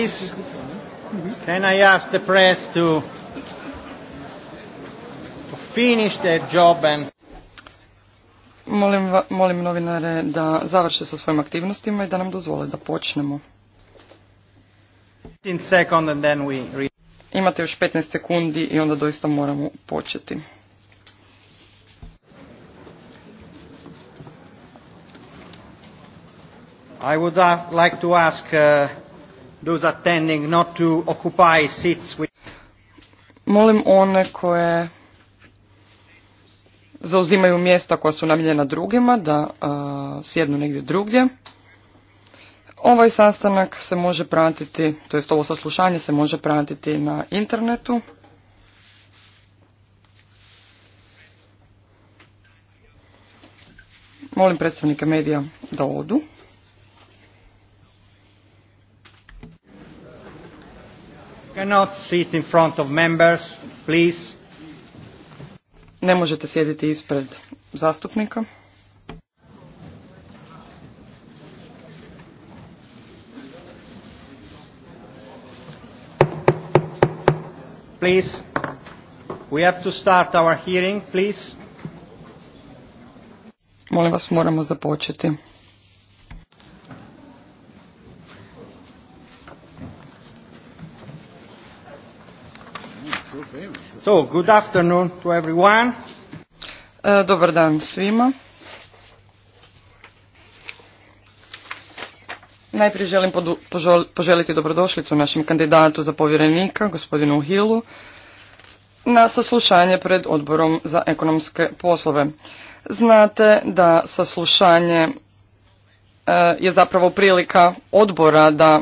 Please, can I ask the press to, to finish their job and... Molim, molim novinare da završe sa svojim aktivnostima i da nam dozvole da počnemo. And then we... Imate još 15 sekundi i onda doista moramo početi. I would like to ask uh, those attending not to occupy seats Molim one koje zauzimaju mjesta koja su namijenjena drugima da uh, sjednu negdje drugdje. Ovaj sastanak se može pratiti, to jest ovo saslušanje se može pratiti na internetu. Molim predstavnike medija da odu. not sit in front of members, please. Ne možete sjediti ispred zastupnika. Please, we have to start our hearing, please. Molim vas, moramo započeti. So, good e, Dobar dan svima. Najprije želim poželiti dobrodošlicu našem kandidatu za povjerenika, gospodinu Hillu, na saslušanje pred odborom za ekonomske poslove. Znate da saslušanje e, je zapravo prilika odbora da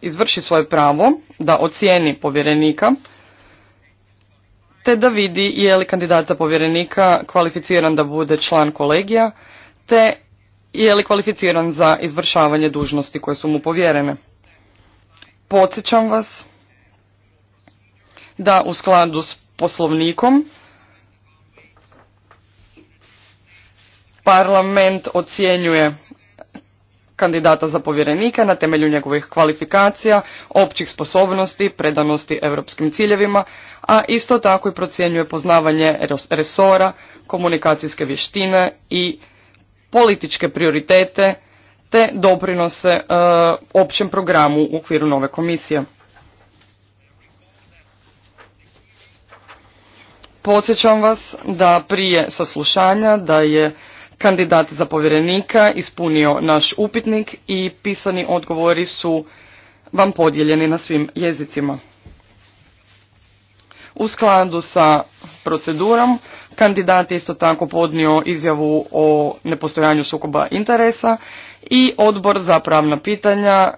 izvrši svoje pravo, da ocijeni povjerenika, te da vidi je li kandidat povjerenika kvalificiran da bude član kolegija, te je li kvalificiran za izvršavanje dužnosti koje su mu povjerene. Podsjećam vas da u skladu s poslovnikom parlament ocjenjuje kandidata za povjerenika na temelju njegovih kvalifikacija, općih sposobnosti, predanosti europskim ciljevima, a isto tako i procjenjuje poznavanje resora, komunikacijske vještine i političke prioritete te doprinose e, općem programu u okviru nove komisije. Podsjećam vas da prije saslušanja da je kandidat za povjerenika ispunio naš upitnik i pisani odgovori su vam podijeljeni na svim jezicima. U skladu sa procedurom kandidat je isto tako podnio izjavu o nepostojanju sukoba interesa i odbor za pravna pitanja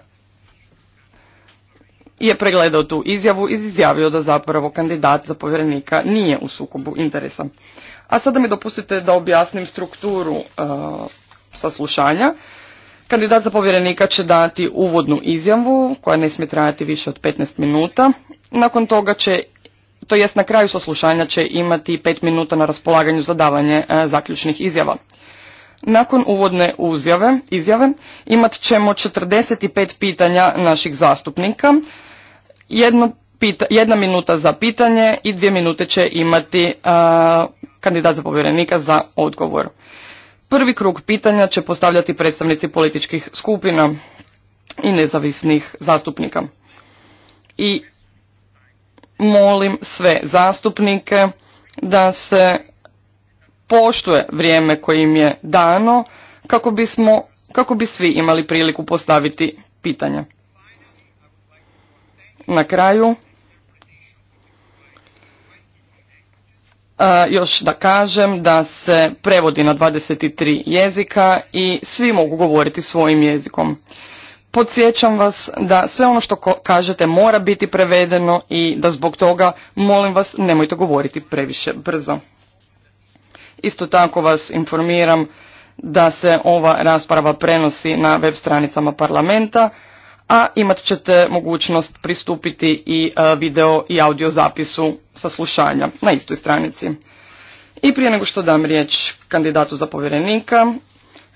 je pregledao tu izjavu i izjavio da zapravo kandidat za povjerenika nije u sukobu interesa. A sada mi dopustite da objasnim strukturu e, saslušanja. Kandidat za povjerenika će dati uvodnu izjavu koja ne smije trajati više od 15 minuta. Nakon toga će, to jest na kraju saslušanja će imati 5 minuta na raspolaganju za davanje e, zaključnih izjava. Nakon uvodne uzjave, izjave imat ćemo 45 pitanja naših zastupnika. Jedno jedna minuta za pitanje i dvije minute će imati kandidat za povjerenika za odgovor. Prvi krug pitanja će postavljati predstavnici političkih skupina i nezavisnih zastupnika. I molim sve zastupnike da se poštuje vrijeme koje im je dano kako bismo kako bi svi imali priliku postaviti pitanja. Na kraju E, još da kažem da se prevodi na 23 jezika i svi mogu govoriti svojim jezikom. Podsjećam vas da sve ono što kažete mora biti prevedeno i da zbog toga molim vas nemojte govoriti previše brzo. Isto tako vas informiram da se ova rasprava prenosi na web stranicama parlamenta a imat ćete mogućnost pristupiti i e, video i audio zapisu saslušanja na istoj stranici. I prije nego što dam riječ kandidatu za povjerenika,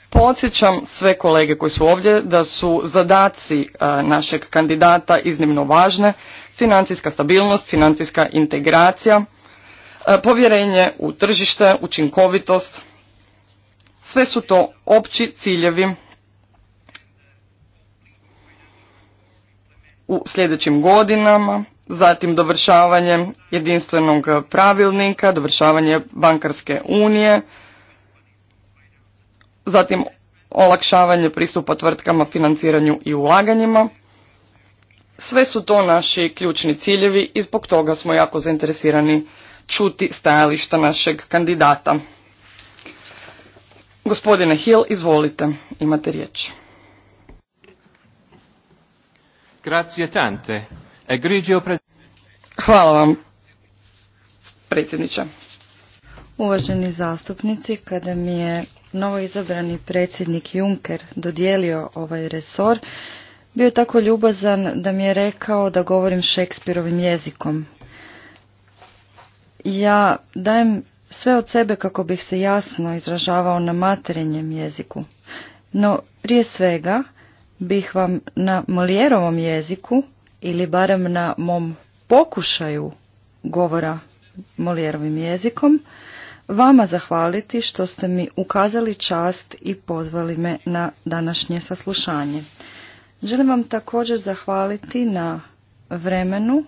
podsjećam sve kolege koji su ovdje da su zadaci e, našeg kandidata iznimno važne, financijska stabilnost, financijska integracija, e, povjerenje u tržište, učinkovitost, sve su to opći ciljevi u sljedećim godinama, zatim dovršavanje jedinstvenog pravilnika, dovršavanje bankarske unije, zatim olakšavanje pristupa tvrtkama, financiranju i ulaganjima. Sve su to naši ključni ciljevi i zbog toga smo jako zainteresirani čuti stajališta našeg kandidata. Gospodine Hill, izvolite, imate riječ. Grazie tante. Hvala vam, predsjedniče. Uvaženi zastupnici, kada mi je novoizabrani predsjednik Juncker dodijelio ovaj resor, bio je tako ljubazan da mi je rekao da govorim Šekspirovim jezikom. Ja dajem sve od sebe kako bih se jasno izražavao na materinjem jeziku. No, prije svega, bih vam na Molijerovom jeziku ili barem na mom pokušaju govora Molijerovim jezikom vama zahvaliti što ste mi ukazali čast i pozvali me na današnje saslušanje. Želim vam također zahvaliti na vremenu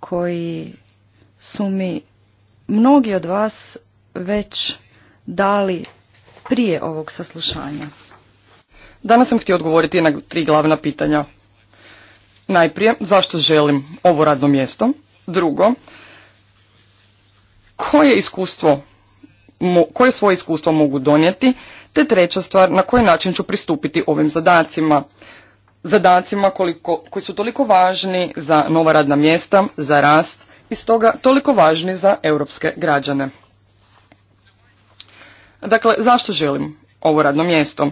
koji su mi mnogi od vas već dali prije ovog saslušanja. Danas sam htio odgovoriti na tri glavna pitanja. Najprije, zašto želim ovo radno mjesto? Drugo, koje iskustvo koje svoje iskustvo mogu donijeti, te treća stvar na koji način ću pristupiti ovim zadacima. Zadacima koliko, koji su toliko važni za nova radna mjesta, za rast i stoga toliko važni za europske građane. Dakle, zašto želim ovo radno mjesto?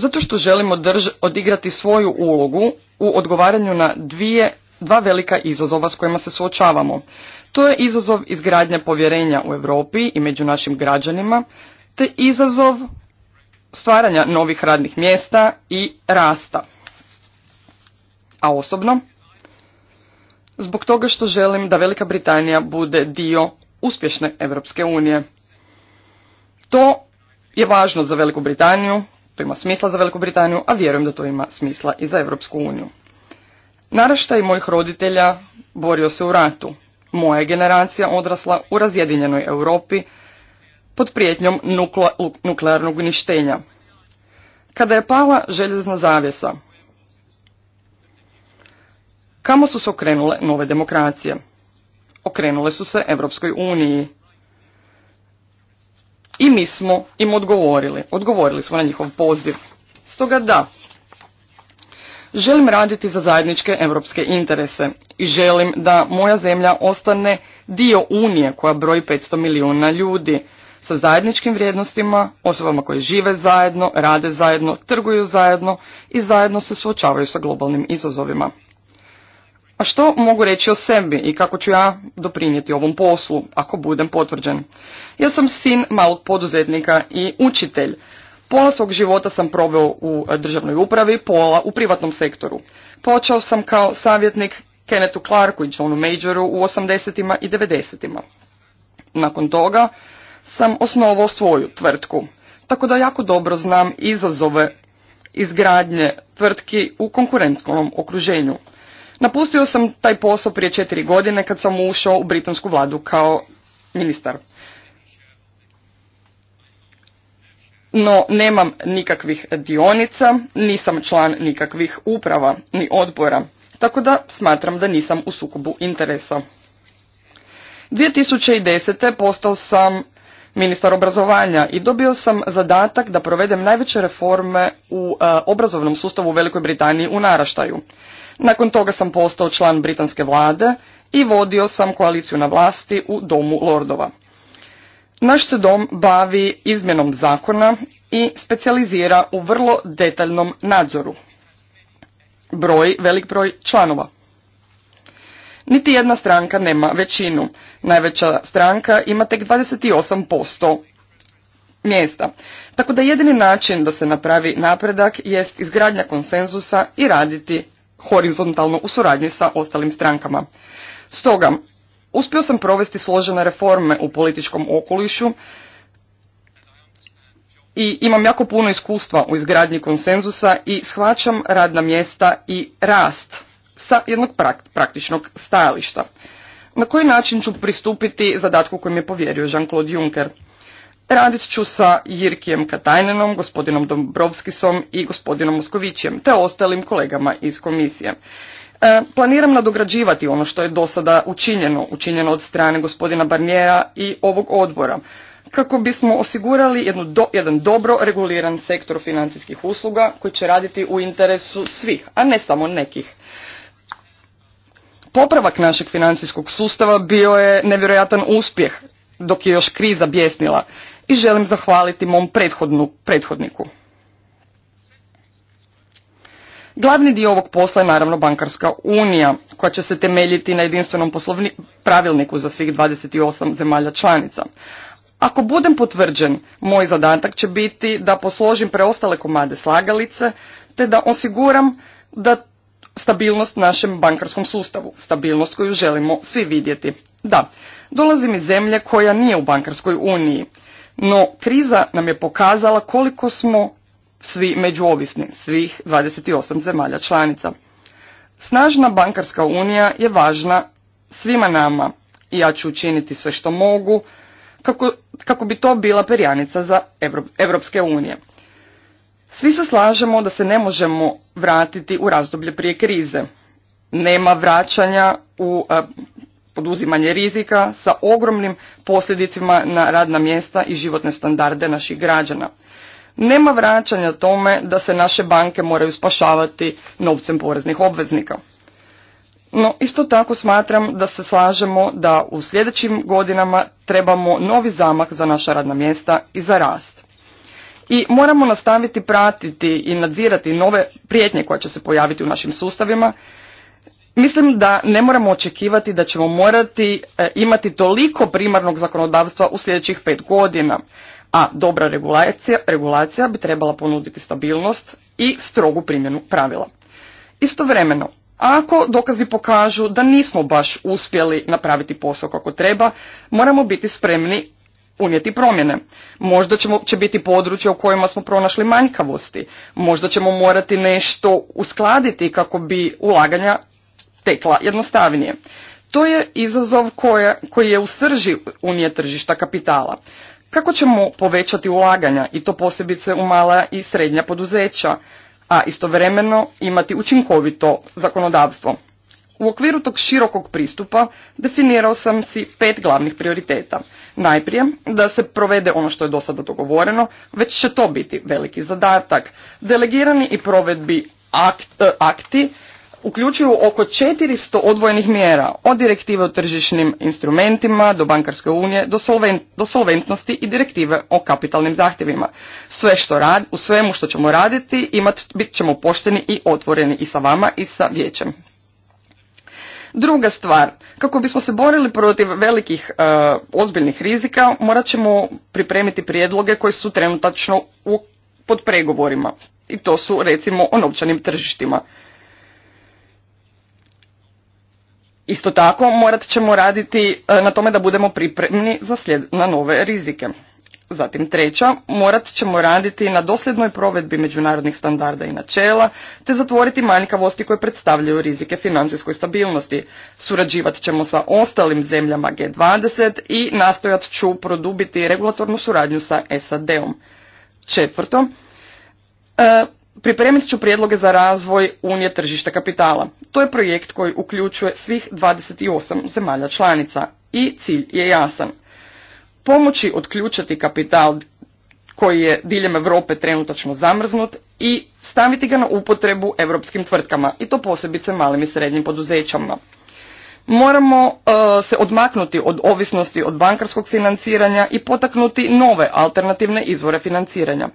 Zato što želimo odigrati svoju ulogu u odgovaranju na dvije, dva velika izazova s kojima se suočavamo. To je izazov izgradnje povjerenja u Europi i među našim građanima, te izazov stvaranja novih radnih mjesta i rasta. A osobno, zbog toga što želim da Velika Britanija bude dio uspješne Europske unije. To je važno za Veliku Britaniju, to ima smisla za Veliku Britaniju, a vjerujem da to ima smisla i za Europsku uniju. Naraštaj mojih roditelja borio se u ratu. Moja generacija odrasla u razjedinjenoj Europi pod prijetnjom nuklearnog uništenja. Kada je pala željezna zavjesa, kamo su se okrenule nove demokracije? Okrenule su se Europskoj uniji i mi smo im odgovorili. Odgovorili smo na njihov poziv. Stoga da, želim raditi za zajedničke europske interese i želim da moja zemlja ostane dio Unije koja broji 500 milijuna ljudi sa zajedničkim vrijednostima, osobama koje žive zajedno, rade zajedno, trguju zajedno i zajedno se suočavaju sa globalnim izazovima. A što mogu reći o sebi i kako ću ja doprinijeti ovom poslu ako budem potvrđen? Ja sam sin malog poduzetnika i učitelj. Pola svog života sam proveo u državnoj upravi, pola u privatnom sektoru. Počeo sam kao savjetnik Kennethu Clarku i Johnu Majoru u 80. i 90. Nakon toga sam osnovao svoju tvrtku, tako da jako dobro znam izazove izgradnje tvrtki u konkurentnom okruženju. Napustio sam taj posao prije četiri godine kad sam ušao u britansku vladu kao ministar. No, nemam nikakvih dionica, nisam član nikakvih uprava ni odbora, tako da smatram da nisam u sukobu interesa. 2010. postao sam ministar obrazovanja i dobio sam zadatak da provedem najveće reforme u e, obrazovnom sustavu u Velikoj Britaniji u naraštaju. Nakon toga sam postao član britanske vlade i vodio sam koaliciju na vlasti u Domu Lordova. Naš se dom bavi izmjenom zakona i specijalizira u vrlo detaljnom nadzoru. Broj, velik broj članova. Niti jedna stranka nema većinu. Najveća stranka ima tek 28% mjesta. Tako da jedini način da se napravi napredak jest izgradnja konsenzusa i raditi horizontalno u suradnji sa ostalim strankama. Stoga, uspio sam provesti složene reforme u političkom okolišu i imam jako puno iskustva u izgradnji konsenzusa i shvaćam radna mjesta i rast sa jednog praktičnog stajališta. Na koji način ću pristupiti zadatku kojim je povjerio Jean-Claude Juncker? Radit ću sa Jirkijem Katajnenom, gospodinom Dombrovskisom i gospodinom Moskovićem, te ostalim kolegama iz komisije. E, planiram nadograđivati ono što je do sada učinjeno, učinjeno od strane gospodina Barnjera i ovog odbora, kako bismo osigurali jednu jedan dobro reguliran sektor financijskih usluga koji će raditi u interesu svih, a ne samo nekih. Popravak našeg financijskog sustava bio je nevjerojatan uspjeh dok je još kriza bjesnila i želim zahvaliti mom prethodnu, prethodniku. Glavni dio ovog posla je naravno bankarska unija, koja će se temeljiti na jedinstvenom pravilniku za svih 28 zemalja članica. Ako budem potvrđen, moj zadatak će biti da posložim preostale komade slagalice, te da osiguram da stabilnost našem bankarskom sustavu, stabilnost koju želimo svi vidjeti. Da, dolazim iz zemlje koja nije u bankarskoj uniji no, kriza nam je pokazala koliko smo svi međuovisni, svih 28 zemalja članica. Snažna bankarska unija je važna svima nama i ja ću učiniti sve što mogu kako, kako bi to bila perjanica za Evropske unije. Svi se slažemo da se ne možemo vratiti u razdoblje prije krize. Nema vraćanja u poduzimanje rizika sa ogromnim posljedicima na radna mjesta i životne standarde naših građana. Nema vraćanja tome da se naše banke moraju spašavati novcem poreznih obveznika. No, isto tako smatram da se slažemo da u sljedećim godinama trebamo novi zamak za naša radna mjesta i za rast. I moramo nastaviti pratiti i nadzirati nove prijetnje koje će se pojaviti u našim sustavima, Mislim da ne moramo očekivati da ćemo morati e, imati toliko primarnog zakonodavstva u sljedećih pet godina, a dobra regulacija, regulacija bi trebala ponuditi stabilnost i strogu primjenu pravila. Istovremeno, ako dokazi pokažu da nismo baš uspjeli napraviti posao kako treba, moramo biti spremni unijeti promjene. Možda ćemo, će biti područja u kojima smo pronašli manjkavosti. Možda ćemo morati nešto uskladiti kako bi ulaganja tekla jednostavnije. To je izazov koje koji je u srži unije tržišta kapitala. Kako ćemo povećati ulaganja i to posebice u mala i srednja poduzeća, a istovremeno imati učinkovito zakonodavstvo? U okviru tog širokog pristupa definirao sam si pet glavnih prioriteta. Najprije, da se provede ono što je do sada dogovoreno, već će to biti veliki zadatak. Delegirani i provedbi akt, e, akti uključuju oko 400 odvojenih mjera, od direktive o tržišnim instrumentima do bankarske unije, do, solventnosti i direktive o kapitalnim zahtjevima. Sve što rad, u svemu što ćemo raditi imat, bit ćemo pošteni i otvoreni i sa vama i sa vijećem. Druga stvar, kako bismo se borili protiv velikih e, ozbiljnih rizika, morat ćemo pripremiti prijedloge koji su trenutačno u, pod pregovorima. I to su recimo o novčanim tržištima. Isto tako morat ćemo raditi e, na tome da budemo pripremni za na nove rizike. Zatim treća, morat ćemo raditi na dosljednoj provedbi međunarodnih standarda i načela, te zatvoriti manjkavosti koje predstavljaju rizike financijskoj stabilnosti. Surađivat ćemo sa ostalim zemljama G20 i nastojat ću produbiti regulatornu suradnju sa SAD-om. Četvrto, e, Pripremit ću prijedloge za razvoj Unije tržišta kapitala. To je projekt koji uključuje svih 28 zemalja članica i cilj je jasan. Pomoći otključati kapital koji je diljem Europe trenutačno zamrznut i staviti ga na upotrebu europskim tvrtkama i to posebice malim i srednjim poduzećama. Moramo e, se odmaknuti od ovisnosti od bankarskog financiranja i potaknuti nove alternativne izvore financiranja.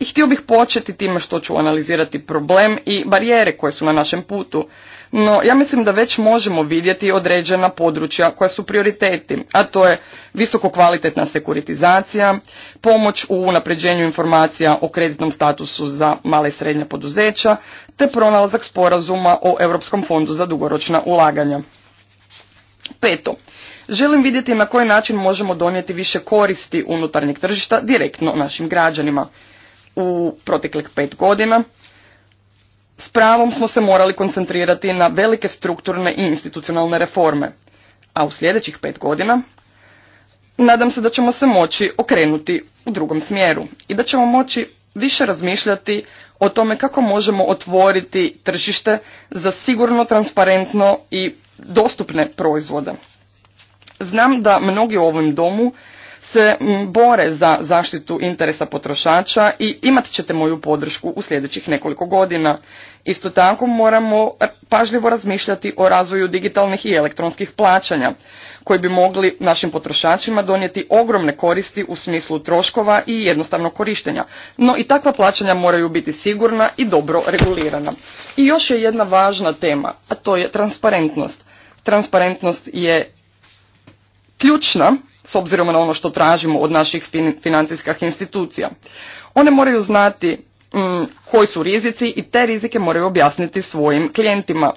I htio bih početi time što ću analizirati problem i barijere koje su na našem putu. No, ja mislim da već možemo vidjeti određena područja koja su prioriteti, a to je visoko kvalitetna sekuritizacija, pomoć u unapređenju informacija o kreditnom statusu za male i srednja poduzeća, te pronalazak sporazuma o Europskom fondu za dugoročna ulaganja. Peto, želim vidjeti na koji način možemo donijeti više koristi unutarnjeg tržišta direktno našim građanima. U proteklih pet godina s pravom smo se morali koncentrirati na velike strukturne i institucionalne reforme, a u sljedećih pet godina nadam se da ćemo se moći okrenuti u drugom smjeru i da ćemo moći više razmišljati o tome kako možemo otvoriti tržište za sigurno, transparentno i dostupne proizvode. Znam da mnogi u ovom domu se bore za zaštitu interesa potrošača i imat ćete moju podršku u sljedećih nekoliko godina. Isto tako moramo pažljivo razmišljati o razvoju digitalnih i elektronskih plaćanja koji bi mogli našim potrošačima donijeti ogromne koristi u smislu troškova i jednostavnog korištenja. No i takva plaćanja moraju biti sigurna i dobro regulirana. I još je jedna važna tema, a to je transparentnost. Transparentnost je ključna s obzirom na ono što tražimo od naših financijskih institucija. One moraju znati mm, koji su rizici i te rizike moraju objasniti svojim klijentima.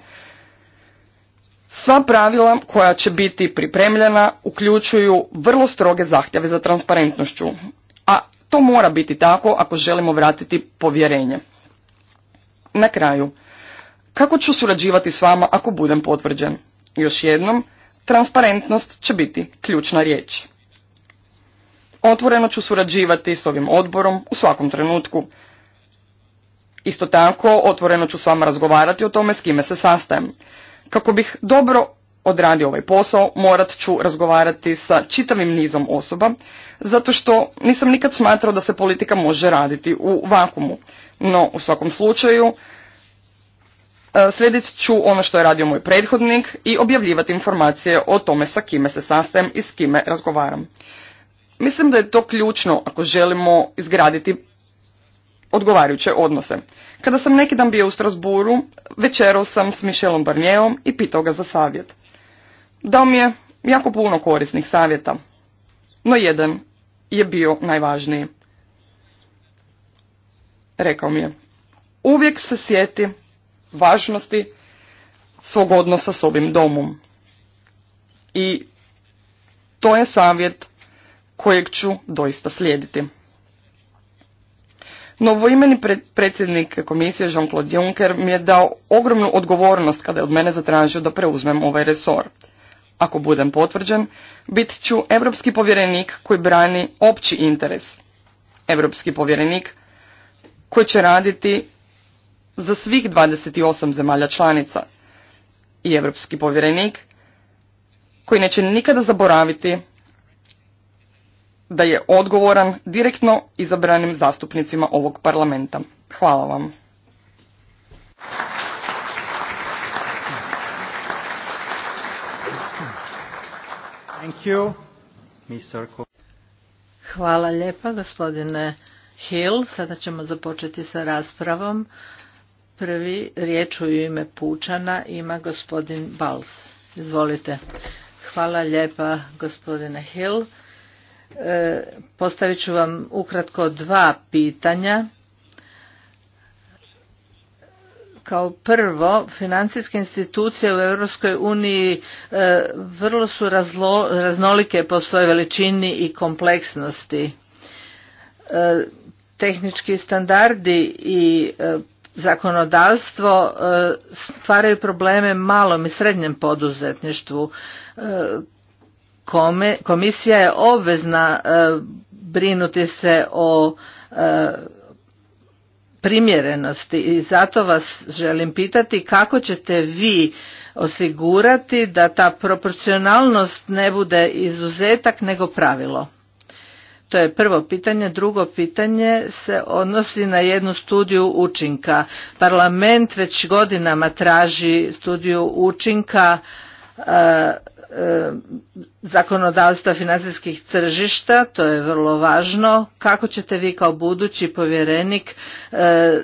Sva pravila koja će biti pripremljena uključuju vrlo stroge zahtjeve za transparentnošću, a to mora biti tako ako želimo vratiti povjerenje. Na kraju, kako ću surađivati s vama ako budem potvrđen? Još jednom, transparentnost će biti ključna riječ. Otvoreno ću surađivati s ovim odborom u svakom trenutku. Isto tako, otvoreno ću s vama razgovarati o tome s kime se sastajem. Kako bih dobro odradio ovaj posao, morat ću razgovarati sa čitavim nizom osoba, zato što nisam nikad smatrao da se politika može raditi u vakumu. No, u svakom slučaju, E, slijedit ću ono što je radio moj prethodnik i objavljivati informacije o tome sa kime se sastajem i s kime razgovaram. Mislim da je to ključno ako želimo izgraditi odgovarajuće odnose. Kada sam neki dan bio u Strasburu, večerao sam s Michelom Barnijevom i pitao ga za savjet. Dao mi je jako puno korisnih savjeta, no jedan je bio najvažniji. Rekao mi je, uvijek se sjeti važnosti svog odnosa s ovim domom. I to je savjet kojeg ću doista slijediti. Novoimeni predsjednik komisije Jean-Claude Juncker mi je dao ogromnu odgovornost kada je od mene zatražio da preuzmem ovaj resor. Ako budem potvrđen, bit ću europski povjerenik koji brani opći interes. Europski povjerenik koji će raditi za svih 28 zemalja članica i europski povjerenik koji neće nikada zaboraviti da je odgovoran direktno izabranim zastupnicima ovog parlamenta. Hvala vam. Hvala lijepa gospodine Hill. Sada ćemo započeti sa raspravom. Prvi riječ u ime Pučana ima gospodin Bals. Izvolite. Hvala lijepa gospodine Hill. E, postavit ću vam ukratko dva pitanja. Kao prvo, financijske institucije u Europskoj uniji e, vrlo su raznolike po svojoj veličini i kompleksnosti. E, tehnički standardi i zakonodavstvo e, stvaraju probleme malom i srednjem poduzetništvu. E, komisija je obvezna e, brinuti se o primjerenosti i zato vas želim pitati kako ćete vi osigurati da ta proporcionalnost ne bude izuzetak nego pravilo. To je prvo pitanje. Drugo pitanje se odnosi na jednu studiju učinka. Parlament već godinama traži studiju učinka e, e, zakonodavstva financijskih tržišta, to je vrlo važno. Kako ćete vi kao budući povjerenik e,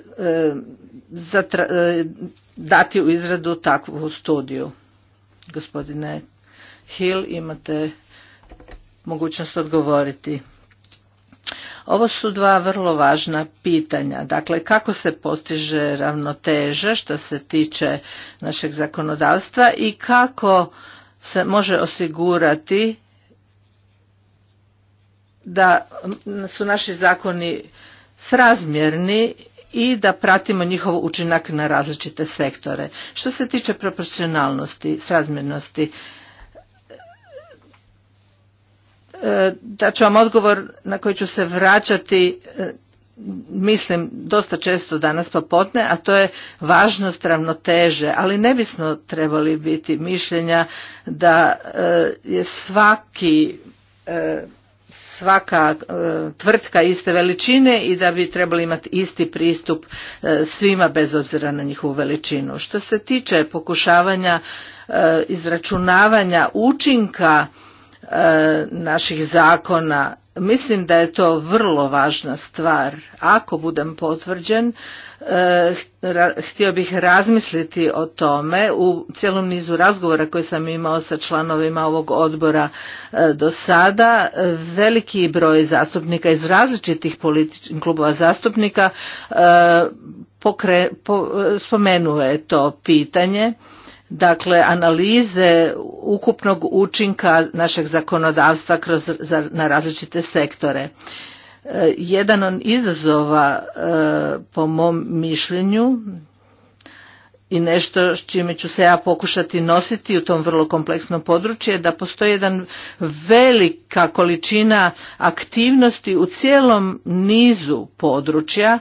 dati u izradu takvu studiju? Gospodine Hill, imate mogućnost odgovoriti. Ovo su dva vrlo važna pitanja. Dakle, kako se postiže ravnoteža što se tiče našeg zakonodavstva i kako se može osigurati da su naši zakoni srazmjerni i da pratimo njihov učinak na različite sektore. Što se tiče proporcionalnosti, srazmjernosti, da ću vam odgovor na koji ću se vraćati e, mislim dosta često danas popotne, a to je važnost ravnoteže, ali ne bismo trebali biti mišljenja da e, je svaki e, svaka tvrtka iste veličine i da bi trebali imati isti pristup svima bez obzira na njihovu veličinu. Što se tiče pokušavanja izračunavanja učinka E, naših zakona. Mislim da je to vrlo važna stvar. Ako budem potvrđen, e, htio bih razmisliti o tome u cijelom nizu razgovora koje sam imao sa članovima ovog odbora e, do sada. Veliki broj zastupnika iz različitih klubova zastupnika pokre, spomenuo to pitanje dakle analize ukupnog učinka našeg zakonodavstva kroz, na različite sektore. E, jedan od izazova e, po mom mišljenju i nešto s čime ću se ja pokušati nositi u tom vrlo kompleksnom području je da postoji jedan velika količina aktivnosti u cijelom nizu područja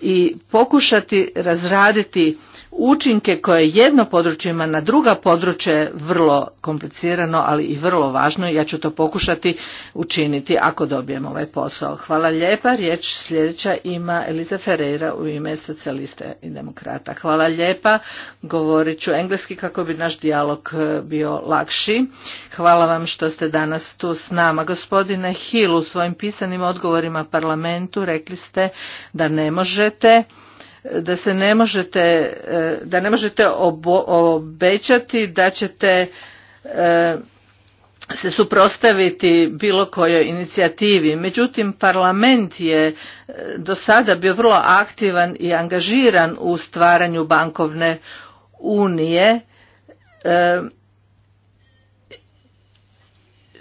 i pokušati razraditi učinke koje jedno područje ima na druga područje je vrlo komplicirano, ali i vrlo važno. Ja ću to pokušati učiniti ako dobijem ovaj posao. Hvala lijepa. Riječ sljedeća ima Eliza Ferreira u ime socijaliste i demokrata. Hvala lijepa. Govorit ću engleski kako bi naš dijalog eh, bio lakši. Hvala vam što ste danas tu s nama. Gospodine Hill, u svojim pisanim odgovorima parlamentu rekli ste da ne možete da se ne možete, e, da ne možete obećati da ćete e, se suprotstaviti bilo kojoj inicijativi. Međutim, parlament je e, do sada bio vrlo aktivan i angažiran u stvaranju bankovne unije.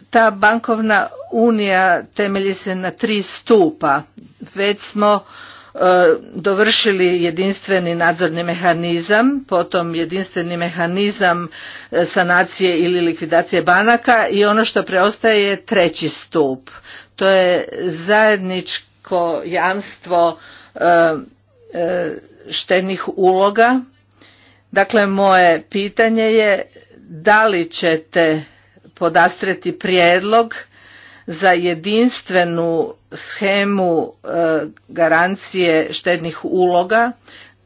Ta bankovna unija temelji se na tri stupa. Već smo E, dovršili jedinstveni nadzorni mehanizam, potom jedinstveni mehanizam e, sanacije ili likvidacije banaka i ono što preostaje je treći stup. To je zajedničko jamstvo e, štenih uloga. Dakle, moje pitanje je da li ćete podastreti prijedlog za jedinstvenu schemu e, garancije štednih uloga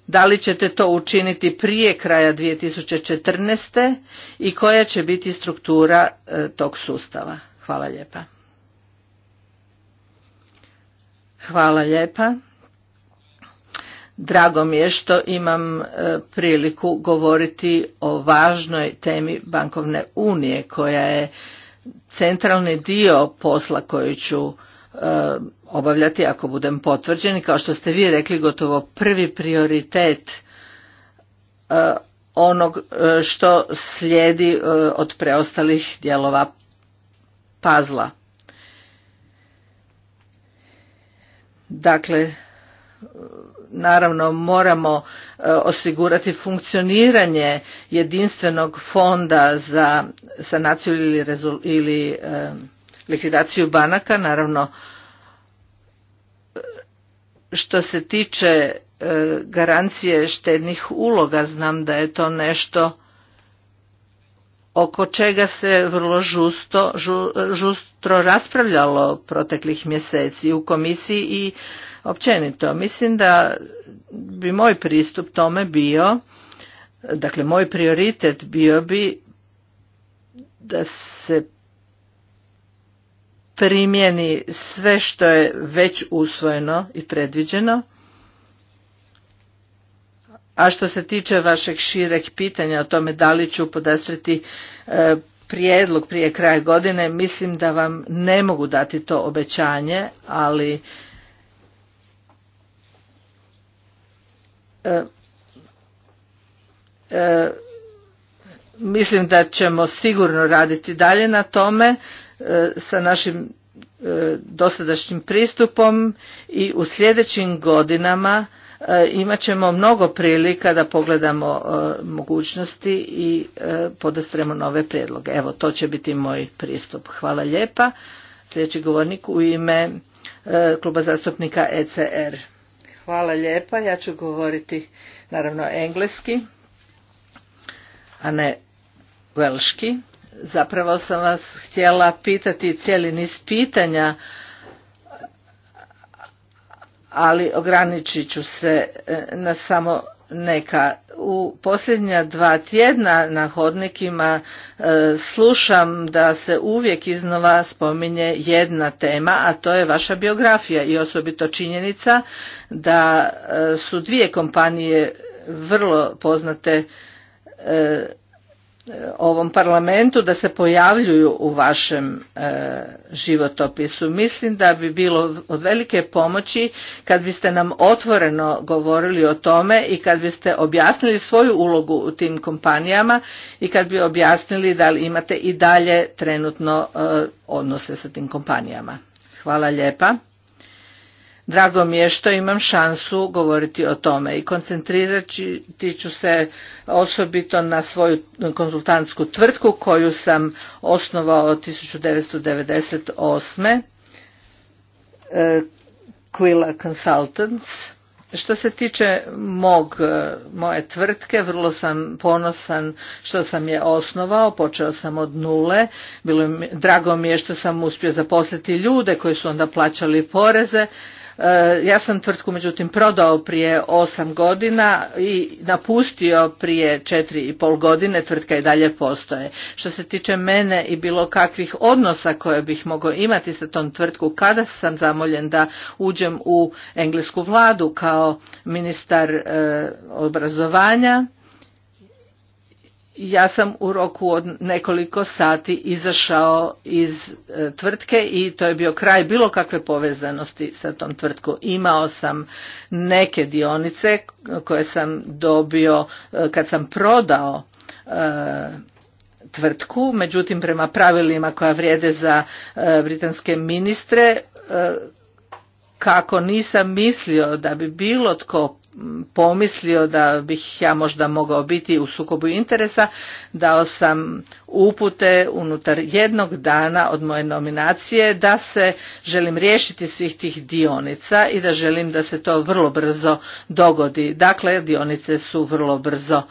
da li ćete to učiniti prije kraja 2014. i koja će biti struktura e, tog sustava? Hvala lijepa. Hvala lijepa. Drago mi je što imam e, priliku govoriti o važnoj temi bankovne unije koja je centralni dio posla koji ću e, obavljati ako budem potvrđen. Kao što ste vi rekli, gotovo prvi prioritet e, onog e, što slijedi od preostalih dijelova pazla. Dakle, naravno moramo e, osigurati funkcioniranje jedinstvenog fonda za sanaciju ili e, likvidaciju banaka naravno što se tiče e, garancije štednih uloga znam da je to nešto oko čega se vrlo žustro raspravljalo proteklih mjeseci u komisiji i općenito. Mislim da bi moj pristup tome bio, dakle moj prioritet bio bi da se primjeni sve što je već usvojeno i predviđeno. A što se tiče vašeg šireg pitanja o tome da li ću podastriti e, prijedlog prije kraja godine, mislim da vam ne mogu dati to obećanje, ali E, e, mislim da ćemo sigurno raditi dalje na tome e, sa našim dosadašnjim pristupom i u sljedećim godinama imat ćemo mnogo prilika da pogledamo mogućnosti i podastremo nove prijedloge. Evo, to će biti moj pristup. Hvala lijepa. Sljedeći govornik u ime kluba zastupnika ECR. Hvala lijepa. Ja ću govoriti naravno engleski, a ne velški. Zapravo sam vas htjela pitati cijeli niz pitanja, ali ograničit ću se e, na samo neka. U posljednja dva tjedna na hodnikima e, slušam da se uvijek iznova spominje jedna tema, a to je vaša biografija i osobito činjenica da e, su dvije kompanije vrlo poznate e, E, ovom parlamentu da se pojavljuju u vašem e, životopisu mislim da bi bilo od velike pomoći kad biste nam otvoreno govorili o tome i kad biste objasnili svoju ulogu u tim kompanijama i kad bi objasnili da li imate i dalje trenutno e, odnose sa tim kompanijama hvala lijepa Drago mi je što imam šansu govoriti o tome i koncentrirati ću se osobito na svoju konzultantsku tvrtku koju sam osnovao 1998. E, Quilla Consultants. Što se tiče mog, e, moje tvrtke, vrlo sam ponosan što sam je osnovao, počeo sam od nule, Bilo mi, drago mi je što sam uspio zaposliti ljude koji su onda plaćali poreze E, ja sam tvrtku međutim prodao prije osam godina i napustio prije četiri i pol godine, tvrtka i dalje postoje. Što se tiče mene i bilo kakvih odnosa koje bih mogao imati sa tom tvrtku, kada sam zamoljen da uđem u englesku vladu kao ministar e, obrazovanja, ja sam u roku od nekoliko sati izašao iz e, tvrtke i to je bio kraj bilo kakve povezanosti sa tom tvrtkom. Imao sam neke dionice koje sam dobio e, kad sam prodao e, tvrtku, međutim prema pravilima koja vrijede za britanske ministre kako nisam mislio da bi bilo tko pomislio da bih ja možda mogao biti u sukobu interesa, dao sam upute unutar jednog dana od moje nominacije da se želim riješiti svih tih dionica i da želim da se to vrlo brzo dogodi. Dakle, dionice su vrlo brzo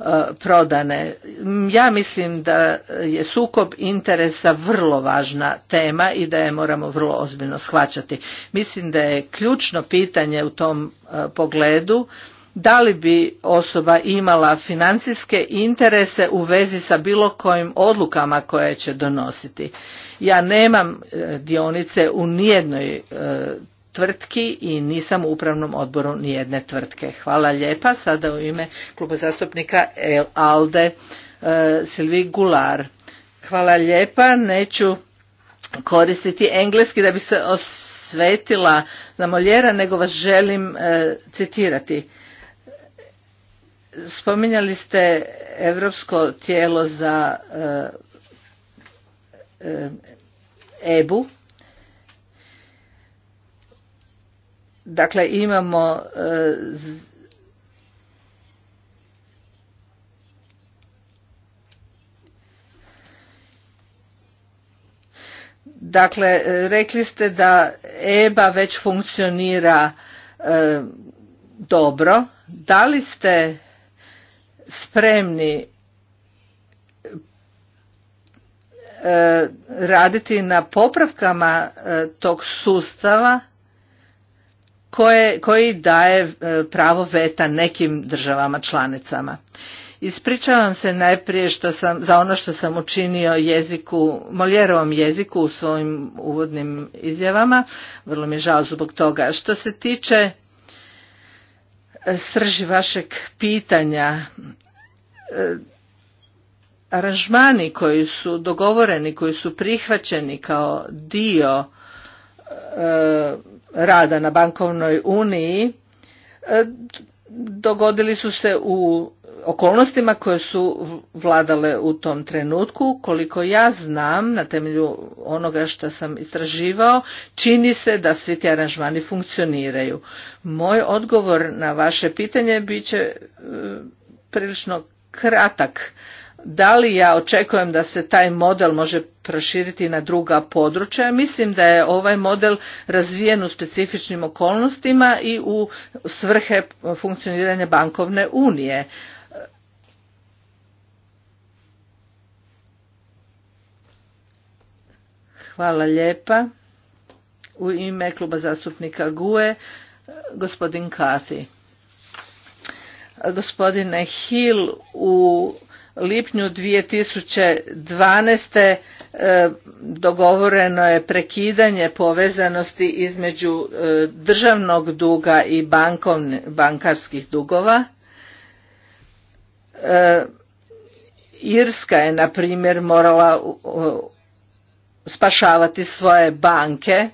E, prodane. Ja mislim da je sukob interesa vrlo važna tema i da je moramo vrlo ozbiljno shvaćati. Mislim da je ključno pitanje u tom e, pogledu da li bi osoba imala financijske interese u vezi sa bilo kojim odlukama koje će donositi. Ja nemam e, dionice u nijednoj tvrtki i nisam u upravnom odboru nijedne tvrtke. Hvala lijepa. Sada u ime kluba zastupnika ALDE e, Silvi Gular. Hvala lijepa. Neću koristiti engleski da bi se osvetila na Moljera, nego vas želim e, citirati. Spominjali ste Europsko tijelo za EBU, e, Dakle, imamo e, Dakle, rekli ste da EBA već funkcionira e, dobro. Da li ste spremni e, raditi na popravkama tog sustava? koje, koji daje e, pravo veta nekim državama članicama. Ispričavam se najprije što sam, za ono što sam učinio jeziku, Moljerovom jeziku u svojim uvodnim izjavama. Vrlo mi je žao zbog toga. Što se tiče e, srži vašeg pitanja, e, aranžmani koji su dogovoreni, koji su prihvaćeni kao dio rada na bankovnoj uniji e, dogodili su se u okolnostima koje su vladale u tom trenutku. Koliko ja znam, na temelju onoga što sam istraživao, čini se da svi ti aranžmani funkcioniraju. Moj odgovor na vaše pitanje biće e, prilično kratak da li ja očekujem da se taj model može proširiti na druga područja. Mislim da je ovaj model razvijen u specifičnim okolnostima i u svrhe funkcioniranja bankovne unije. Hvala lijepa. U ime kluba zastupnika GUE, gospodin Kati. Gospodine Hill, u lipnju 2012. E, dogovoreno je prekidanje povezanosti između e, državnog duga i bankarskih dugova. E, Irska je, na primjer, morala spašavati svoje banke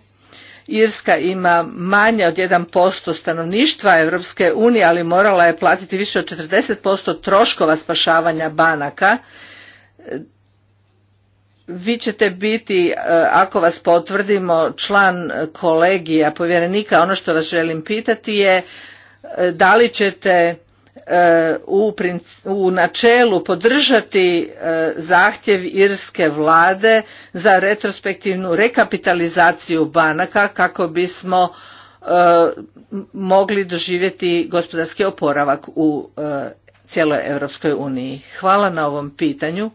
Irska ima manje od 1% stanovništva Europske unije, ali morala je platiti više od 40% troškova spašavanja banaka. Vi ćete biti, e, ako vas potvrdimo, član kolegija povjerenika. Ono što vas želim pitati je e, da li ćete u načelu podržati e, zahtjev irske vlade za retrospektivnu rekapitalizaciju banaka kako bismo e, mogli doživjeti gospodarski oporavak u e, cijeloj Europskoj uniji. Hvala na ovom pitanju.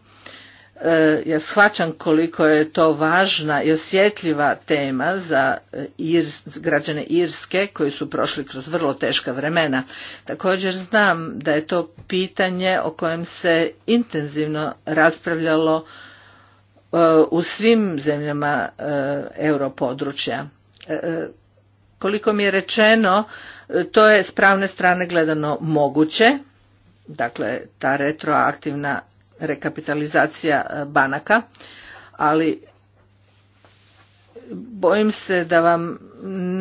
E, ja shvaćam koliko je to važna i osjetljiva tema za e, Irs, građane Irske koji su prošli kroz vrlo teška vremena. Također znam da je to pitanje o kojem se intenzivno raspravljalo e, u svim zemljama europodručja. Koliko mi je rečeno, to je s pravne strane gledano moguće, dakle ta retroaktivna rekapitalizacija e, banaka, ali bojim se da vam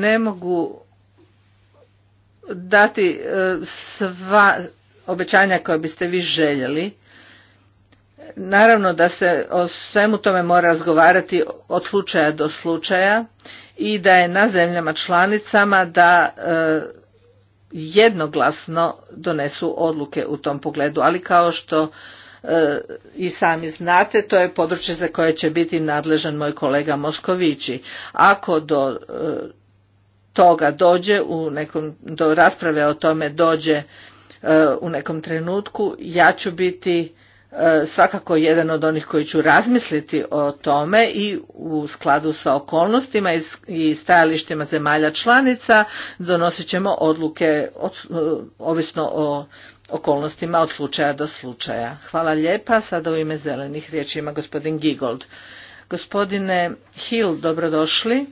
ne mogu dati e, sva obećanja koja biste vi željeli. Naravno da se o svemu tome mora razgovarati od slučaja do slučaja i da je na zemljama članicama da e, jednoglasno donesu odluke u tom pogledu, ali kao što E, i sami znate, to je područje za koje će biti nadležan moj kolega Moskovići. Ako do e, toga dođe, u nekom, do rasprave o tome dođe e, u nekom trenutku, ja ću biti svakako jedan od onih koji ću razmisliti o tome i u skladu sa okolnostima i stajalištima zemalja članica donosit ćemo odluke ovisno o okolnostima od slučaja do slučaja. Hvala lijepa. Sada u ime zelenih riječi ima gospodin Gigold. Gospodine Hill, dobrodošli.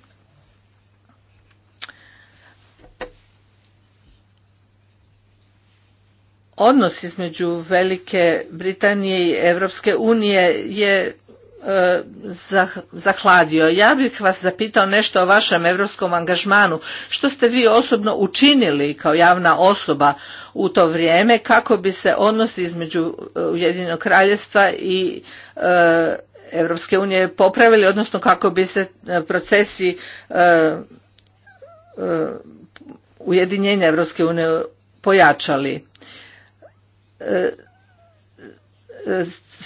Odnos između Velike Britanije i Europske unije je Eh, zahladio. Ja bih vas zapitao nešto o vašem europskom angažmanu. Što ste vi osobno učinili kao javna osoba u to vrijeme kako bi se odnosi između eh, Ujedinjenog kraljestva i eh, Evropske unije popravili, odnosno kako bi se procesi ujedinjenja Evropske unije pojačali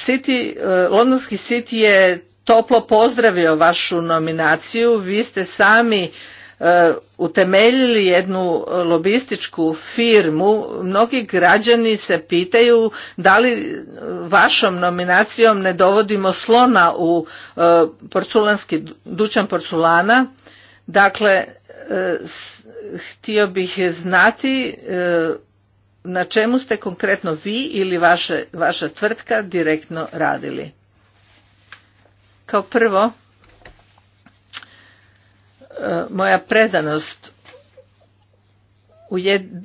City, eh, Londonski City je toplo pozdravio vašu nominaciju. Vi ste sami eh, utemeljili jednu lobističku firmu. Mnogi građani se pitaju da li vašom nominacijom ne dovodimo slona u eh, porculanski, dućan porculana. Dakle, htio bih znati na čemu ste konkretno vi ili vaše, vaša tvrtka direktno radili? Kao prvo, e, moja predanost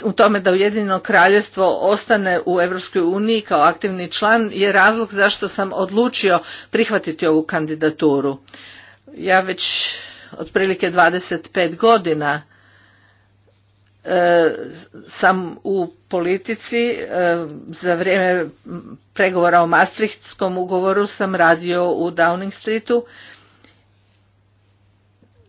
u tome da Ujedinjeno Kraljevstvo ostane u Europskoj uniji kao aktivni član je razlog zašto sam odlučio prihvatiti ovu kandidaturu. Ja već otprilike 25 godina E, sam u politici e, za vrijeme pregovora o Maastrichtskom ugovoru sam radio u Downing Streetu.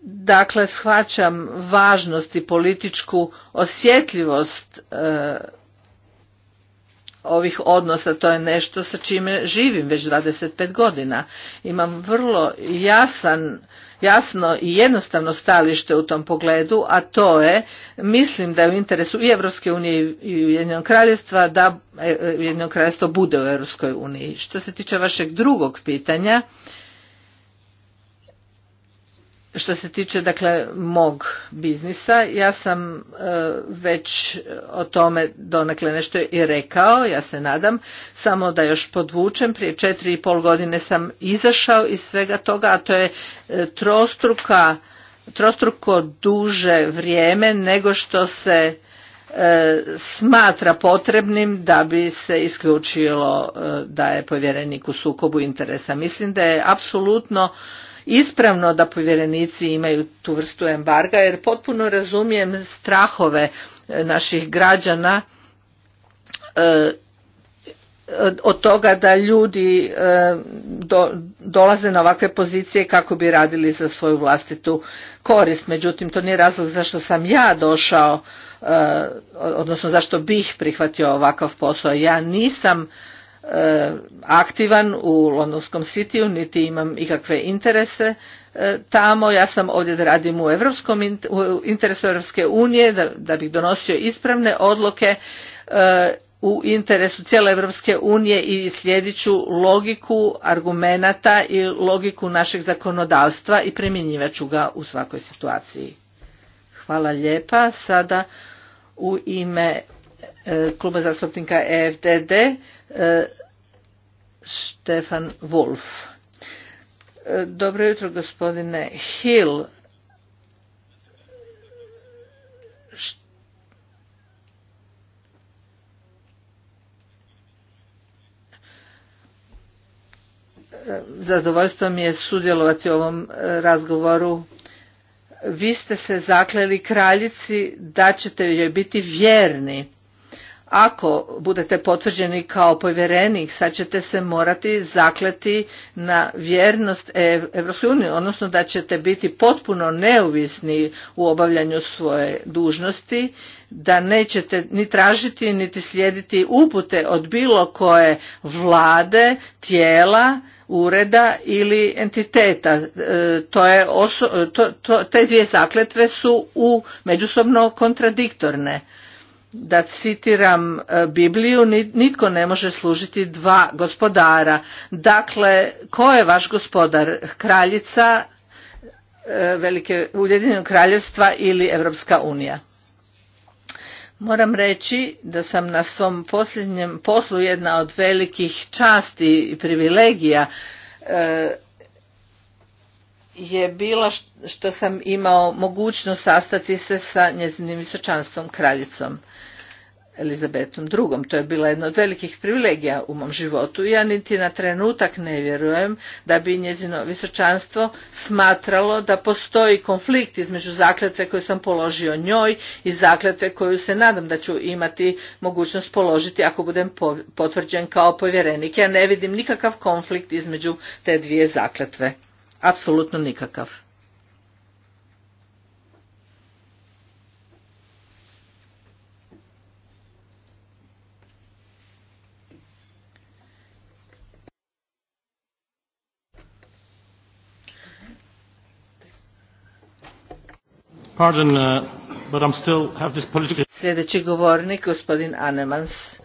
Dakle, shvaćam važnost i političku osjetljivost e, ovih odnosa. To je nešto sa čime živim već 25 godina. Imam vrlo jasan jasno i jednostavno stalište u tom pogledu, a to je, mislim da je u interesu i Evropske unije i Ujedinjenog kraljevstva da e, e, Ujedinjeno kraljevstvo bude u Europskoj uniji. Što se tiče vašeg drugog pitanja, što se tiče dakle mog biznisa ja sam e, već o tome donekle nešto i rekao ja se nadam samo da još podvučem prije četiri i pol godine sam izašao iz svega toga a to je e, trostruka trostruko duže vrijeme nego što se e, smatra potrebnim da bi se isključilo da je povjerenik u sukobu interesa mislim da je apsolutno ispravno da povjerenici imaju tu vrstu embarga jer potpuno razumijem strahove e, naših građana e, od toga da ljudi e, dolaze na ovakve pozicije kako bi radili za svoju vlastitu korist. Međutim, to nije razlog zašto sam ja došao, odnosno zašto bih prihvatio ovakav posao. Ja nisam aktivan u Londonskom sitiju, niti imam ikakve interese e, tamo. Ja sam ovdje da radim u, interesu Europske unije, da, bih donosio ispravne odluke e, u interesu cijele Europske unije i slijedit logiku argumenata i logiku našeg zakonodavstva i primjenjivat ću ga u svakoj situaciji. Hvala lijepa. Sada u ime e, kluba zastupnika EFDD Stefan Wolf. Dobro jutro gospodine Hill. Zadovoljstvo mi je sudjelovati u ovom razgovoru. Vi ste se zakleli kraljici da ćete joj biti vjerni ako budete potvrđeni kao povjerenik, sad ćete se morati zakleti na vjernost Evropske unije, odnosno da ćete biti potpuno neovisni u obavljanju svoje dužnosti, da nećete ni tražiti niti slijediti upute od bilo koje vlade, tijela, ureda ili entiteta. E, to je to, te dvije zakletve su u međusobno kontradiktorne da citiram e, Bibliju, nitko ne može služiti dva gospodara. Dakle, ko je vaš gospodar? Kraljica e, Velike Ujedinjenog kraljevstva ili Evropska unija? Moram reći da sam na svom posljednjem poslu jedna od velikih časti i privilegija e, je bila što sam imao mogućnost sastati se sa njezinim visočanstvom kraljicom. Elizabetom II. To je bila jedna od velikih privilegija u mom životu. Ja niti na trenutak ne vjerujem da bi njezino visočanstvo smatralo da postoji konflikt između zakletve koju sam položio njoj i zakletve koju se nadam da ću imati mogućnost položiti ako budem potvrđen kao povjerenik. Ja ne vidim nikakav konflikt između te dvije zakletve. Apsolutno nikakav. Pardon, uh, Sljedeći govornik, gospodin Anemans.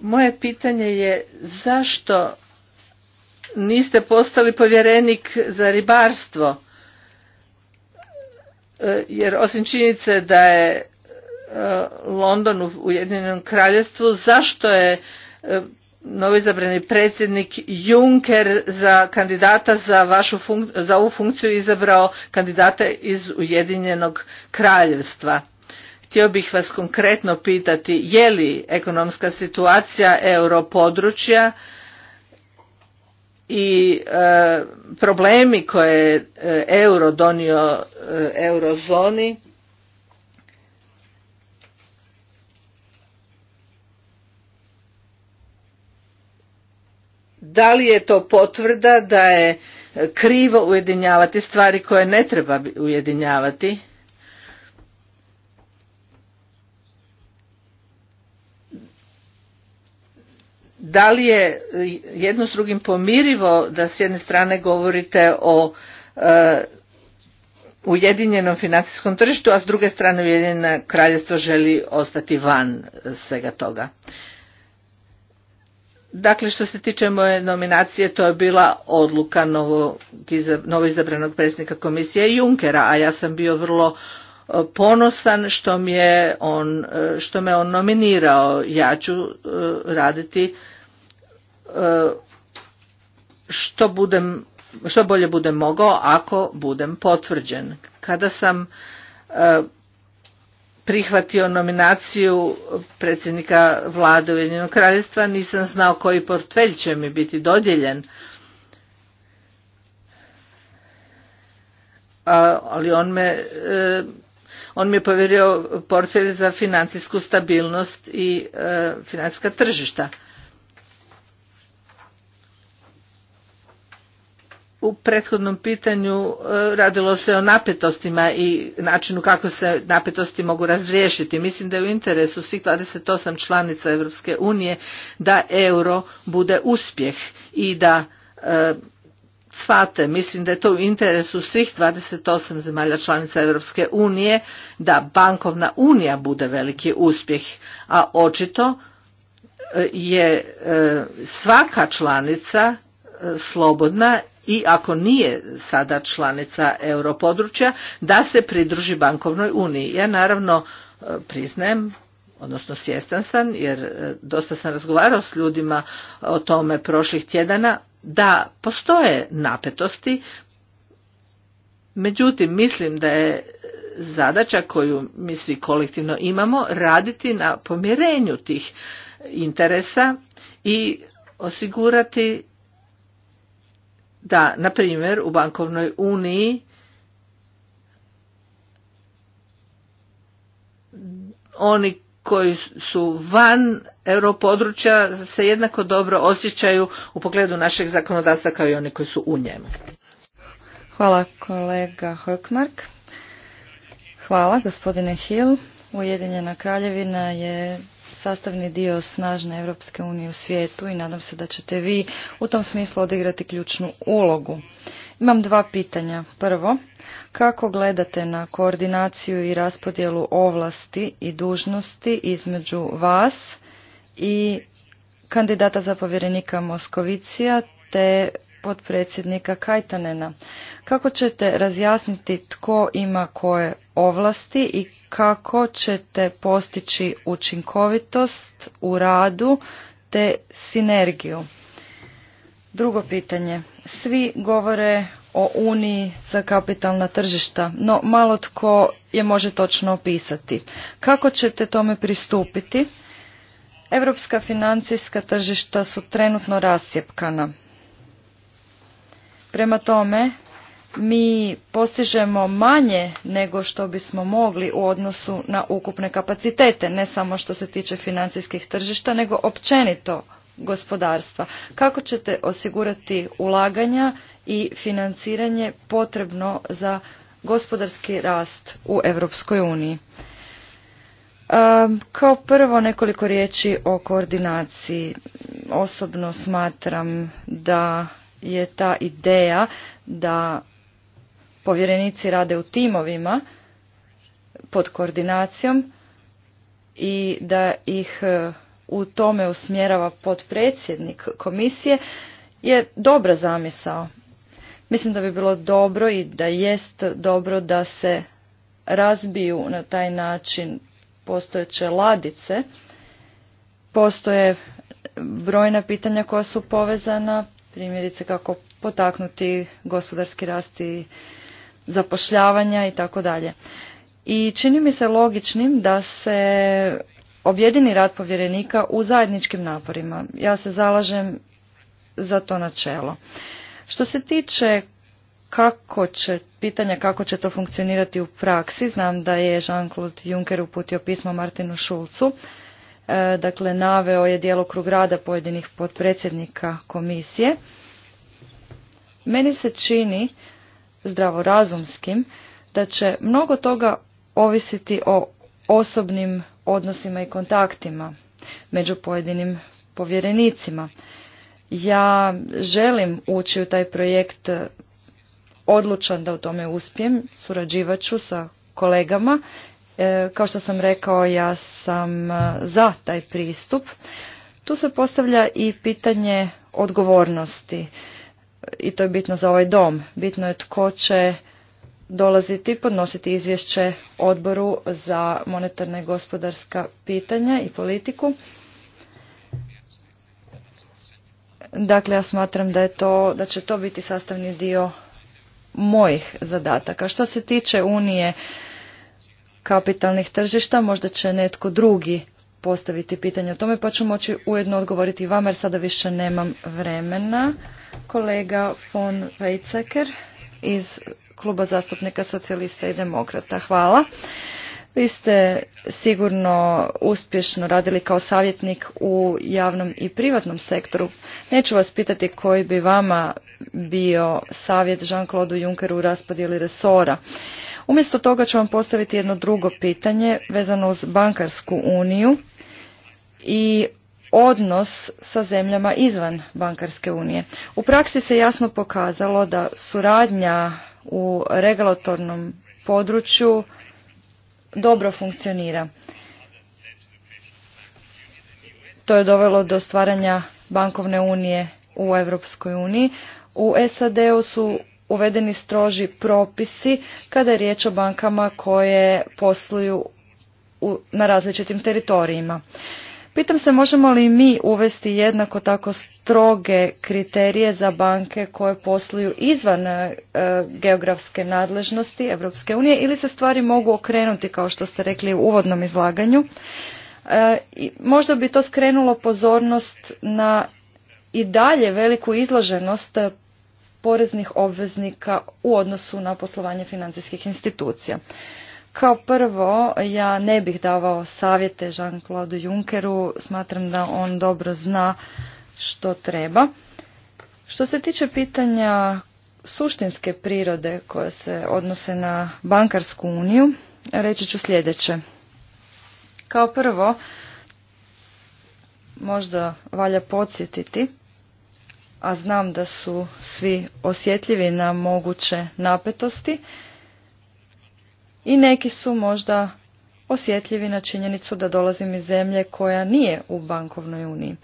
Moje pitanje je zašto niste postali povjerenik za ribarstvo? E, jer osim činjenice da je e, London u Ujedinjenom kraljevstvu, zašto je e, novoizabrani predsjednik Juncker za kandidata za, vašu za ovu funkciju izabrao kandidate iz Ujedinjenog kraljevstva. Htio bih vas konkretno pitati je li ekonomska situacija europodručja i e, problemi koje je euro donio e, eurozoni da li je to potvrda da je krivo ujedinjavati stvari koje ne treba ujedinjavati da li je jedno s drugim pomirivo da s jedne strane govorite o e, ujedinjenom financijskom tržištu a s druge strane ujedinjeno kraljevstvo želi ostati van svega toga Dakle, što se tiče moje nominacije, to je bila odluka novoizabranog predsjednika komisije Junkera, a ja sam bio vrlo e, ponosan što, mi je on, e, što me on nominirao. Ja ću e, raditi što, budem, što bolje budem mogao ako budem potvrđen. Kada sam prihvatio nominaciju predsjednika vlade Ujedinjenog kraljevstva, nisam znao koji portfelj će mi biti dodijeljen. Ali on me e, on mi je povjerio portfelj za financijsku stabilnost i e, financijska tržišta. u prethodnom pitanju e, radilo se o napetostima i načinu kako se napetosti mogu razriješiti. Mislim da je u interesu svih 28 članica Europske unije da euro bude uspjeh i da e, svate mislim da je to u interesu svih 28 zemalja članica Europske unije da bankovna unija bude veliki uspjeh, a očito e, je svaka članica slobodna i ako nije sada članica europodručja da se pridruži bankovnoj uniji. Ja naravno e, priznajem odnosno svjestan sam jer e, dosta sam razgovarao s ljudima o tome prošlih tjedana da postoje napetosti međutim mislim da je zadaća koju mi svi kolektivno imamo raditi na pomirenju tih interesa i osigurati da, na primjer, u bankovnoj uniji oni koji su van europodručja se jednako dobro osjećaju u pogledu našeg zakonodavstva kao i oni koji su u njemu. Hvala kolega Hökmark. Hvala gospodine Hill. Ujedinjena kraljevina je sastavni dio snažne Europske unije u svijetu i nadam se da ćete vi u tom smislu odigrati ključnu ulogu. Imam dva pitanja. Prvo, kako gledate na koordinaciju i raspodjelu ovlasti i dužnosti između vas i kandidata za povjerenika Moskovicija te potpredsjednika Kajtanena. Kako ćete razjasniti tko ima koje ovlasti i kako ćete postići učinkovitost u radu te sinergiju? Drugo pitanje. Svi govore o Uniji za kapitalna tržišta, no malo tko je može točno opisati. Kako ćete tome pristupiti? Europska financijska tržišta su trenutno rasjepkana. Prema tome, mi postižemo manje nego što bismo mogli u odnosu na ukupne kapacitete, ne samo što se tiče financijskih tržišta, nego općenito gospodarstva. Kako ćete osigurati ulaganja i financiranje potrebno za gospodarski rast u Europskoj uniji? Kao prvo nekoliko riječi o koordinaciji. Osobno smatram da je ta ideja da povjerenici rade u timovima pod koordinacijom i da ih e, u tome usmjerava potpredsjednik komisije je dobra zamisao. Mislim da bi bilo dobro i da jest dobro da se razbiju na taj način postojeće ladice. Postoje brojna pitanja koja su povezana primjerice kako potaknuti gospodarski rast i zapošljavanja i tako dalje. I čini mi se logičnim da se objedini rad povjerenika u zajedničkim naporima. Ja se zalažem za to načelo. Što se tiče kako će, pitanja kako će to funkcionirati u praksi, znam da je Jean-Claude Juncker uputio pismo Martinu Šulcu, E, dakle naveo je djelokrug rada pojedinih potpredsjednika komisije. Meni se čini zdravorazumskim da će mnogo toga ovisiti o osobnim odnosima i kontaktima među pojedinim povjerenicima. Ja želim ući u taj projekt odlučan da u tome uspijem, surađivaću sa kolegama E, kao što sam rekao, ja sam e, za taj pristup. Tu se postavlja i pitanje odgovornosti i to je bitno za ovaj dom. Bitno je tko će dolaziti i podnositi izvješće odboru za monetarne gospodarska pitanja i politiku. Dakle, ja smatram da, je to, da će to biti sastavni dio mojih zadataka. Što se tiče Unije kapitalnih tržišta, možda će netko drugi postaviti pitanje o tome, pa ću moći ujedno odgovoriti i vama jer sada više nemam vremena. Kolega von Weizsäcker iz Kluba zastupnika socijalista i demokrata, hvala. Vi ste sigurno uspješno radili kao savjetnik u javnom i privatnom sektoru. Neću vas pitati koji bi vama bio savjet Jean-Claude Junckeru u raspodjeli resora. Umjesto toga ću vam postaviti jedno drugo pitanje vezano uz bankarsku uniju i odnos sa zemljama izvan bankarske unije. U praksi se jasno pokazalo da suradnja u regulatornom području dobro funkcionira. To je dovelo do stvaranja bankovne unije u Europskoj uniji. U SAD-u su uvedeni stroži propisi kada je riječ o bankama koje posluju na različitim teritorijima. Pitam se možemo li mi uvesti jednako tako stroge kriterije za banke koje posluju izvan e, geografske nadležnosti Europske unije ili se stvari mogu okrenuti kao što ste rekli u uvodnom izlaganju. E, možda bi to skrenulo pozornost na i dalje veliku izloženost poreznih obveznika u odnosu na poslovanje financijskih institucija. Kao prvo, ja ne bih davao savjete Jean-Claude Junckeru, smatram da on dobro zna što treba. Što se tiče pitanja suštinske prirode koje se odnose na bankarsku uniju, reći ću sljedeće. Kao prvo, možda valja podsjetiti a znam da su svi osjetljivi na moguće napetosti i neki su možda osjetljivi na činjenicu da dolazim iz zemlje koja nije u bankovnoj uniji.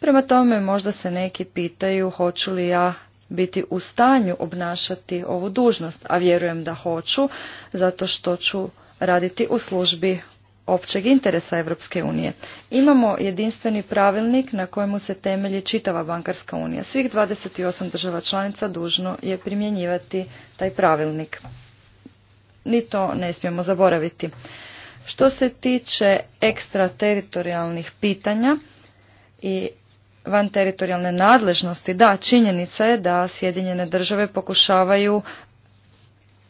Prema tome možda se neki pitaju hoću li ja biti u stanju obnašati ovu dužnost, a vjerujem da hoću zato što ću raditi u službi općeg interesa Europske unije. Imamo jedinstveni pravilnik na kojemu se temelji čitava bankarska unija. Svih 28 država članica dužno je primjenjivati taj pravilnik. Ni to ne smijemo zaboraviti. Što se tiče ekstrateritorijalnih pitanja i van teritorijalne nadležnosti, da, činjenica je da Sjedinjene države pokušavaju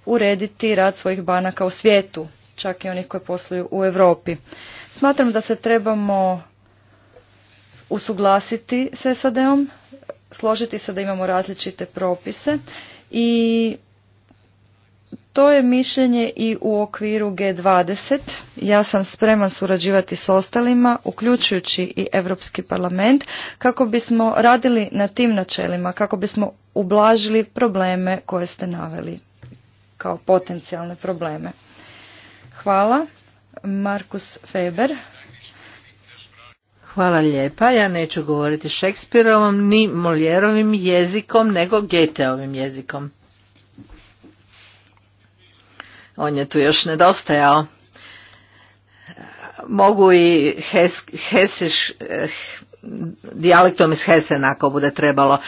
urediti rad svojih banaka u svijetu čak i onih koji posluju u Europi. Smatram da se trebamo usuglasiti s SAD-om, složiti se da imamo različite propise i to je mišljenje i u okviru G20. Ja sam spreman surađivati s ostalima, uključujući i Europski parlament, kako bismo radili na tim načelima, kako bismo ublažili probleme koje ste naveli kao potencijalne probleme. Hvala. Markus Feber. Hvala lijepa. Ja neću govoriti Šekspirovom ni Moljerovim jezikom, nego Geteovim jezikom. On je tu još nedostajao. Mogu i hes, eh, dijalektom iz Hesena ako bude trebalo.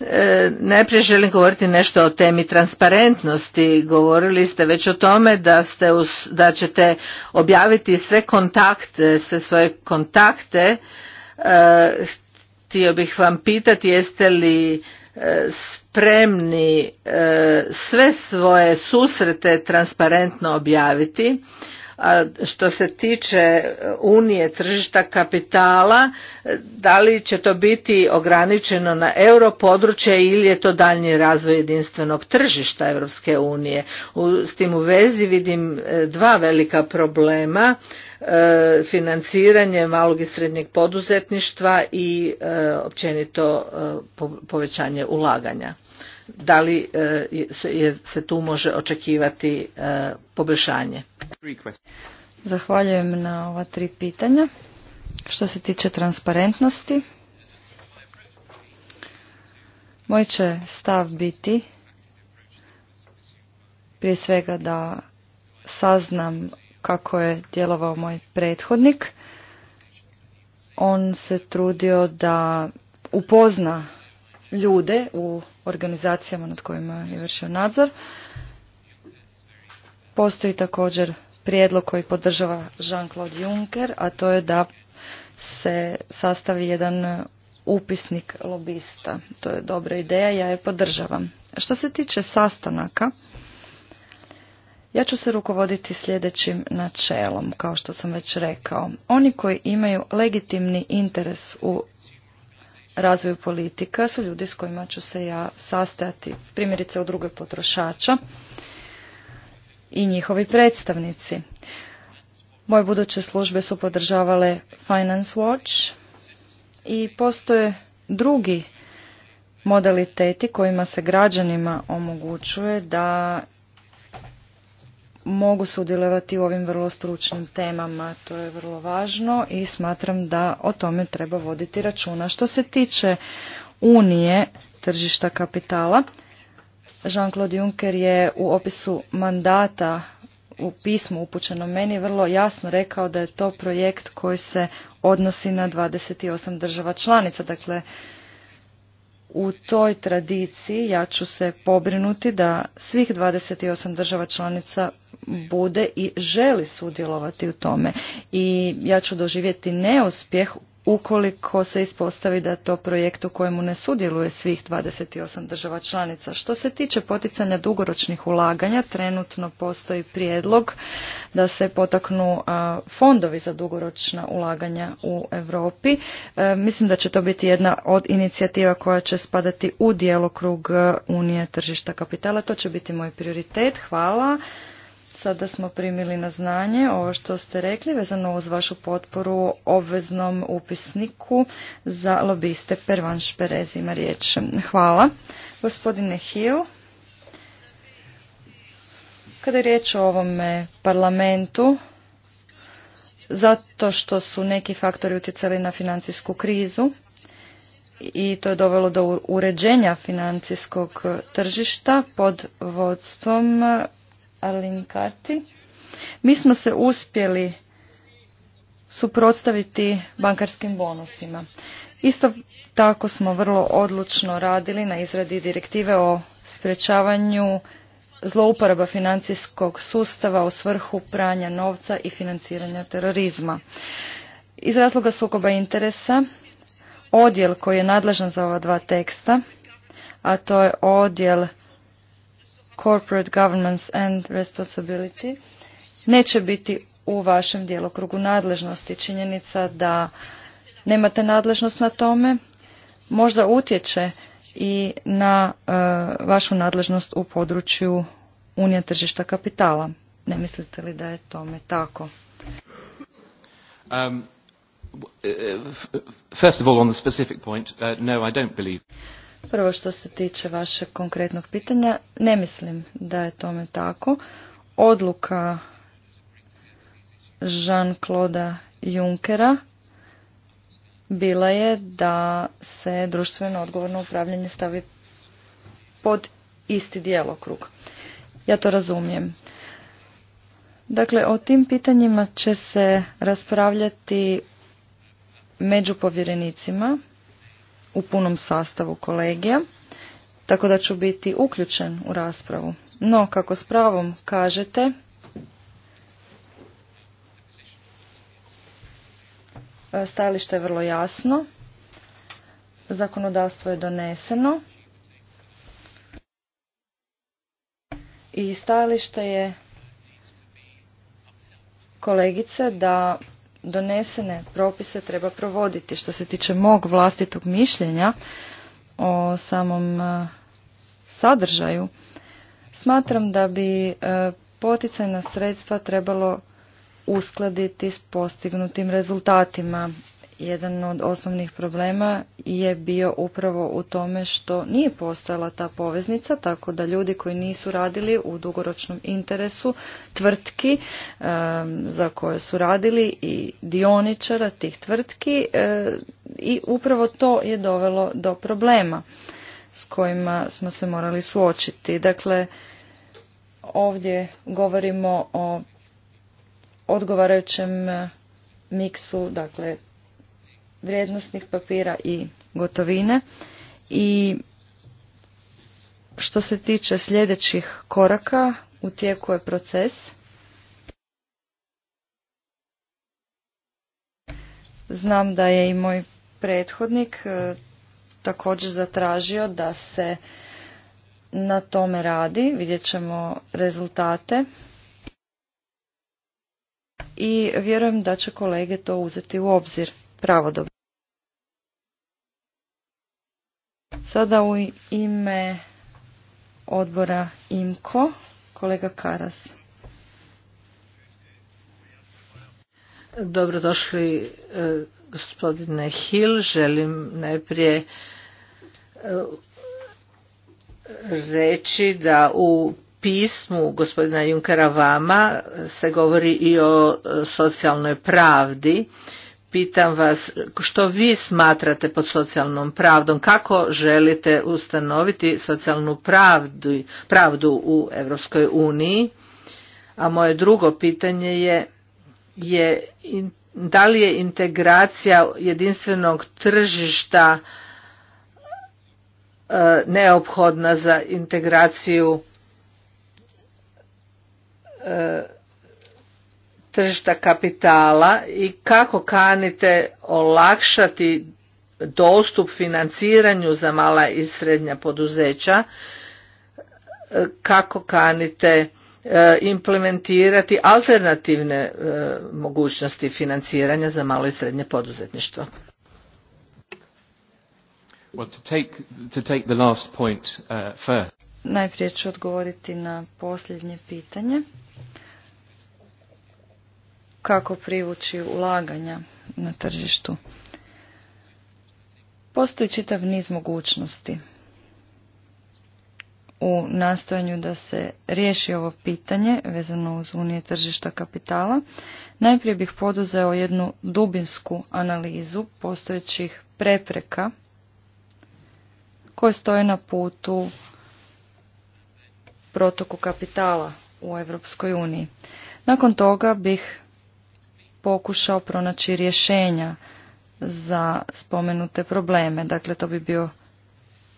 E, najprije želim govoriti nešto o temi transparentnosti. Govorili ste već o tome da, ste us, da ćete objaviti sve kontakte, sve svoje kontakte. E, htio bih vam pitati jeste li e, spremni sve svoje susrete transparentno objaviti a što se tiče e, unije tržišta kapitala, e, da li će to biti ograničeno na euro područje ili je to daljnji razvoj jedinstvenog tržišta Europske unije? S tim u vezi vidim e, dva velika problema financiranje malog i srednjeg poduzetništva i općenito povećanje ulaganja. Da li se tu može očekivati poboljšanje? Zahvaljujem na ova tri pitanja. Što se tiče transparentnosti, moj će stav biti prije svega da saznam kako je djelovao moj prethodnik. On se trudio da upozna ljude u organizacijama nad kojima je vršio nadzor. Postoji također prijedlog koji podržava Jean-Claude Juncker, a to je da se sastavi jedan e, upisnik lobista. To je dobra ideja, ja je podržavam. Što se tiče sastanaka, ja ću se rukovoditi sljedećim načelom, kao što sam već rekao. Oni koji imaju legitimni interes u razvoju politika su ljudi s kojima ću se ja sastajati, primjerice u drugoj potrošača i njihovi predstavnici. Moje buduće službe su podržavale Finance Watch i postoje drugi modaliteti kojima se građanima omogućuje da mogu sudjelovati u ovim vrlo stručnim temama. To je vrlo važno i smatram da o tome treba voditi računa. Što se tiče Unije tržišta kapitala, Jean-Claude Juncker je u opisu mandata u pismu upućeno meni vrlo jasno rekao da je to projekt koji se odnosi na 28 država članica. Dakle, u toj tradiciji ja ću se pobrinuti da svih 28 država članica bude i želi sudjelovati u tome. I ja ću doživjeti neuspjeh ukoliko se ispostavi da je to projekt u kojemu ne sudjeluje svih 28 država članica. Što se tiče poticanja dugoročnih ulaganja, trenutno postoji prijedlog da se potaknu fondovi za dugoročna ulaganja u Europi. E, mislim da će to biti jedna od inicijativa koja će spadati u djelokrug e, Unije tržišta kapitala. To će biti moj prioritet. Hvala. Sada smo primili na znanje ovo što ste rekli vezano uz vašu potporu obveznom upisniku za lobiste Pervan Šperez ima riječ. Hvala. Gospodine Hill, kada je riječ o ovome parlamentu, zato što su neki faktori utjecali na financijsku krizu i to je dovelo do uređenja financijskog tržišta pod vodstvom Alinkarti. Karti. Mi smo se uspjeli suprotstaviti bankarskim bonusima. Isto tako smo vrlo odlučno radili na izradi direktive o sprečavanju zlouporaba financijskog sustava u svrhu pranja novca i financiranja terorizma. Iz razloga sukoba interesa odjel koji je nadležan za ova dva teksta, a to je odjel Corporate Governance and Responsibility neće biti u vašem djelokrugu nadležnosti. Činjenica da nemate nadležnost na tome možda utječe i na e, vašu nadležnost u području unije tržišta kapitala. Ne mislite li da je tome tako? Um, e, on the specific point, uh, no I don't believe. Prvo što se tiče vašeg konkretnog pitanja, ne mislim da je tome tako. Odluka Jean-Claude Junckera bila je da se društveno odgovorno upravljanje stavi pod isti djelokrug. Ja to razumijem. Dakle, o tim pitanjima će se raspravljati među povjerenicima u punom sastavu kolegija, tako da ću biti uključen u raspravu. No, kako s pravom kažete, stajalište je vrlo jasno, zakonodavstvo je doneseno i stajalište je kolegice da donesene propise treba provoditi. Što se tiče mog vlastitog mišljenja o samom e, sadržaju, smatram da bi e, poticajna sredstva trebalo uskladiti s postignutim rezultatima jedan od osnovnih problema je bio upravo u tome što nije postojala ta poveznica, tako da ljudi koji nisu radili u dugoročnom interesu tvrtki za koje su radili i dioničara tih tvrtki eh, i upravo to je dovelo do problema s kojima smo se morali suočiti. Dakle, ovdje govorimo o odgovarajućem eh, miksu, dakle vrijednostnih papira i gotovine i što se tiče sljedećih koraka u tijeku je proces znam da je i moj prethodnik e, također zatražio da se na tome radi vidjet ćemo rezultate i vjerujem da će kolege to uzeti u obzir pravodobno Sada u ime odbora IMKO, kolega Karas. Dobrodošli e, gospodine Hill. Želim najprije e, reći da u pismu gospodina Junkera Vama se govori i o e, socijalnoj pravdi pitam vas što vi smatrate pod socijalnom pravdom, kako želite ustanoviti socijalnu pravdu, pravdu u Europskoj uniji? A moje drugo pitanje je, je da li je integracija jedinstvenog tržišta e, neophodna za integraciju e, tržišta kapitala i kako kanite olakšati dostup financiranju za mala i srednja poduzeća, e, kako kanite e, implementirati alternativne e, mogućnosti financiranja za malo i srednje poduzetništvo. Najprije ću odgovoriti na posljednje pitanje kako privući ulaganja na tržištu. Postoji čitav niz mogućnosti u nastojanju da se riješi ovo pitanje vezano uz unije tržišta kapitala. Najprije bih poduzeo jednu dubinsku analizu postojećih prepreka koje stoje na putu protoku kapitala u Europskoj uniji. Nakon toga bih pokušao pronaći rješenja za spomenute probleme. Dakle, to bi bio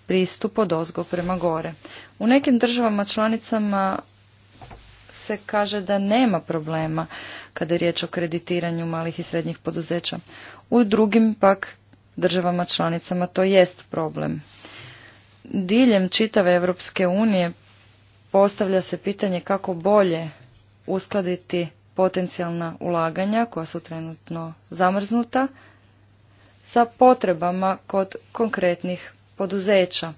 pristup od ozgo prema gore. U nekim državama članicama se kaže da nema problema kada je riječ o kreditiranju malih i srednjih poduzeća. U drugim pak državama članicama to jest problem. Diljem čitave Europske unije postavlja se pitanje kako bolje uskladiti potencijalna ulaganja koja su trenutno zamrznuta sa potrebama kod konkretnih poduzeća.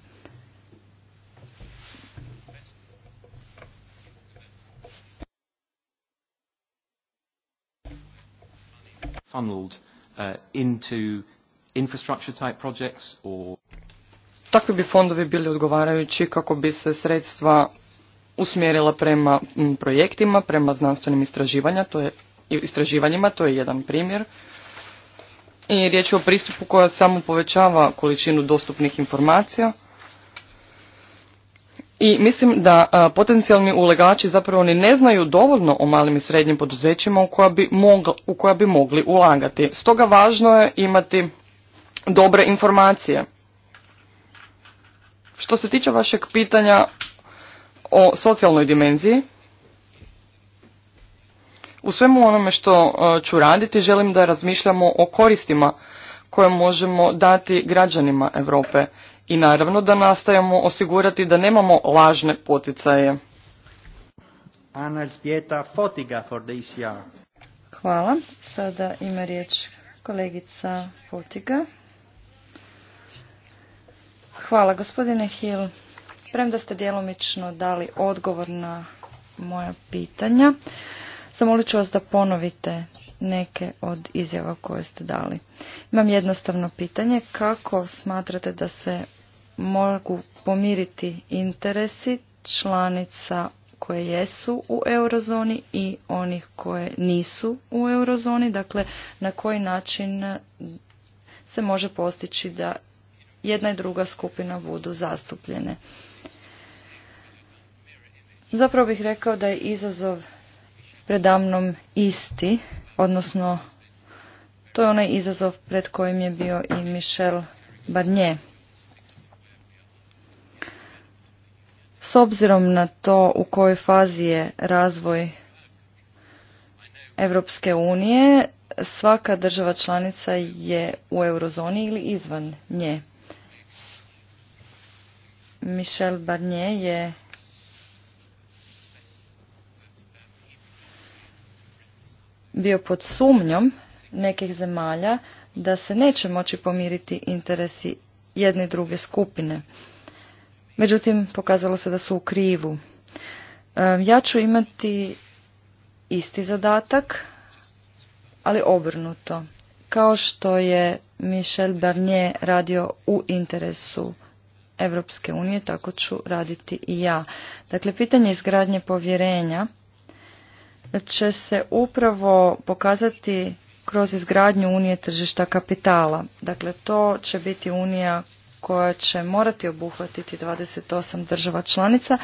funneled uh, Takvi bi fondovi bili odgovarajući kako bi se sredstva usmjerila prema projektima, prema znanstvenim istraživanjima to je, istraživanjima, to je jedan primjer. I riječ je o pristupu koja samo povećava količinu dostupnih informacija. I mislim da potencijalni ulegači zapravo oni ne znaju dovoljno o malim i srednjim poduzećima u koja bi, u koja bi mogli ulagati. Stoga važno je imati dobre informacije. Što se tiče vašeg pitanja o socijalnoj dimenziji. U svemu onome što e, ću raditi želim da razmišljamo o koristima koje možemo dati građanima Europe i naravno da nastajemo osigurati da nemamo lažne poticaje. E Hvala. Sada ima riječ kolegica Fotiga. Hvala gospodine Hill. Premda ste djelomično dali odgovor na moja pitanja, zamolit ću vas da ponovite neke od izjava koje ste dali. Imam jednostavno pitanje, kako smatrate da se mogu pomiriti interesi članica koje jesu u eurozoni i onih koje nisu u eurozoni, dakle na koji način se može postići da jedna i druga skupina budu zastupljene. Zapravo bih rekao da je izazov predamnom isti, odnosno to je onaj izazov pred kojim je bio i Michel Barnier. S obzirom na to u kojoj fazi je razvoj Europske unije, svaka država članica je u eurozoni ili izvan nje. Michel Barnier je bio pod sumnjom nekih zemalja da se neće moći pomiriti interesi jedne i druge skupine. Međutim, pokazalo se da su u krivu. E, ja ću imati isti zadatak, ali obrnuto. Kao što je Michel Barnier radio u interesu Evropske unije, tako ću raditi i ja. Dakle, pitanje izgradnje povjerenja će se upravo pokazati kroz izgradnju unije tržišta kapitala. Dakle, to će biti unija koja će morati obuhvatiti 28 država članica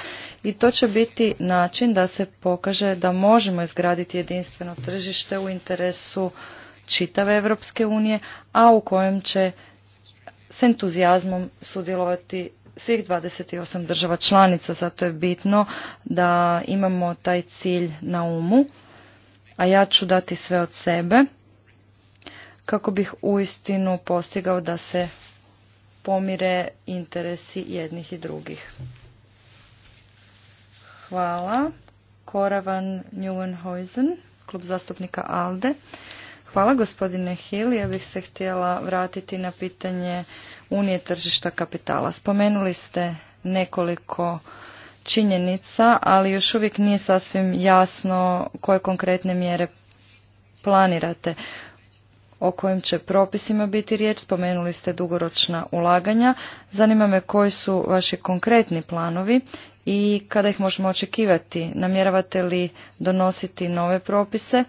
i to će biti način da se pokaže da možemo izgraditi jedinstveno tržište u interesu čitave Europske unije, a u kojem će s entuzijazmom sudjelovati svih 28 država članica, zato je bitno da imamo taj cilj na umu, a ja ću dati sve od sebe kako bih uistinu postigao da se pomire interesi jednih i drugih. Hvala. Koravan Neuenhuizen, klub zastupnika ALDE. Hvala gospodine Hill. Ja bih se htjela vratiti na pitanje unije tržišta kapitala. Spomenuli ste nekoliko činjenica, ali još uvijek nije sasvim jasno koje konkretne mjere planirate o kojim će propisima biti riječ, spomenuli ste dugoročna ulaganja. Zanima me koji su vaši konkretni planovi i kada ih možemo očekivati. Namjeravate li donositi nove propise?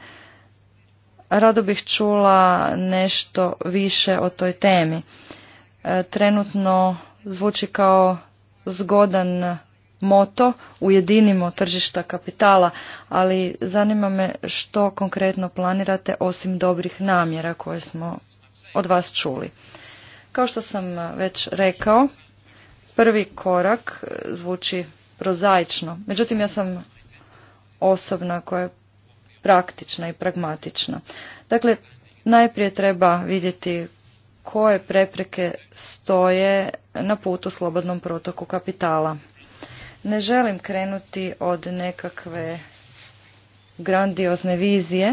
Rado bih čula nešto više o toj temi. E, trenutno zvuči kao zgodan moto ujedinimo tržišta kapitala, ali zanima me što konkretno planirate osim dobrih namjera koje smo od vas čuli. Kao što sam već rekao, prvi korak zvuči prozaično, međutim ja sam osobna koja je praktična i pragmatična. Dakle, najprije treba vidjeti koje prepreke stoje na putu slobodnom protoku kapitala. Ne želim krenuti od nekakve grandiozne vizije.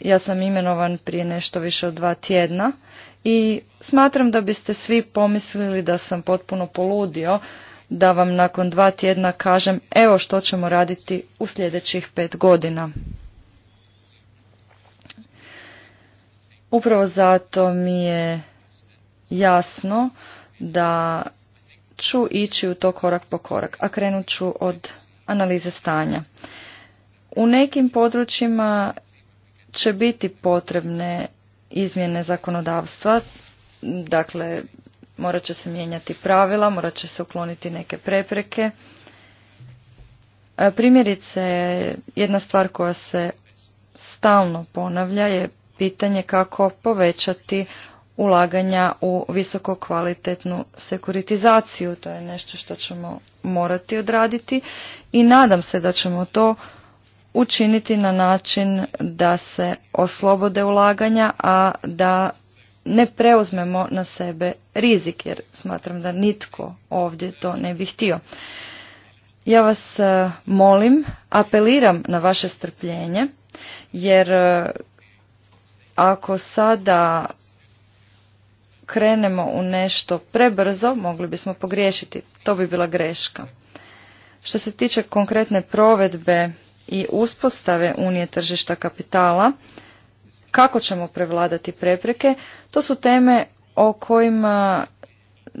Ja sam imenovan prije nešto više od dva tjedna i smatram da biste svi pomislili da sam potpuno poludio da vam nakon dva tjedna kažem evo što ćemo raditi u sljedećih pet godina. Upravo zato mi je jasno da ću ići u to korak po korak, a krenut ću od analize stanja. U nekim područjima će biti potrebne izmjene zakonodavstva, dakle morat će se mijenjati pravila, morat će se ukloniti neke prepreke. E, primjerice, jedna stvar koja se stalno ponavlja je pitanje kako povećati ulaganja u visoko kvalitetnu sekuritizaciju. To je nešto što ćemo morati odraditi i nadam se da ćemo to učiniti na način da se oslobode ulaganja, a da ne preuzmemo na sebe rizik, jer smatram da nitko ovdje to ne bi htio. Ja vas e, molim, apeliram na vaše strpljenje, jer e, ako sada krenemo u nešto prebrzo, mogli bismo pogriješiti. To bi bila greška. Što se tiče konkretne provedbe i uspostave Unije tržišta kapitala, kako ćemo prevladati prepreke, to su teme o kojima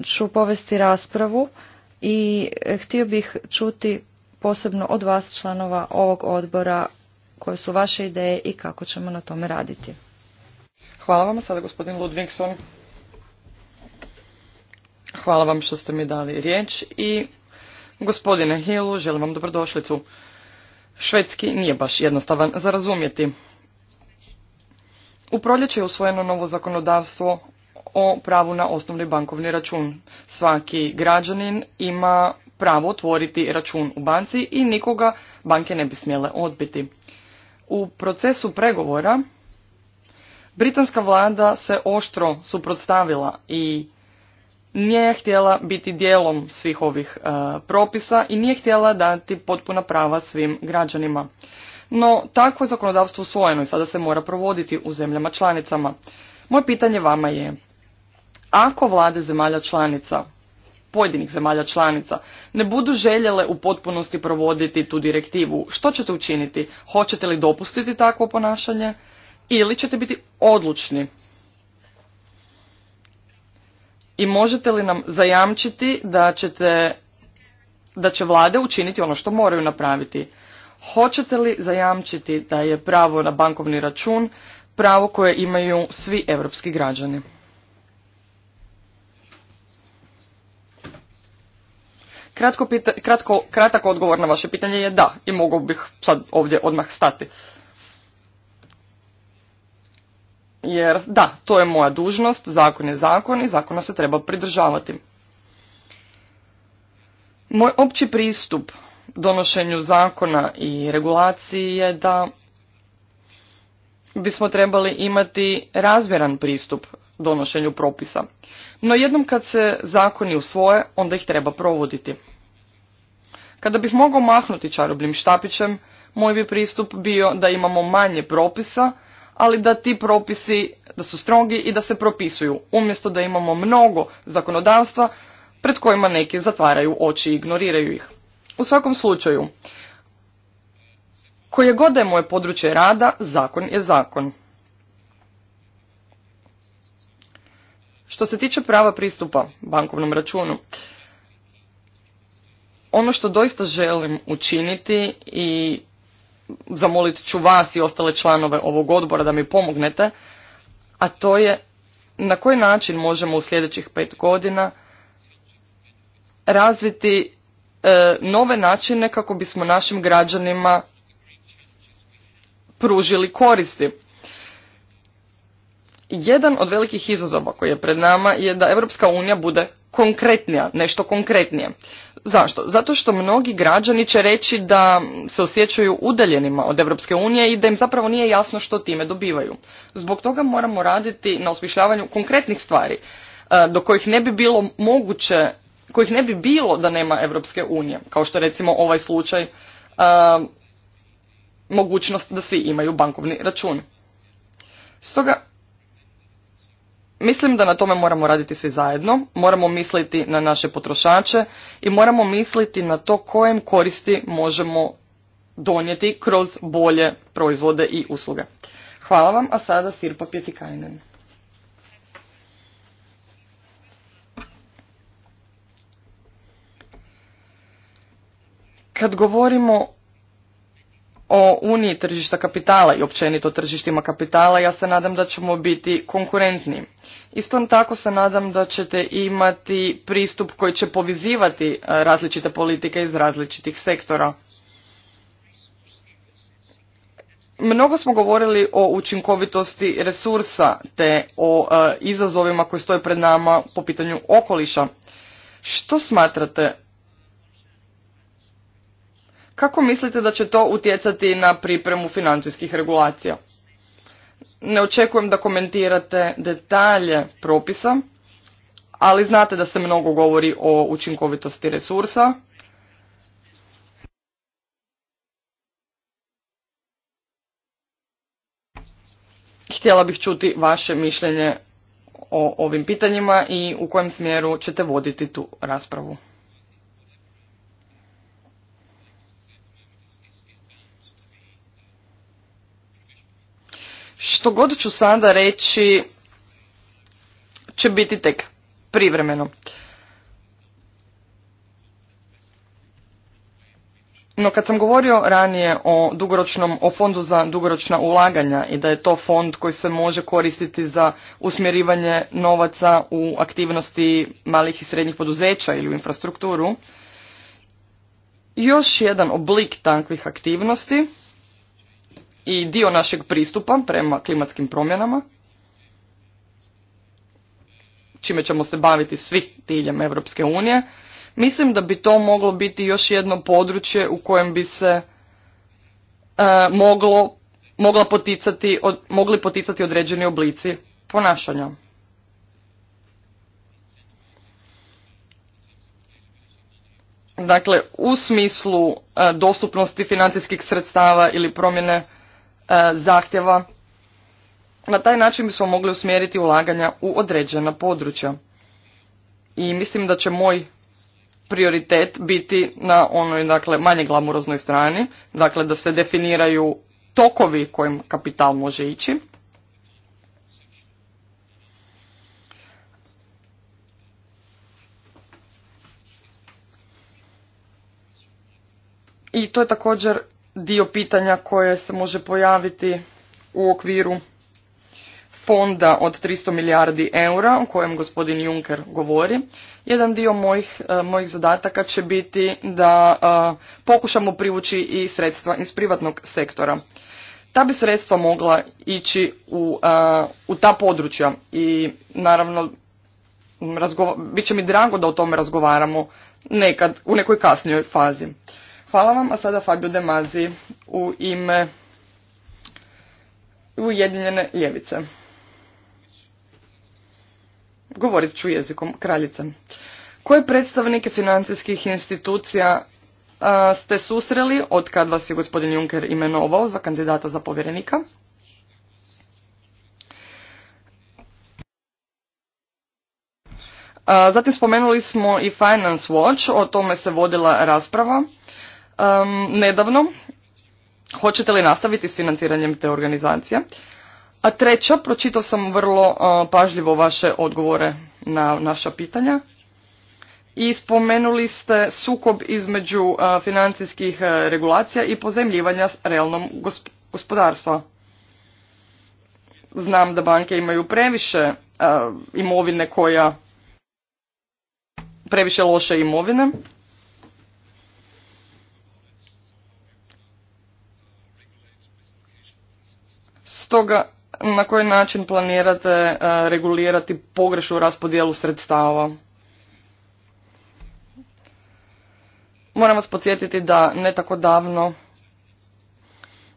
ću povesti raspravu i htio bih čuti posebno od vas članova ovog odbora koje su vaše ideje i kako ćemo na tome raditi. Hvala vam sada gospodin Ludvigson. Hvala vam što ste mi dali riječ i gospodine Hillu želim vam dobrodošlicu. Švedski nije baš jednostavan za razumjeti. U proljeće je usvojeno novo zakonodavstvo o pravu na osnovni bankovni račun. Svaki građanin ima pravo otvoriti račun u banci i nikoga banke ne bi smjele odbiti. U procesu pregovora Britanska vlada se oštro suprotstavila i nije htjela biti dijelom svih ovih e, propisa i nije htjela dati potpuna prava svim građanima. No, takvo je zakonodavstvo usvojeno i sada se mora provoditi u zemljama članicama. Moje pitanje vama je, ako vlade zemalja članica, pojedinih zemalja članica, ne budu željele u potpunosti provoditi tu direktivu, što ćete učiniti? Hoćete li dopustiti takvo ponašanje? ili ćete biti odlučni i možete li nam zajamčiti da ćete da će vlade učiniti ono što moraju napraviti hoćete li zajamčiti da je pravo na bankovni račun pravo koje imaju svi europski građani Kratko kratko, kratak odgovor na vaše pitanje je da i mogu bih sad ovdje odmah stati. Jer da, to je moja dužnost, zakon je zakon i zakona se treba pridržavati. Moj opći pristup donošenju zakona i regulaciji je da bismo trebali imati razvjeran pristup donošenju propisa. No jednom kad se zakoni usvoje, onda ih treba provoditi. Kada bih mogao mahnuti čarobnim štapićem, moj bi pristup bio da imamo manje propisa, ali da ti propisi da su strogi i da se propisuju, umjesto da imamo mnogo zakonodavstva pred kojima neki zatvaraju oči i ignoriraju ih. U svakom slučaju, koje god je moje područje rada, zakon je zakon. Što se tiče prava pristupa bankovnom računu, ono što doista želim učiniti i zamolit ću vas i ostale članove ovog odbora da mi pomognete, a to je na koji način možemo u sljedećih pet godina razviti e, nove načine kako bismo našim građanima pružili koristi. Jedan od velikih izazova koji je pred nama je da Europska unija bude konkretnija, nešto konkretnije. Zašto? Zato što mnogi građani će reći da se osjećaju udaljenima od Europske unije i da im zapravo nije jasno što time dobivaju. Zbog toga moramo raditi na osmišljavanju konkretnih stvari e, do kojih ne bi bilo moguće, kojih ne bi bilo da nema Europske unije, kao što recimo ovaj slučaj e, mogućnost da svi imaju bankovni račun. Stoga Mislim da na tome moramo raditi svi zajedno, moramo misliti na naše potrošače i moramo misliti na to kojem koristi možemo donijeti kroz bolje proizvode i usluge. Hvala vam, a sada Sirpa Pjetikajnen. Kad govorimo o uniji tržišta kapitala i općenito tržištima kapitala, ja se nadam da ćemo biti konkurentni. Isto tako se nadam da ćete imati pristup koji će povizivati e, različite politike iz različitih sektora. Mnogo smo govorili o učinkovitosti resursa te o e, izazovima koji stoje pred nama po pitanju okoliša. Što smatrate kako mislite da će to utjecati na pripremu financijskih regulacija? Ne očekujem da komentirate detalje propisa, ali znate da se mnogo govori o učinkovitosti resursa. Htjela bih čuti vaše mišljenje o ovim pitanjima i u kojem smjeru ćete voditi tu raspravu. što god ću sada reći će biti tek privremeno. No kad sam govorio ranije o dugoročnom o fondu za dugoročna ulaganja i da je to fond koji se može koristiti za usmjerivanje novaca u aktivnosti malih i srednjih poduzeća ili u infrastrukturu, još jedan oblik takvih aktivnosti i dio našeg pristupa prema klimatskim promjenama, čime ćemo se baviti svi diljem Europske unije, mislim da bi to moglo biti još jedno područje u kojem bi se e, moglo, mogla poticati, mogli poticati određeni oblici ponašanja. Dakle, u smislu e, dostupnosti financijskih sredstava ili promjene E, zahtjeva. Na taj način bismo mogli usmjeriti ulaganja u određena područja. I mislim da će moj prioritet biti na onoj dakle, manje glamuroznoj strani, dakle da se definiraju tokovi kojim kapital može ići. I to je također dio pitanja koje se može pojaviti u okviru fonda od 300 milijardi eura o kojem gospodin Juncker govori. Jedan dio mojih, e, mojih zadataka će biti da e, pokušamo privući i sredstva iz privatnog sektora. Ta bi sredstva mogla ići u, e, u ta područja i naravno bit će mi drago da o tome razgovaramo nekad u nekoj kasnijoj fazi. Hvala vam, a sada Fabio De u ime Ujedinjene ljevice. Govorit ću jezikom kraljice. Koje predstavnike financijskih institucija ste susreli od kad vas je gospodin Juncker imenovao za kandidata za povjerenika? zatim spomenuli smo i Finance Watch, o tome se vodila rasprava nedavno. Hoćete li nastaviti s financiranjem te organizacije? A treća, pročitao sam vrlo pažljivo vaše odgovore na naša pitanja. I spomenuli ste sukob između financijskih regulacija i pozemljivanja s realnom gospodarstva. Znam da banke imaju previše imovine koja previše loše imovine toga na koji način planirate e, regulirati pogrešnu raspodjelu sredstava? Moram vas podsjetiti da ne tako davno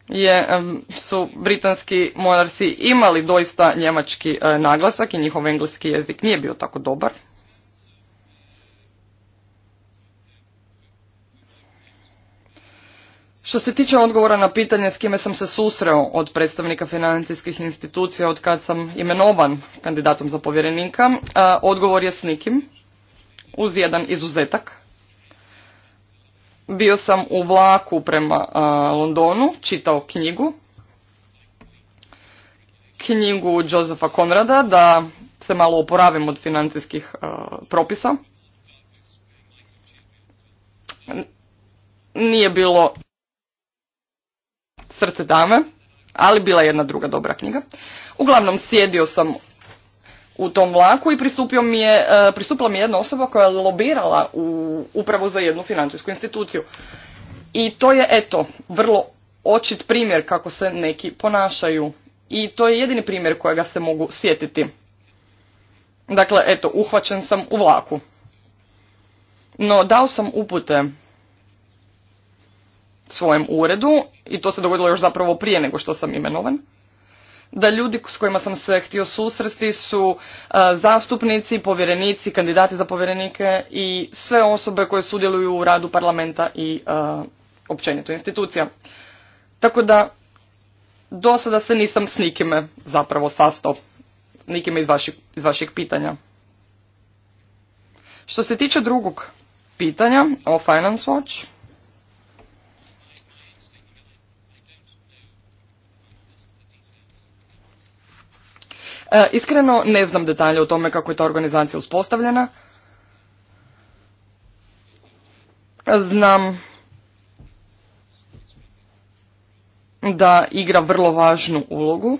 je, e, su britanski monarsi imali doista njemački e, naglasak i njihov engleski jezik nije bio tako dobar. Što se tiče odgovora na pitanje s kime sam se susreo od predstavnika financijskih institucija od kad sam imenovan kandidatom za povjerenika, odgovor je s nikim, uz jedan izuzetak. Bio sam u vlaku prema Londonu, čitao knjigu, knjigu Josefa Konrada da se malo oporavim od financijskih propisa. Nije bilo Srce dame, ali bila je jedna druga dobra knjiga. Uglavnom sjedio sam u tom vlaku i pristupio mi je, e, pristupila mi je jedna osoba koja je lobirala u, upravo za jednu financijsku instituciju. I to je, eto, vrlo očit primjer kako se neki ponašaju. I to je jedini primjer kojega se mogu sjetiti. Dakle, eto, uhvaćen sam u vlaku. No, dao sam upute svojem uredu, i to se dogodilo još zapravo prije nego što sam imenovan, da ljudi s kojima sam se htio susresti su e, zastupnici, povjerenici, kandidati za povjerenike i sve osobe koje sudjeluju u radu parlamenta i e, općenito institucija. Tako da do sada se nisam s nikime zapravo sastao, nikime iz vaših, iz pitanja. Što se tiče drugog pitanja o Finance Watch, E, iskreno ne znam detalje o tome kako je ta organizacija uspostavljena. Znam da igra vrlo važnu ulogu.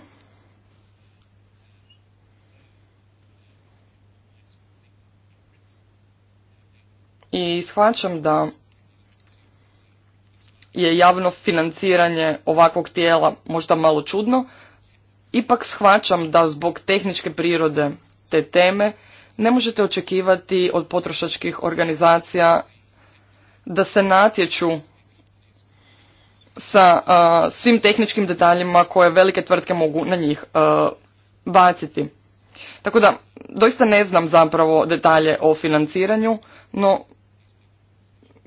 I shvaćam da je javno financiranje ovakvog tijela možda malo čudno, Ipak shvaćam da zbog tehničke prirode te teme ne možete očekivati od potrošačkih organizacija da se natječu sa svim tehničkim detaljima koje velike tvrtke mogu na njih baciti. Tako da, doista ne znam zapravo detalje o financiranju, no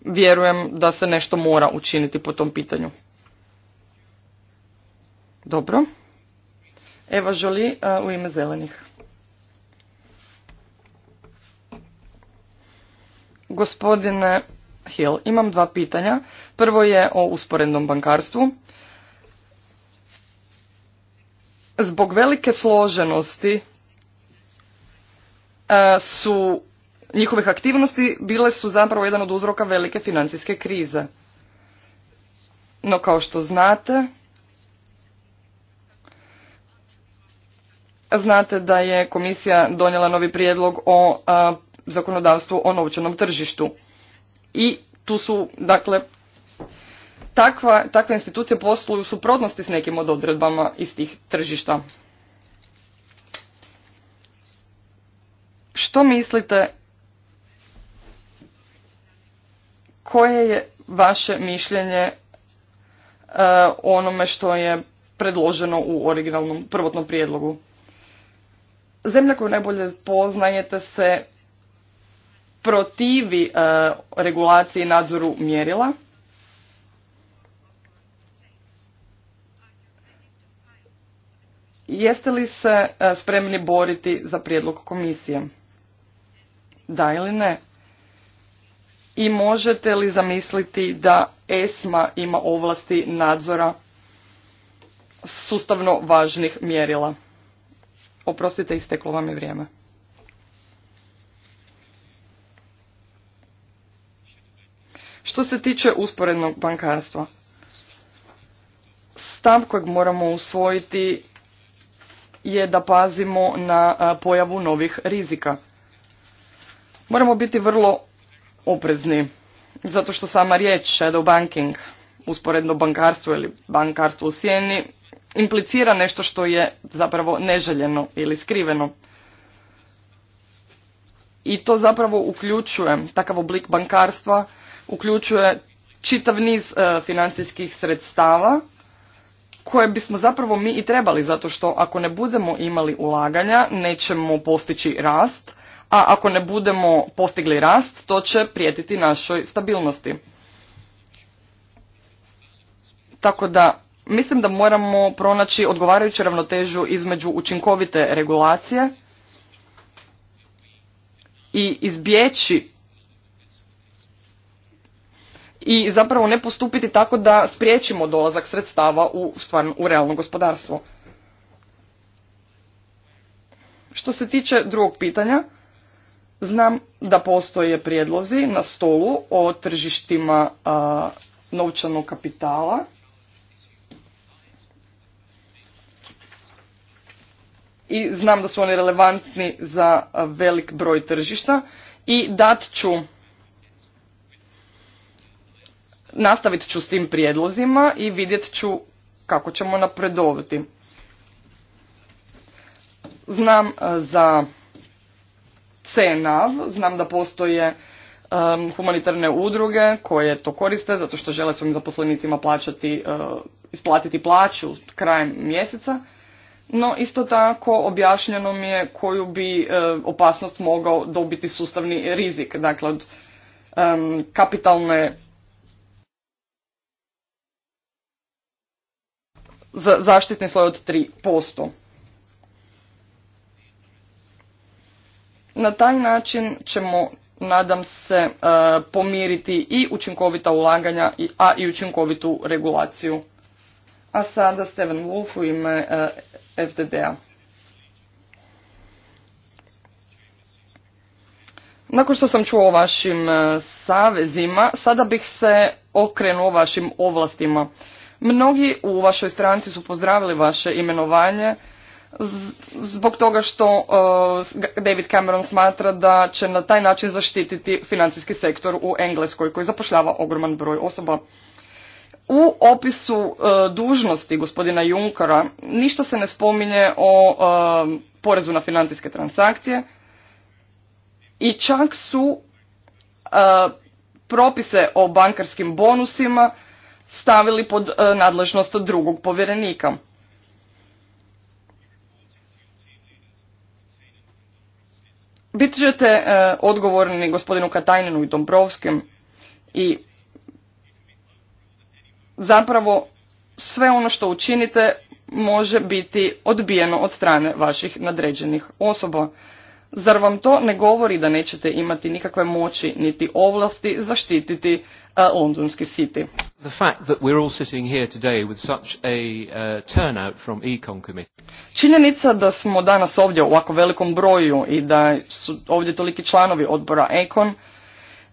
vjerujem da se nešto mora učiniti po tom pitanju. Dobro. Eva Žoli uh, u ime zelenih. Gospodine Hill, imam dva pitanja. Prvo je o usporednom bankarstvu. Zbog velike složenosti uh, su njihovih aktivnosti bile su zapravo jedan od uzroka velike financijske krize. No kao što znate, znate da je komisija donijela novi prijedlog o zakonodavstvu o novčanom tržištu. I tu su, dakle, takve institucije posluju u suprotnosti s nekim od odredbama iz tih tržišta. Što mislite, koje je vaše mišljenje o onome što je predloženo u originalnom prvotnom prijedlogu? zemlja koju najbolje poznajete se protivi e, regulaciji i nadzoru mjerila. Jeste li se e, spremni boriti za prijedlog komisije? Da ili ne? I možete li zamisliti da ESMA ima ovlasti nadzora sustavno važnih mjerila? Oprostite, isteklo vam je vrijeme. Što se tiče usporednog bankarstva, stav kojeg moramo usvojiti je da pazimo na pojavu novih rizika. Moramo biti vrlo oprezni, zato što sama riječ shadow banking, usporedno bankarstvo ili bankarstvo u sjeni, implicira nešto što je zapravo neželjeno ili skriveno. I to zapravo uključuje takav oblik bankarstva, uključuje čitav niz e, financijskih sredstava koje bismo zapravo mi i trebali zato što ako ne budemo imali ulaganja nećemo postići rast, a ako ne budemo postigli rast to će prijetiti našoj stabilnosti. Tako da Mislim da moramo pronaći odgovarajuću ravnotežu između učinkovite regulacije i izbjeći i zapravo ne postupiti tako da spriječimo dolazak sredstava u, stvarno, u realno gospodarstvo. Što se tiče drugog pitanja, znam da postoje prijedlozi na stolu o tržištima novčanog kapitala i znam da su oni relevantni za velik broj tržišta i dat ću nastavit ću s tim prijedlozima i vidjet ću kako ćemo napredovati. Znam za CNAV, znam da postoje um, humanitarne udruge koje to koriste zato što žele svojim zaposlenicima plaćati, isplatiti plaću krajem mjeseca no isto tako objašnjeno mi je koju bi e, opasnost mogao dobiti sustavni rizik, dakle od kapitalne za, zaštitni sloj od 3%. Na taj način ćemo, nadam se, e, pomiriti i učinkovita ulaganja, a i učinkovitu regulaciju. A sada Steven Wolf u ime e, fdd Nakon što sam čuo o vašim e, savezima, sada bih se okrenuo vašim ovlastima. Mnogi u vašoj stranci su pozdravili vaše imenovanje zbog toga što e, David Cameron smatra da će na taj način zaštititi financijski sektor u Engleskoj koji zapošljava ogroman broj osoba. U opisu e, dužnosti gospodina Junkara ništa se ne spominje o e, porezu na financijske transakcije i čak su e, propise o bankarskim bonusima stavili pod nadležnost drugog povjerenika. Bit ćete odgovorni gospodinu Katajninu i Dombrovskim i zapravo sve ono što učinite može biti odbijeno od strane vaših nadređenih osoba. Zar vam to ne govori da nećete imati nikakve moći niti ovlasti zaštititi e, londonski city? Činjenica da smo danas ovdje u ovako velikom broju i da su ovdje toliki članovi odbora Econ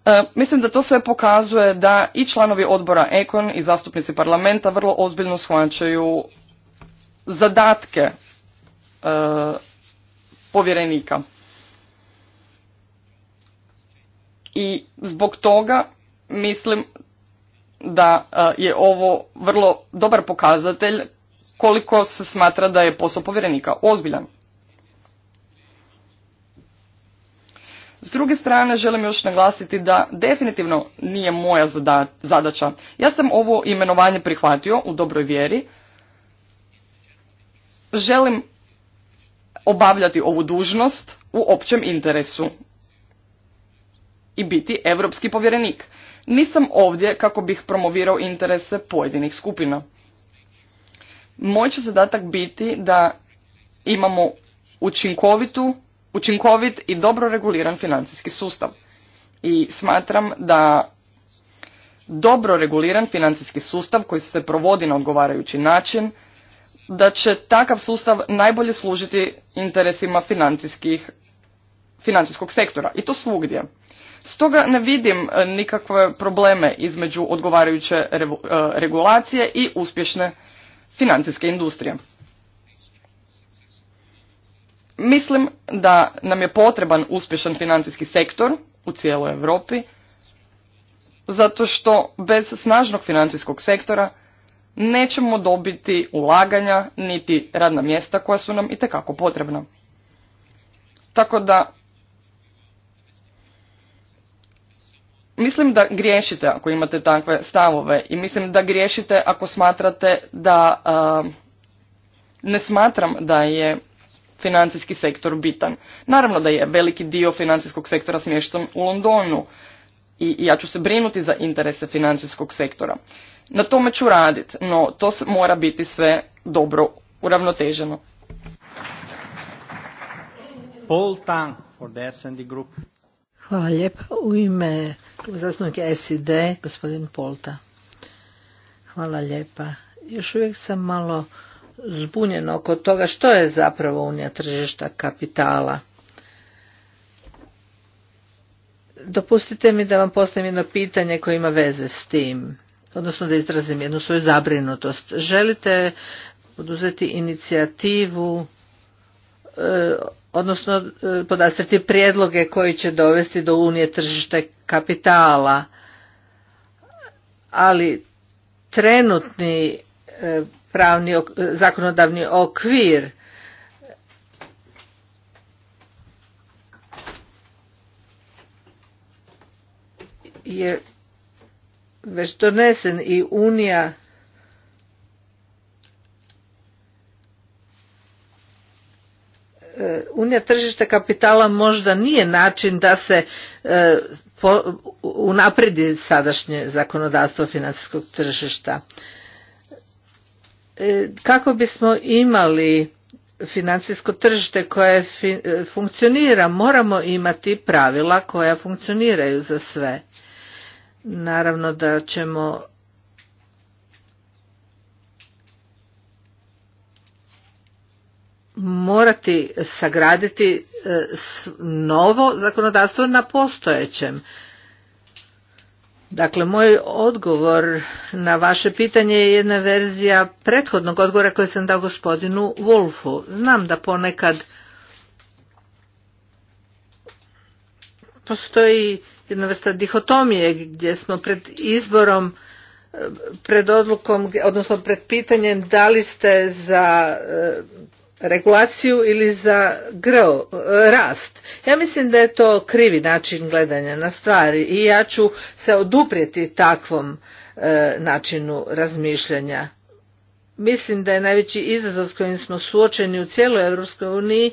E, mislim da to sve pokazuje da i članovi odbora Ekon i zastupnici parlamenta vrlo ozbiljno shvaćaju zadatke e, povjerenika. I zbog toga mislim da e, je ovo vrlo dobar pokazatelj koliko se smatra da je posao povjerenika ozbiljan. S druge strane želim još naglasiti da definitivno nije moja zadaća. Ja sam ovo imenovanje prihvatio u dobroj vjeri. Želim obavljati ovu dužnost u općem interesu i biti europski povjerenik. Nisam ovdje kako bih promovirao interese pojedinih skupina. Moj će zadatak biti da imamo učinkovitu učinkovit i dobro reguliran financijski sustav. I smatram da dobro reguliran financijski sustav koji se provodi na odgovarajući način, da će takav sustav najbolje služiti interesima financijskih, financijskog sektora i to svugdje. Stoga ne vidim e, nikakve probleme između odgovarajuće e, regulacije i uspješne financijske industrije. Mislim da nam je potreban uspješan financijski sektor u cijeloj Europi, zato što bez snažnog financijskog sektora nećemo dobiti ulaganja niti radna mjesta koja su nam itekako potrebna. Tako da mislim da griješite ako imate takve stavove i mislim da griješite ako smatrate da ne smatram da je financijski sektor bitan. Naravno da je veliki dio financijskog sektora smješten u Londonu i ja ću se brinuti za interese financijskog sektora. Na tome ću raditi, no to mora biti sve dobro uravnoteženo. Hvala lijepa. U ime gospodin Polta. Hvala lijepa. Još uvijek sam malo zbunjeno oko toga što je zapravo unija tržišta kapitala. Dopustite mi da vam postavim jedno pitanje koje ima veze s tim, odnosno da izrazim jednu svoju zabrinutost. Želite poduzeti inicijativu, e, odnosno e, podastrati prijedloge koji će dovesti do unije tržišta kapitala, ali trenutni e, pravni zakonodavni okvir je već donesen i unija e, unija tržišta kapitala možda nije način da se e, unapredi sadašnje zakonodavstvo financijskog tržišta E, kako bismo imali financijsko tržište koje e, funkcionira moramo imati pravila koja funkcioniraju za sve naravno da ćemo morati sagraditi e, novo zakonodavstvo na postojećem Dakle, moj odgovor na vaše pitanje je jedna verzija prethodnog odgovora koje sam dao gospodinu Wolfu. Znam da ponekad postoji jedna vrsta dihotomije gdje smo pred izborom, pred odlukom, odnosno pred pitanjem da li ste za regulaciju ili za e, rast. Ja mislim da je to krivi način gledanja na stvari i ja ću se oduprijeti takvom e, načinu razmišljanja. Mislim da je najveći izazov s kojim smo suočeni u cijeloj Europskoj uniji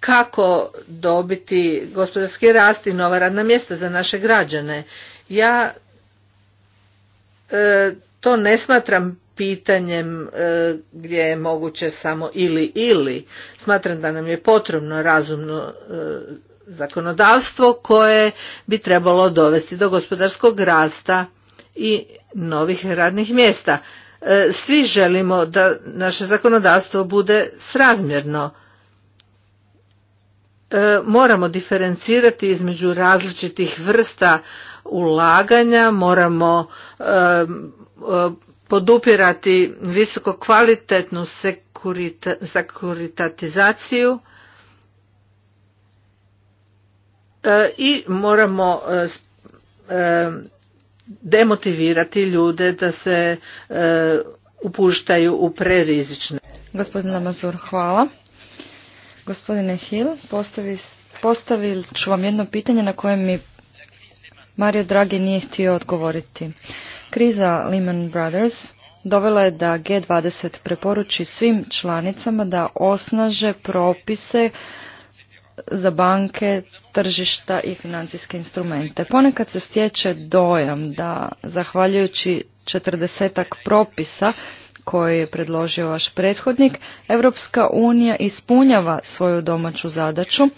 kako dobiti gospodarski rast i nova radna mjesta za naše građane. Ja e, to ne smatram pitanjem e, gdje je moguće samo ili ili. Smatram da nam je potrebno razumno e, zakonodavstvo koje bi trebalo dovesti do gospodarskog rasta i novih radnih mjesta. E, svi želimo da naše zakonodavstvo bude srazmjerno. Moramo diferencirati između različitih vrsta ulaganja, moramo podupirati visoko kvalitetnu sekurita, e, i moramo e, e, demotivirati ljude da se upuštaju u prerizične. Gospodin Lamazur, hvala. Gospodine Hill, postavi, postavit ću vam jedno pitanje na koje mi Mario Draghi nije htio odgovoriti. Kriza Lehman Brothers dovela je da G20 preporuči svim članicama da osnaže propise za banke, tržišta i financijske instrumente. Ponekad se stječe dojam da zahvaljujući četrdesetak propisa koje je predložio vaš prethodnik, Europska unija ispunjava svoju domaću zadaću,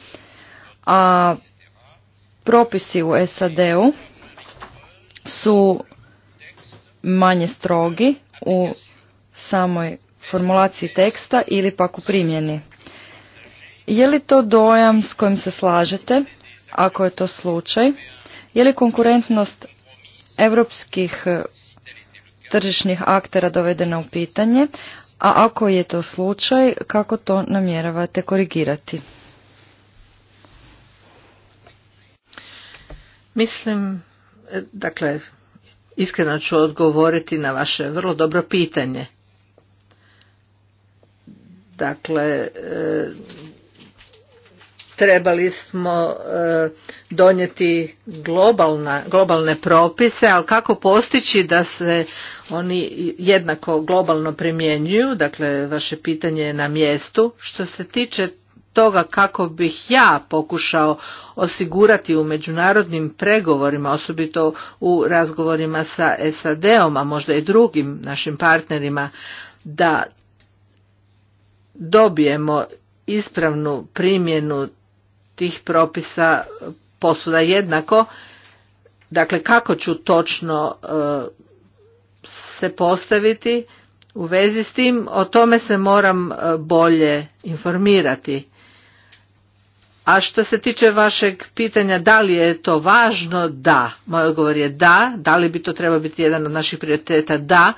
a Propisi u SAD-u su manje strogi u samoj formulaciji teksta ili pak u primjeni. Je li to dojam s kojim se slažete, ako je to slučaj? Je li konkurentnost europskih e, tržišnih aktera dovedena u pitanje, a ako je to slučaj, kako to namjeravate korigirati? Mislim, e, dakle, iskreno ću odgovoriti na vaše vrlo dobro pitanje. Dakle, e, trebali smo e, donijeti globalna, globalne propise, ali kako postići da se oni jednako globalno primjenjuju, dakle vaše pitanje je na mjestu. Što se tiče toga kako bih ja pokušao osigurati u međunarodnim pregovorima, osobito u razgovorima sa SAD-om, a možda i drugim našim partnerima, da dobijemo ispravnu primjenu tih propisa posuda jednako. Dakle, kako ću točno e, se postaviti u vezi s tim, o tome se moram e, bolje informirati. A što se tiče vašeg pitanja da li je to važno, da. Moj odgovor je da. Da li bi to trebao biti jedan od naših prioriteta, da.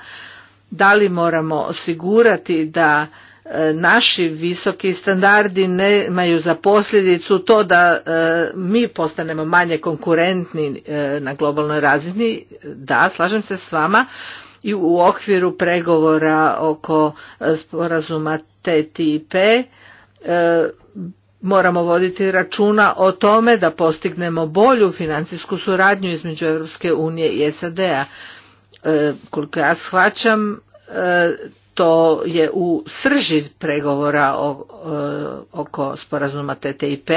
Da li moramo osigurati da e, naši visoki standardi nemaju za posljedicu to da e, mi postanemo manje konkurentni e, na globalnoj razini. Da, slažem se s vama i u okviru pregovora oko sporazuma TTIP moramo voditi računa o tome da postignemo bolju financijsku suradnju između Europske unije i SAD-a. E, koliko ja shvaćam, e, to je u srži pregovora e, oko sporazuma TTIP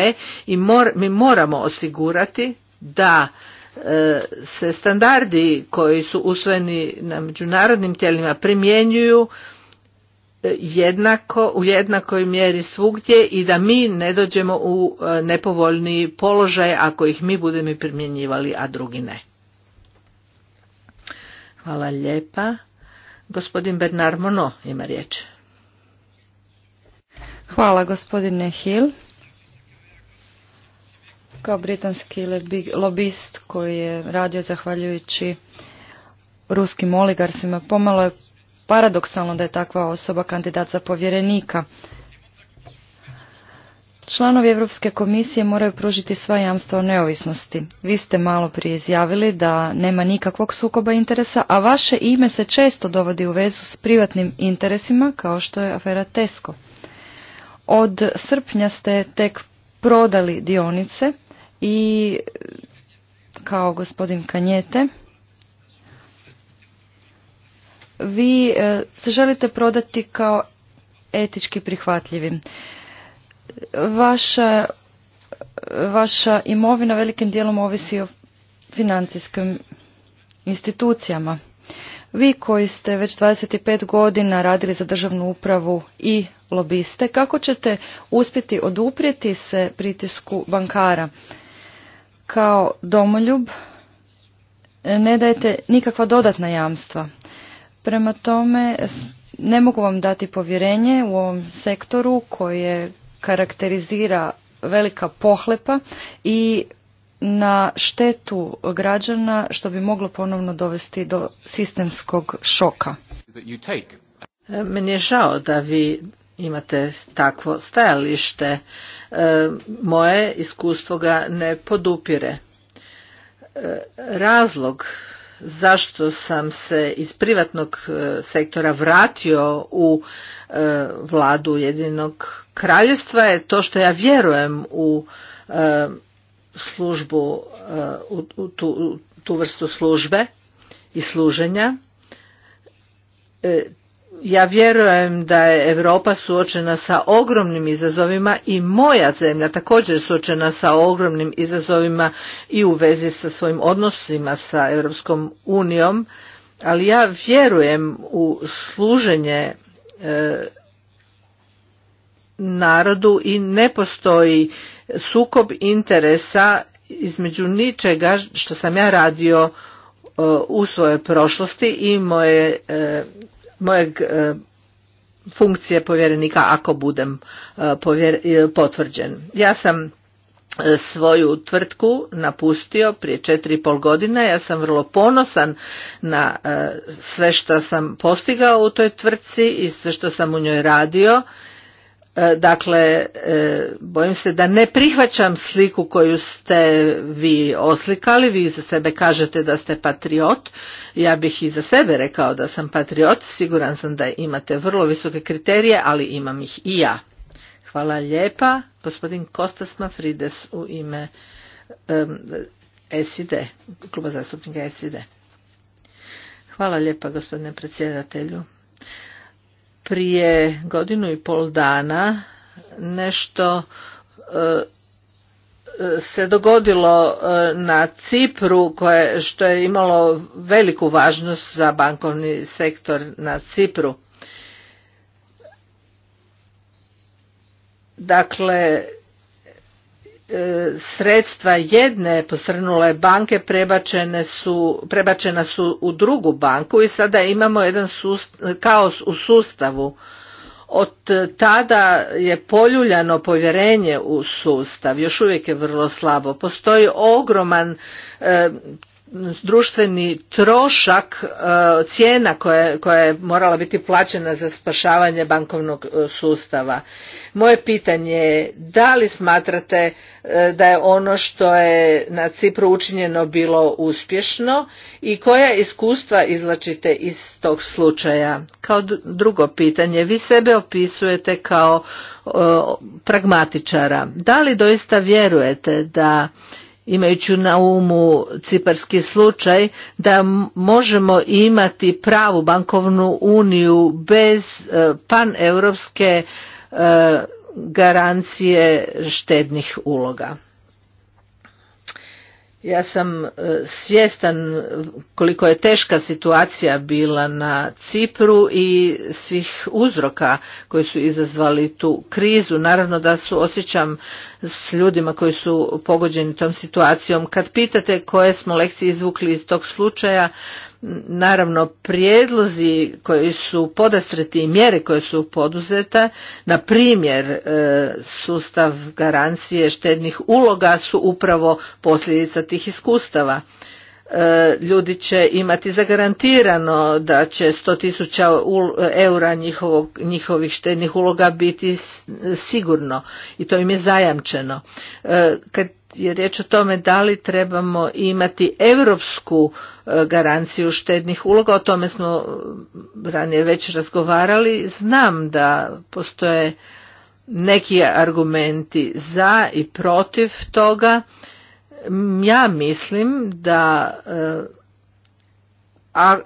i mi moramo osigurati da se standardi koji su usvojeni na međunarodnim tijelima primjenjuju jednako, u jednakoj mjeri svugdje i da mi ne dođemo u e, nepovoljni položaj ako ih mi budemo primjenjivali, a drugi ne. Hvala lijepa. Gospodin Bernard Mono ima riječ. Hvala gospodine Hill. Kao britanski lobist koji je radio zahvaljujući ruskim oligarsima, pomalo je paradoksalno da je takva osoba kandidat za povjerenika. Članovi Europske komisije moraju pružiti sva jamstva o neovisnosti. Vi ste malo prije izjavili da nema nikakvog sukoba interesa, a vaše ime se često dovodi u vezu s privatnim interesima, kao što je afera Tesco. Od srpnja ste tek prodali dionice i kao gospodin Kanjete, vi e, se želite prodati kao etički prihvatljivim. Vaša, vaša imovina velikim dijelom ovisi o financijskim institucijama. Vi koji ste već 25 godina radili za državnu upravu i lobiste, kako ćete uspjeti oduprijeti se pritisku bankara? Kao domoljub ne dajete nikakva dodatna jamstva. Prema tome, ne mogu vam dati povjerenje u ovom sektoru koje karakterizira velika pohlepa i na štetu građana što bi moglo ponovno dovesti do sistemskog šoka. E, meni je žao da vi imate takvo stajalište. E, moje iskustvo ga ne podupire. E, razlog zašto sam se iz privatnog e, sektora vratio u e, vladu jedinog kraljevstva je to što ja vjerujem u e, službu u tu, tu vrstu službe i služenja ja vjerujem da je Europa suočena sa ogromnim izazovima i moja zemlja također suočena sa ogromnim izazovima i u vezi sa svojim odnosima sa Europskom unijom, ali ja vjerujem u služenje e, narodu i ne postoji sukob interesa između ničega što sam ja radio e, u svojoj prošlosti i moje e, mojeg e, funkcije povjerenika ako budem e, e, potvrđen. Ja sam svoju tvrtku napustio prije četiri i pol godine. Ja sam vrlo ponosan na sve što sam postigao u toj tvrtci i sve što sam u njoj radio E, dakle, e, bojim se da ne prihvaćam sliku koju ste vi oslikali, vi za sebe kažete da ste patriot, ja bih i za sebe rekao da sam patriot, siguran sam da imate vrlo visoke kriterije, ali imam ih i ja. Hvala lijepa, gospodin Kostas Mafrides u ime SD SID, kluba zastupnika SID. Hvala lijepa gospodine predsjedatelju prije godinu i pol dana nešto e, se dogodilo e, na Cipru koje, što je imalo veliku važnost za bankovni sektor na Cipru. Dakle, E, sredstva jedne posrnule banke prebačene su, prebačena su u drugu banku i sada imamo jedan kaos u sustavu. Od tada je poljuljano povjerenje u sustav, još uvijek je vrlo slabo. Postoji ogroman e, društveni trošak e, cijena koja, je morala biti plaćena za spašavanje bankovnog e, sustava. Moje pitanje je da li smatrate e, da je ono što je na Cipru učinjeno bilo uspješno i koja iskustva izlačite iz tog slučaja? Kao drugo pitanje, vi sebe opisujete kao pragmatičara. Da li doista vjerujete da imajući na umu ciparski slučaj da možemo imati pravu bankovnu uniju bez e, paneuropske e, garancije štednih uloga ja sam e, svjestan koliko je teška situacija bila na Cipru i svih uzroka koji su izazvali tu krizu. Naravno da su osjećam s ljudima koji su pogođeni tom situacijom. Kad pitate koje smo lekcije izvukli iz tog slučaja, naravno prijedlozi koji su podastreti i mjere koje su poduzeta, na primjer e, sustav garancije štednih uloga su upravo posljedica tih iskustava. E, ljudi će imati zagarantirano da će 100.000 eura njihovog, njihovih štednih uloga biti sigurno i to im je zajamčeno. E, kad je riječ o tome da li trebamo imati evropsku e, garanciju štednih uloga, o tome smo ranije već razgovarali, znam da postoje neki argumenti za i protiv toga ja mislim da eh,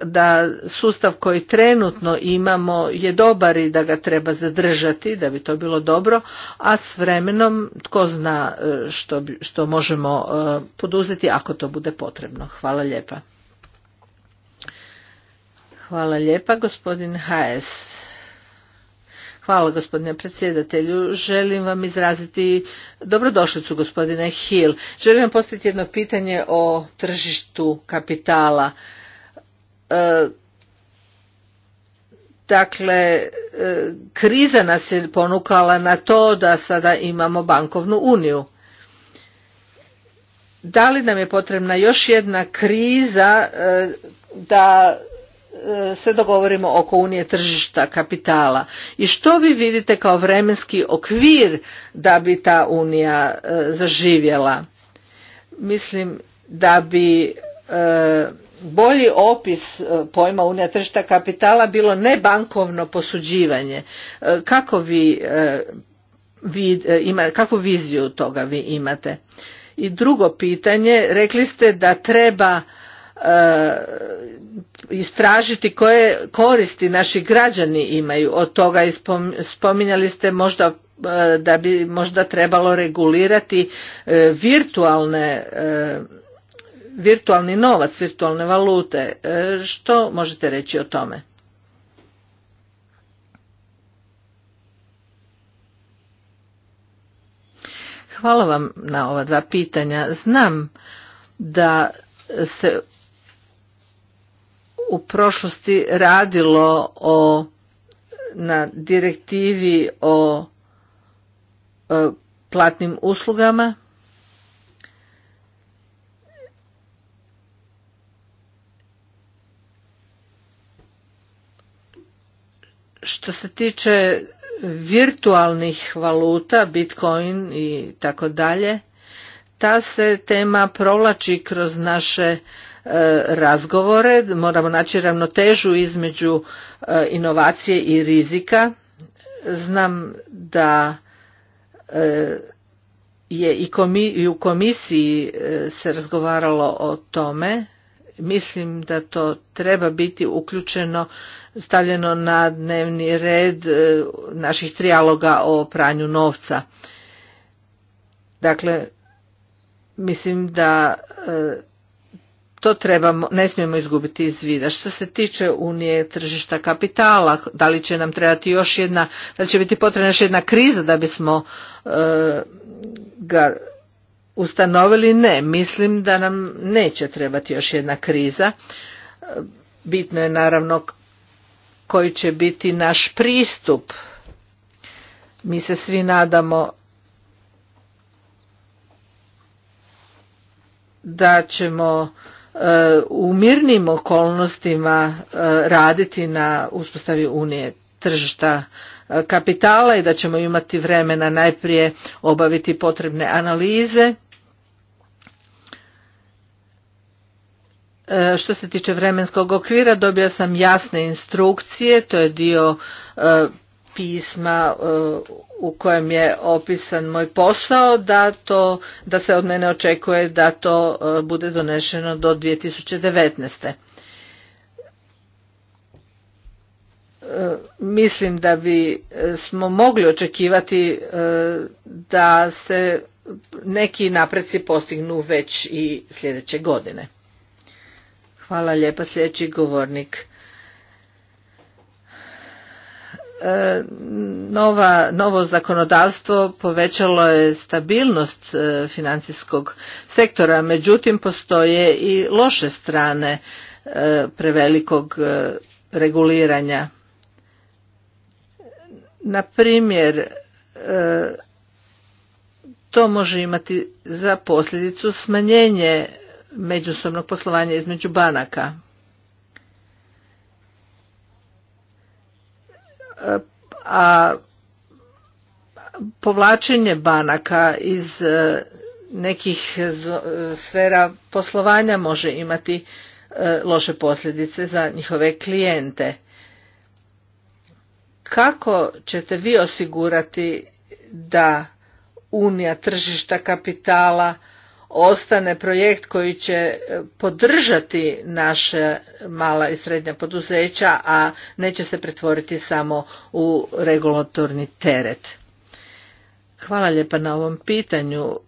da sustav koji trenutno imamo je dobar i da ga treba zadržati, da bi to bilo dobro, a s vremenom tko zna eh, što, što možemo eh, poduzeti ako to bude potrebno. Hvala lijepa. Hvala lijepa gospodin HS. Hvala gospodine predsjedatelju. Želim vam izraziti dobrodošlicu gospodine Hill. Želim vam postaviti jedno pitanje o tržištu kapitala. E, dakle, e, kriza nas je ponukala na to da sada imamo bankovnu uniju. Da li nam je potrebna još jedna kriza e, da se dogovorimo oko unije tržišta kapitala i što vi vidite kao vremenski okvir da bi ta unija e, zaživjela mislim da bi e, bolji opis e, pojma unija tržišta kapitala bilo nebankovno posuđivanje kako vi, vi kakvu viziju toga vi imate i drugo pitanje rekli ste da treba E, istražiti koje koristi naši građani imaju od toga i spominjali ste možda e, da bi možda trebalo regulirati e, virtualne virtualni novac, virtualne valute. Što možete reći o tome? Hvala vam na ova dva pitanja. Znam da se u prošlosti radilo o na direktivi o e, platnim uslugama što se tiče virtualnih valuta bitcoin i tako dalje ta se tema provlači kroz naše E, razgovore, moramo naći ravnotežu između e, inovacije i rizika. Znam da e, je i, u komisiji se razgovaralo o tome. Mislim da to treba biti uključeno, stavljeno na dnevni red naših trijaloga o pranju novca. Dakle, mislim da to trebamo, ne smijemo izgubiti iz vida. Što se tiče unije tržišta kapitala, da li će nam trebati još jedna, da li će biti potrebna još jedna kriza da bismo eh, ga ustanovili? Ne, mislim da nam neće trebati još jedna kriza. Bitno je naravno koji će biti naš pristup. Mi se svi nadamo da ćemo u mirnim okolnostima e, raditi na uspostavi unije tržišta e, kapitala i da ćemo imati vremena najprije obaviti potrebne analize e, Što se tiče vremenskog okvira, dobio sam jasne instrukcije, to je dio pisma e, u kojem je opisan moj posao da to da se od mene očekuje da to e, bude donešeno do 2019. E, mislim da bi smo mogli očekivati da se neki napreci postignu već i sljedeće godine. Hvala lijepa sljedeći govornik. E, nova, novo zakonodavstvo povećalo je stabilnost e, financijskog sektora, međutim postoje i loše strane e, prevelikog reguliranja. Na primjer, to može imati za posljedicu smanjenje međusobnog poslovanja između banaka. a povlačenje banaka iz e, nekih e, sfera poslovanja može imati e, loše posljedice za njihove klijente. Kako ćete vi osigurati da unija tržišta kapitala ostane projekt koji će e, podržati naše mala i srednja poduzeća, a neće se pretvoriti samo u regulatorni teret. Hvala lijepa na ovom pitanju.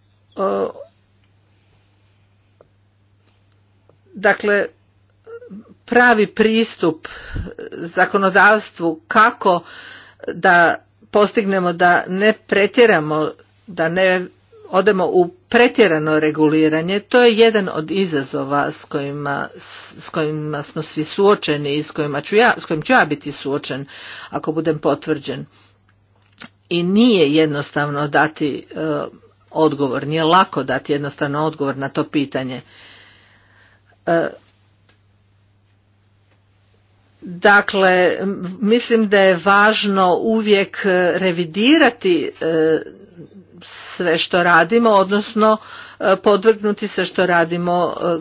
Dakle, pravi pristup zakonodavstvu kako da postignemo da ne pretjeramo, da ne odemo u pretjerano reguliranje, to je jedan od izazova s kojima, s smo svi suočeni i s, kojima ću ja, kojim ću ja biti suočen ako budem potvrđen. I nije jednostavno dati e, odgovor, nije lako dati jednostavno odgovor na to pitanje. E, dakle, mislim da je važno uvijek e, revidirati sve što radimo, odnosno e, podvrgnuti sve što radimo e,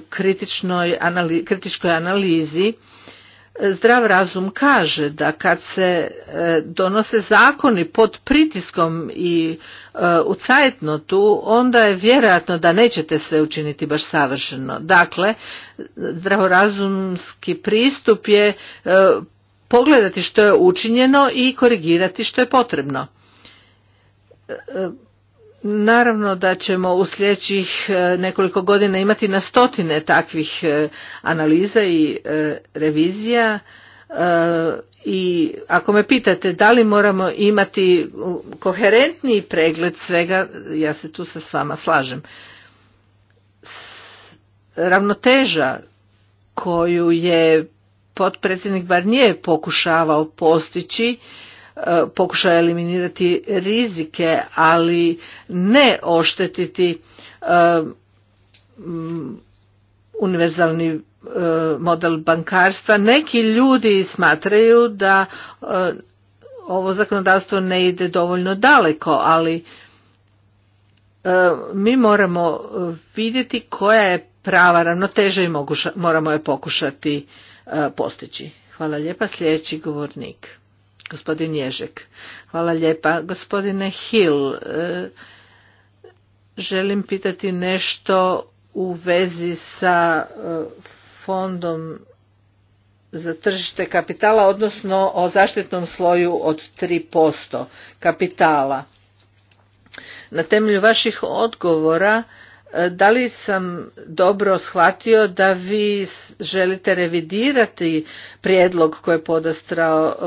kritičkoj analizi. E, zdrav razum kaže da kad se donose zakoni pod pritiskom i u onda je vjerojatno da nećete sve učiniti baš savršeno. Dakle, zdravorazumski pristup je pogledati što je učinjeno i korigirati što je potrebno Naravno da ćemo u sljedećih e, nekoliko godina imati na stotine takvih e, analiza i e, revizija i ako me pitate da li moramo imati koherentniji pregled svega, ja se tu sa s vama slažem. Ravnoteža koju je potpredsjednik Barnije pokušavao postići E, pokušaja eliminirati rizike, ali ne oštetiti e, univerzalni e, model bankarstva. Neki ljudi smatraju da ovo zakonodavstvo ne ide dovoljno daleko, ali mi moramo vidjeti koja je prava ravnoteža i moramo je pokušati postići. Hvala lijepa. Sljedeći govornik. Gospodin Ježek. Hvala lijepa. Gospodine Hill, e, želim pitati nešto u vezi sa e, fondom za tržište kapitala, odnosno o zaštitnom sloju od 3% kapitala. Na temelju vaših odgovora E, da li sam dobro shvatio da vi želite revidirati prijedlog koji je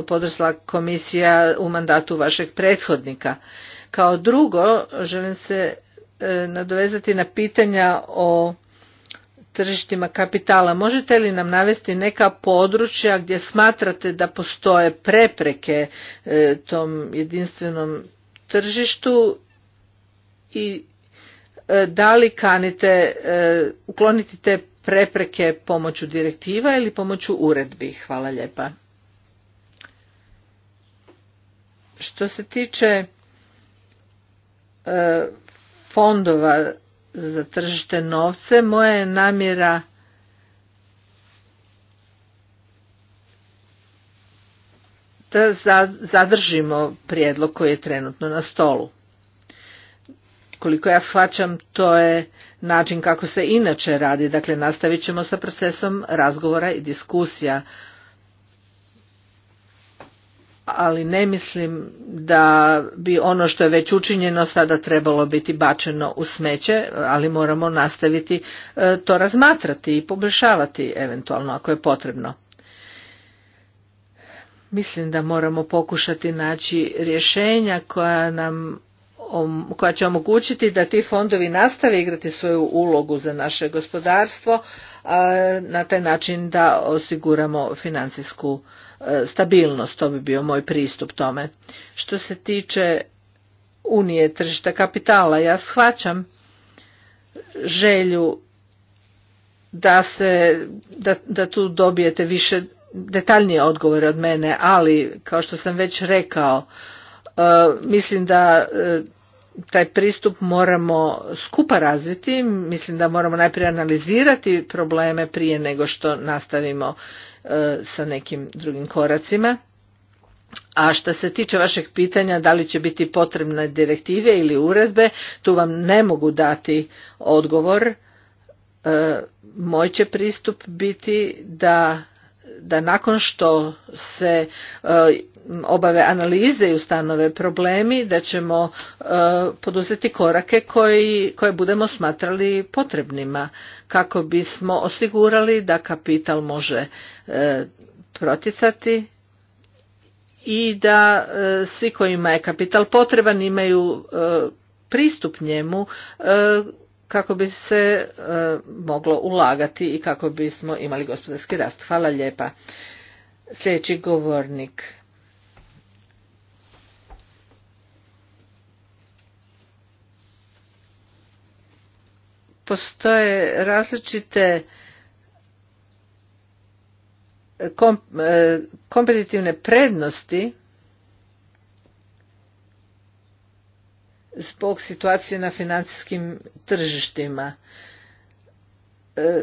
podrasla komisija u mandatu vašeg prethodnika? Kao drugo, želim se e, nadovezati na pitanja o tržištima kapitala. Možete li nam navesti neka područja gdje smatrate da postoje prepreke e, tom jedinstvenom tržištu i E, da li kanite e, ukloniti te prepreke pomoću direktiva ili pomoću uredbi? Hvala lijepa. Što se tiče e, fondova za tržište novce, moja je namjera da zadržimo prijedlog koji je trenutno na stolu. Koliko ja shvaćam, to je način kako se inače radi. Dakle, nastavit ćemo sa procesom razgovora i diskusija. Ali ne mislim da bi ono što je već učinjeno sada trebalo biti bačeno u smeće, ali moramo nastaviti e, to razmatrati i poboljšavati eventualno ako je potrebno. Mislim da moramo pokušati naći rješenja koja nam koja će omogućiti da ti fondovi nastave igrati svoju ulogu za naše gospodarstvo na taj način da osiguramo financijsku e, stabilnost. To bi bio moj pristup tome. Što se tiče unije tržišta kapitala, ja shvaćam želju da, se, da tu dobijete više detaljnije odgovore od mene, ali kao što sam već rekao, E, mislim da e, taj pristup moramo skupa razviti, mislim da moramo najprije analizirati probleme prije nego što nastavimo e, sa nekim drugim koracima. A što se tiče vašeg pitanja da li će biti potrebne direktive ili uredbe, tu vam ne mogu dati odgovor. Moj će pristup biti da da nakon što se e, obave analize i ustanove problemi da ćemo e, poduzeti korake koje budemo smatrali potrebnima kako bismo osigurali da kapital može e, proticati i da svi kojima je kapital potreban imaju pristup njemu kako bi se e, moglo ulagati i kako bismo imali gospodarski rast. Hvala lijepa. Sljedeći govornik. Postoje različite e, e, kompetitivne prednosti zbog situacije na financijskim tržištima. E,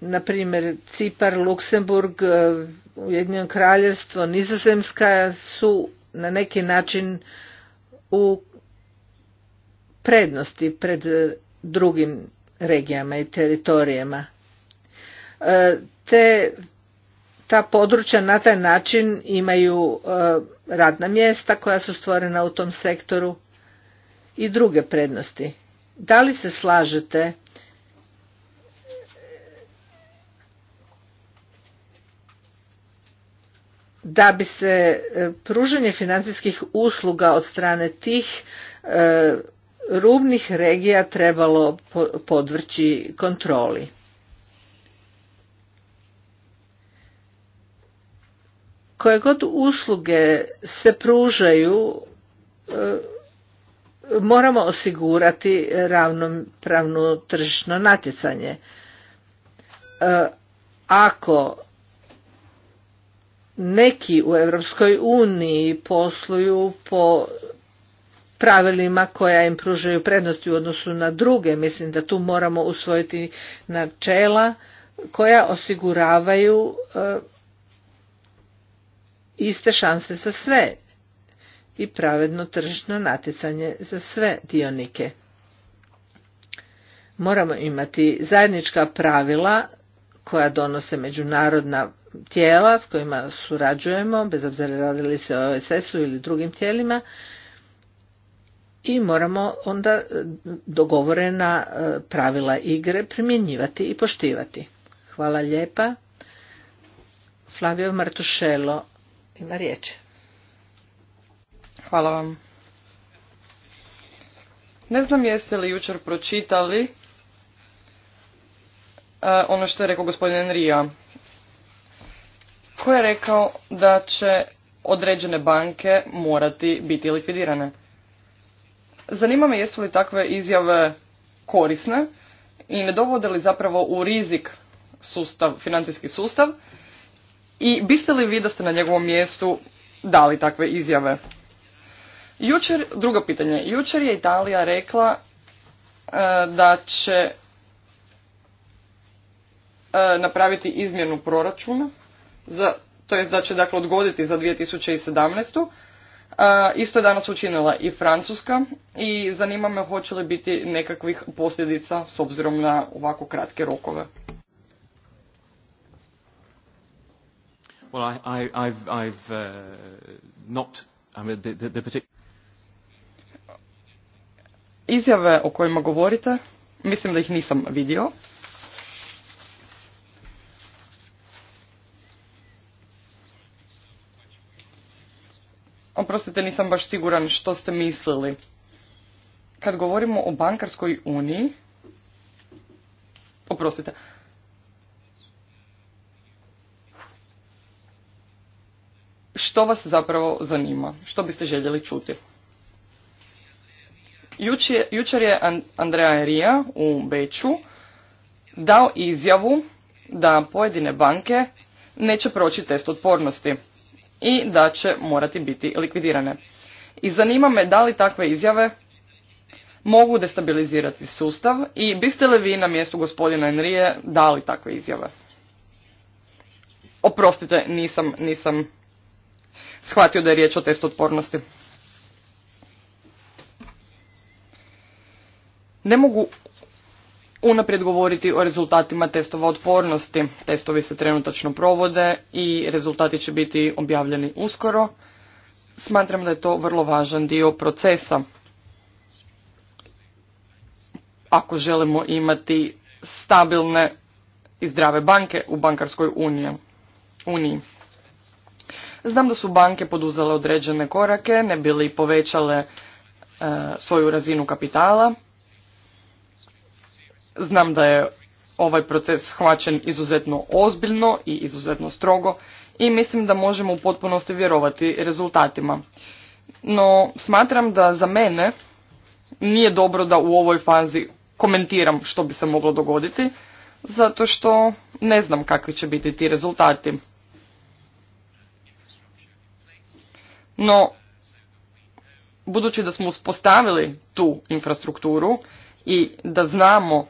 na Cipar, Luksemburg, e, Ujedinjeno kraljevstvo, Nizozemska su na neki način u prednosti pred drugim regijama i teritorijama. E, te ta područja na taj način imaju e, radna mjesta koja su stvorena u tom sektoru i druge prednosti. Da li se slažete da bi se e, pružanje financijskih usluga od strane tih e, rubnih regija trebalo podvrći kontroli. Koje god usluge se pružaju e, moramo osigurati ravnopravno tržišno natjecanje. E, ako neki u Europskoj uniji posluju po pravilima koja im pružaju prednosti u odnosu na druge, mislim da tu moramo usvojiti načela koja osiguravaju e, iste šanse za sve i pravedno tržišno natjecanje za sve dionike. Moramo imati zajednička pravila koja donose međunarodna tijela s kojima surađujemo, bez obzira radili se o OSS-u ili drugim tijelima, i moramo onda e, dogovorena e, pravila igre primjenjivati i poštivati. Hvala lijepa. Flavio Martušelo ima riječ. Hvala vam. Ne znam jeste li jučer pročitali e, ono što je rekao gospodin Enrija, koji je rekao da će određene banke morati biti likvidirane. Zanima me jesu li takve izjave korisne i ne dovode li zapravo u rizik sustav, financijski sustav i biste li vi da ste na njegovom mjestu dali takve izjave? Jučer, drugo pitanje, jučer je Italija rekla e, da će e, napraviti izmjenu proračuna, za, to jest da će dakle odgoditi za 2017. E, isto je danas učinila i Francuska i zanima me hoće li biti nekakvih posljedica s obzirom na ovako kratke rokove. Well, I, I, I've, I've uh, not, I mean, the, the, Izjave o kojima govorite, mislim da ih nisam vidio. Oprostite, nisam baš siguran što ste mislili. Kad govorimo o bankarskoj uniji, oprostite, što vas zapravo zanima? Što biste željeli čuti? Jučer, je Andrea Rija u Beću dao izjavu da pojedine banke neće proći test otpornosti i da će morati biti likvidirane. I zanima me da li takve izjave mogu destabilizirati sustav i biste li vi na mjestu gospodina Enrije dali takve izjave? Oprostite, nisam, nisam shvatio da je riječ o testu otpornosti. Ne mogu unaprijed govoriti o rezultatima testova otpornosti. Testovi se trenutačno provode i rezultati će biti objavljeni uskoro. Smatram da je to vrlo važan dio procesa. Ako želimo imati stabilne i zdrave banke u bankarskoj uniji. Znam da su banke poduzele određene korake, ne bili povećale e, svoju razinu kapitala Znam da je ovaj proces shvaćen izuzetno ozbiljno i izuzetno strogo i mislim da možemo u potpunosti vjerovati rezultatima. No, smatram da za mene nije dobro da u ovoj fazi komentiram što bi se moglo dogoditi, zato što ne znam kakvi će biti ti rezultati. No, budući da smo uspostavili tu infrastrukturu i da znamo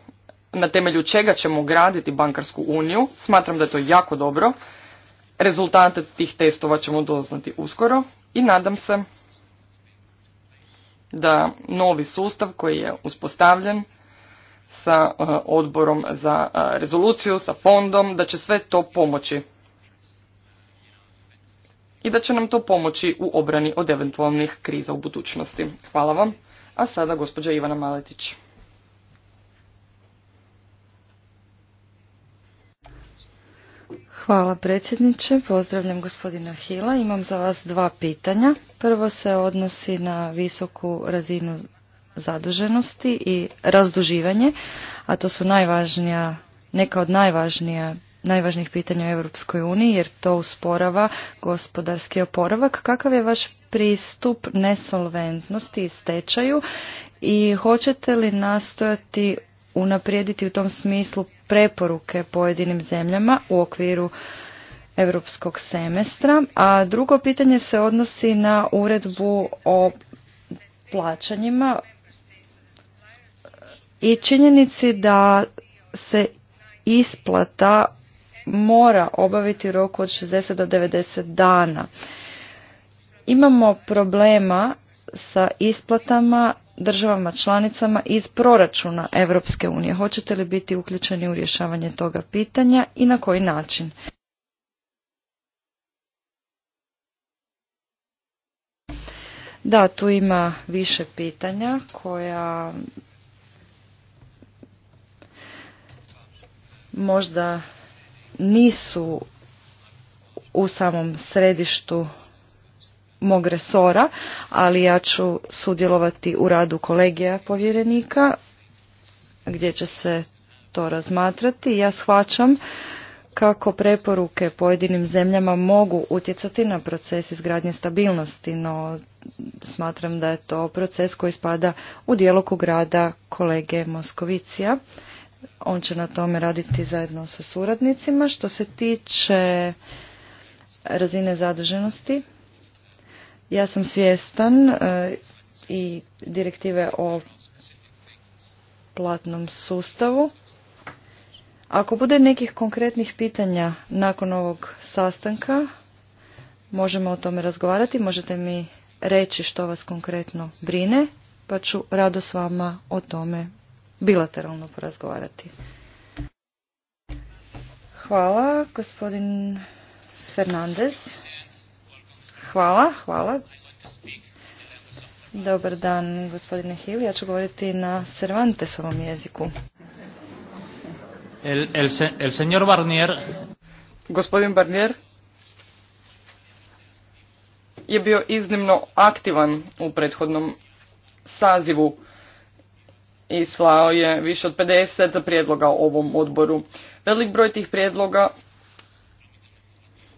na temelju čega ćemo graditi bankarsku uniju. Smatram da je to jako dobro. Rezultate tih testova ćemo doznati uskoro i nadam se da novi sustav koji je uspostavljen sa e, odborom za e, rezoluciju, sa fondom, da će sve to pomoći. I da će nam to pomoći u obrani od eventualnih kriza u budućnosti. Hvala vam. A sada gospođa Ivana Maletić. Hvala predsjedniče, pozdravljam gospodina Hila. Imam za vas dva pitanja. Prvo se odnosi na visoku razinu zaduženosti i razduživanje, a to su najvažnija, neka od najvažnija najvažnijih pitanja u Europskoj uniji jer to usporava gospodarski oporavak. Kakav je vaš pristup nesolventnosti i stečaju i hoćete li nastojati unaprijediti u tom smislu preporuke pojedinim zemljama u okviru europskog semestra, a drugo pitanje se odnosi na uredbu o plaćanjima i činjenici da se isplata mora obaviti u roku od 60 do 90 dana. Imamo problema sa isplatama državama članicama iz proračuna Europske unije. Hoćete li biti uključeni u rješavanje toga pitanja i na koji način? Da, tu ima više pitanja koja možda nisu u samom središtu mog resora, ali ja ću sudjelovati u radu kolegija povjerenika gdje će se to razmatrati. Ja shvaćam kako preporuke pojedinim zemljama mogu utjecati na proces izgradnje stabilnosti, no smatram da je to proces koji spada u dijeloku grada kolege Moskovicija. On će na tome raditi zajedno sa suradnicima. Što se tiče razine zadrženosti, ja sam svjestan e, i direktive o platnom sustavu. Ako bude nekih konkretnih pitanja nakon ovog sastanka, možemo o tome razgovarati, možete mi reći što vas konkretno brine, pa ću rado s vama o tome bilateralno porazgovarati. Hvala, gospodin Fernandez. Hvala, hvala. Dobar dan, gospodine Hill. Ja ću govoriti na Cervantesovom jeziku. El, el, el señor Barnier. Gospodin Barnier je bio iznimno aktivan u prethodnom sazivu i slao je više od 50 prijedloga ovom odboru. Velik broj tih prijedloga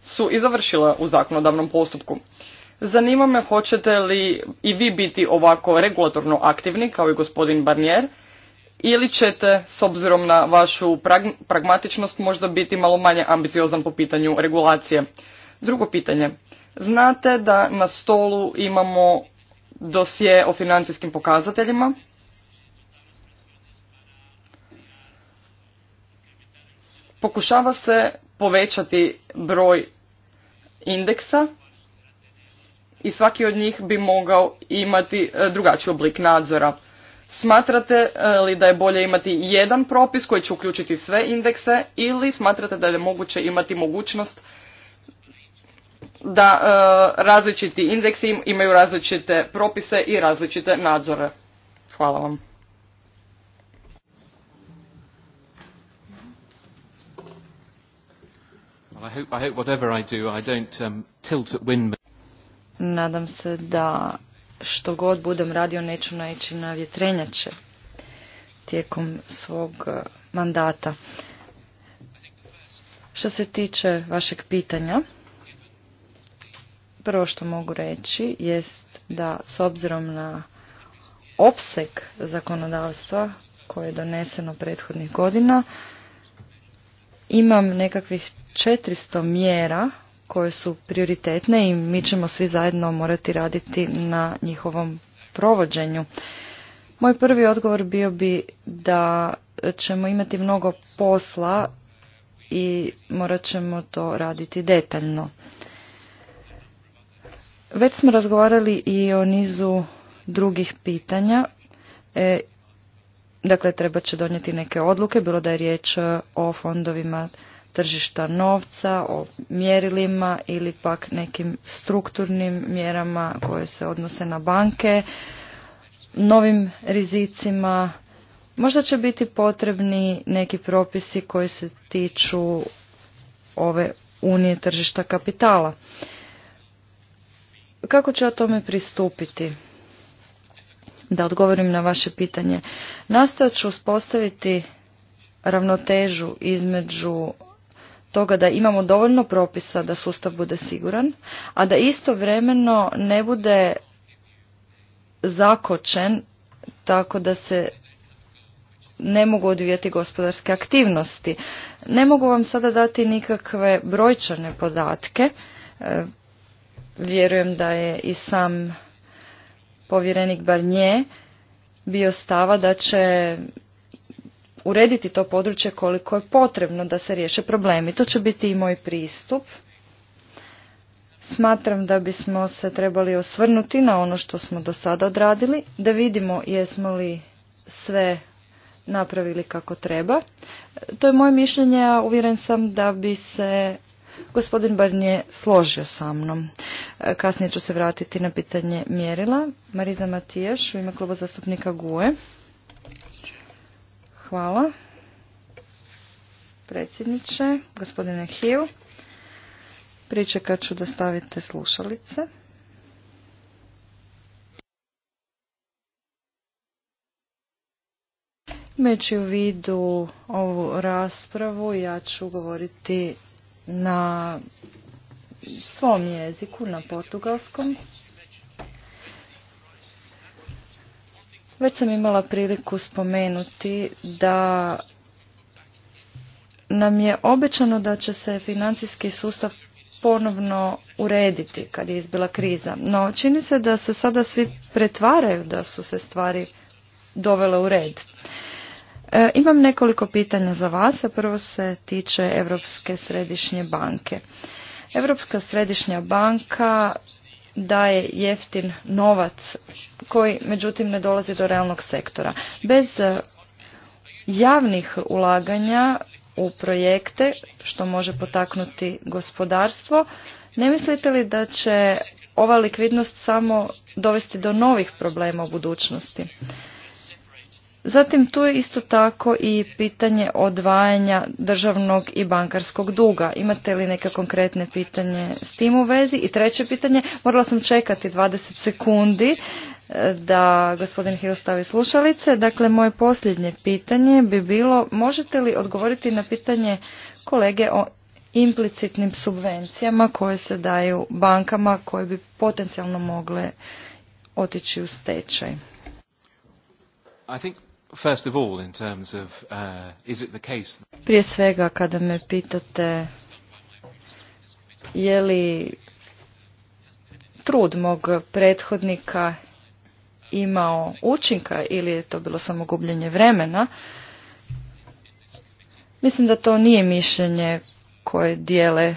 su i završile u zakonodavnom postupku. Zanima me hoćete li i vi biti ovako regulatorno aktivni kao i gospodin Barnier ili ćete s obzirom na vašu pragmatičnost možda biti malo manje ambiciozan po pitanju regulacije. Drugo pitanje. Znate da na stolu imamo dosje o financijskim pokazateljima. Pokušava se povećati broj indeksa i svaki od njih bi mogao imati e, drugačiji oblik nadzora. Smatrate e, li da je bolje imati jedan propis koji će uključiti sve indekse ili smatrate da je moguće imati mogućnost da e, različiti indeksi imaju različite propise i različite nadzore? Hvala vam. Nadam se da što god budem radio neću naći na vjetrenjače tijekom svog uh, mandata. Što se tiče vašeg pitanja, prvo što mogu reći jest da s obzirom na opseg zakonodavstva koje je doneseno prethodnih godina, imam nekakvih 400 mjera koje su prioritetne i mi ćemo svi zajedno morati raditi na njihovom provođenju. Moj prvi odgovor bio bi da ćemo imati mnogo posla i morat ćemo to raditi detaljno. Već smo razgovarali i o nizu drugih pitanja e, Dakle, treba će donijeti neke odluke, bilo da je riječ e, o fondovima tržišta novca, o mjerilima ili pak nekim strukturnim mjerama koje se odnose na banke, novim rizicima. Možda će biti potrebni neki propisi koji se tiču ove unije tržišta kapitala. Kako će o tome pristupiti? da odgovorim na vaše pitanje. Nastojat ću uspostaviti ravnotežu između toga da imamo dovoljno propisa da sustav bude siguran, a da istovremeno ne bude zakočen tako da se ne mogu odvijati gospodarske aktivnosti. Ne mogu vam sada dati nikakve brojčane podatke. E, vjerujem da je i sam povjerenik Barnje bio stava da će urediti to područje koliko je potrebno da se riješe problemi. To će biti i moj pristup. Smatram da bismo se trebali osvrnuti na ono što smo do sada odradili, da vidimo jesmo li sve napravili kako treba. To je moje mišljenje, a uvjeren sam da bi se gospodin Barnje složio sa mnom. E, kasnije ću se vratiti na pitanje mjerila. Mariza Matijaš u ime kluba zastupnika GUE. Hvala. Predsjedniče, gospodine Hill, pričekat ću da stavite slušalice. Imajući u vidu ovu raspravu, ja ću govoriti na svom jeziku, na portugalskom. Već sam imala priliku spomenuti da nam je obećano da će se financijski sustav ponovno urediti kad je izbila kriza. No čini se da se sada svi pretvaraju da su se stvari dovele u red. E, imam nekoliko pitanja za vas. Prvo se tiče Europske središnje banke. Europska središnja banka daje jeftin novac koji međutim ne dolazi do realnog sektora. Bez e, javnih ulaganja u projekte što može potaknuti gospodarstvo, ne mislite li da će ova likvidnost samo dovesti do novih problema u budućnosti? Zatim tu je isto tako i pitanje odvajanja državnog i bankarskog duga. Imate li neke konkretne pitanje s tim u vezi? I treće pitanje, morala sam čekati 20 sekundi e, da gospodin Hill stavi slušalice. Dakle, moje posljednje pitanje bi bilo, možete li odgovoriti na pitanje kolege o implicitnim subvencijama koje se daju bankama koje bi potencijalno mogle otići u stečaj? First Prije svega kada me pitate je li trud mog prethodnika imao učinka ili je to bilo samo gubljenje vremena, mislim da to nije mišljenje koje dijele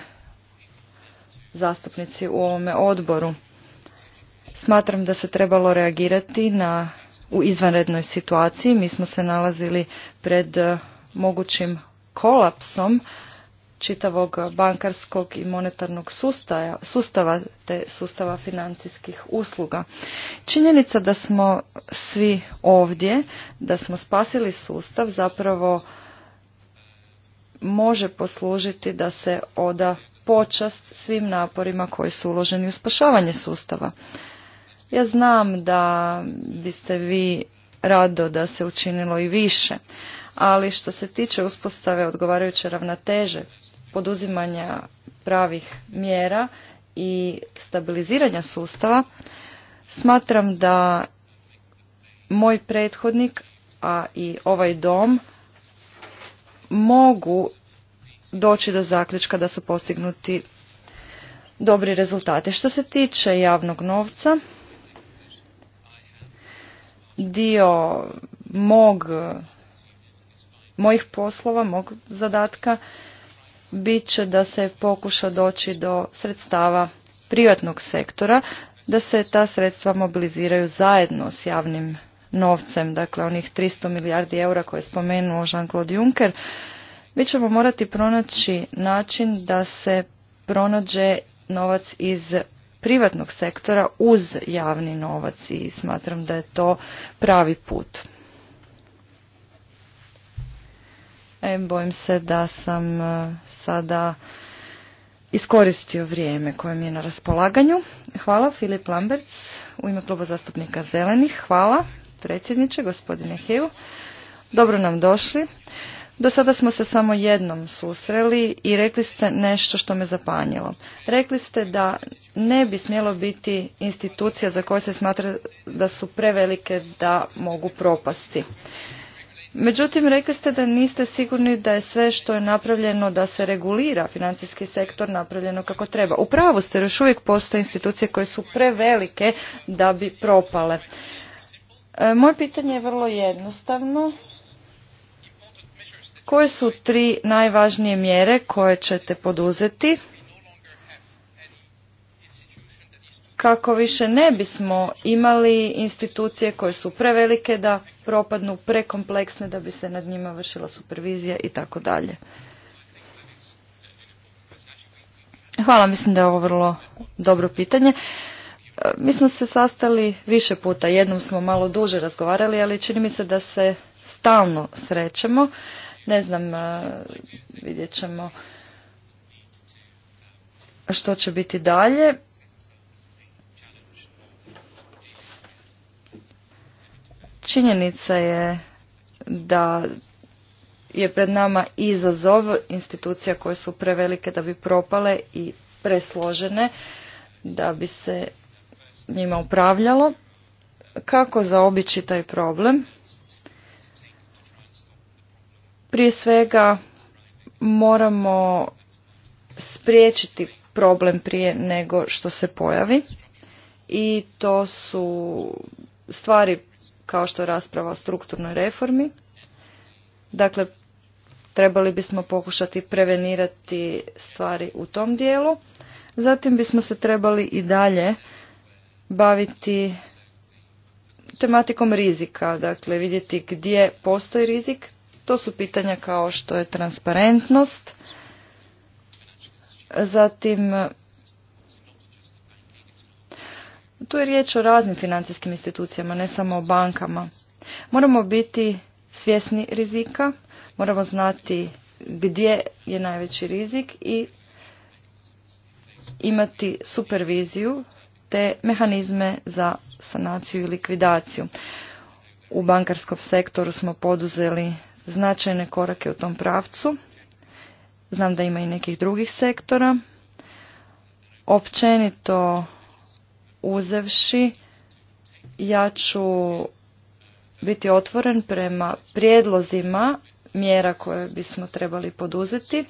zastupnici u ovome odboru. Smatram da se trebalo reagirati na u izvanrednoj situaciji. Mi smo se nalazili pred e, mogućim kolapsom čitavog bankarskog i monetarnog sustava, sustava te sustava financijskih usluga. Činjenica da smo svi ovdje, da smo spasili sustav zapravo može poslužiti da se oda počast svim naporima koji su uloženi u spašavanje sustava. Ja znam da biste vi rado da se učinilo i više, ali što se tiče uspostave odgovarajuće ravnoteže, poduzimanja pravih mjera i stabiliziranja sustava, smatram da moj prethodnik, a i ovaj dom, mogu doći do zaključka da su postignuti dobri rezultati. Što se tiče javnog novca, dio mog, mojih poslova, mog zadatka, bit će da se pokuša doći do sredstava privatnog sektora, da se ta sredstva mobiliziraju zajedno s javnim novcem, dakle onih 300 milijardi eura koje je spomenuo Jean-Claude Juncker, mi ćemo morati pronaći način da se pronađe novac iz privatnog sektora uz javni novac i smatram da je to pravi put. E, bojim se da sam e, sada iskoristio vrijeme koje mi je na raspolaganju. Hvala Filip Lamberts u ime kluba zastupnika Zelenih. Hvala predsjedniče, gospodine heu. Dobro nam došli. Do sada smo se samo jednom susreli i rekli ste nešto što me zapanjilo. Rekli ste da ne bi smjelo biti institucija za koje se smatra da su prevelike da mogu propasti. Međutim, rekli ste da niste sigurni da je sve što je napravljeno da se regulira financijski sektor napravljeno kako treba. U pravu ste, još uvijek postoje institucije koje su prevelike da bi propale. E, moje pitanje je vrlo jednostavno koje su tri najvažnije mjere koje ćete poduzeti kako više ne bismo imali institucije koje su prevelike da propadnu, prekompleksne da bi se nad njima vršila supervizija i tako dalje. Hvala, mislim da je ovo vrlo dobro pitanje. E, mi smo se sastali više puta, jednom smo malo duže razgovarali, ali čini mi se da se stalno srećemo. Ne znam, e, vidjet ćemo što će biti dalje. Činjenica je da je pred nama izazov institucija koje su prevelike da bi propale i presložene da bi se njima upravljalo. Kako zaobići taj problem? Prije svega moramo spriječiti problem prije nego što se pojavi i to su stvari kao što je rasprava o strukturnoj reformi. Dakle, trebali bismo pokušati prevenirati stvari u tom dijelu. Zatim bismo se trebali i dalje baviti tematikom rizika, dakle vidjeti gdje postoji rizik to su pitanja kao što je transparentnost, zatim tu je riječ o raznim financijskim institucijama, ne samo o bankama. Moramo biti svjesni rizika, moramo znati gdje je najveći rizik i imati superviziju te mehanizme za sanaciju i likvidaciju. U bankarskom sektoru smo poduzeli značajne korake u tom pravcu. Znam da ima i nekih drugih sektora. Općenito uzevši, ja ću biti otvoren prema prijedlozima mjera koje bismo trebali poduzeti.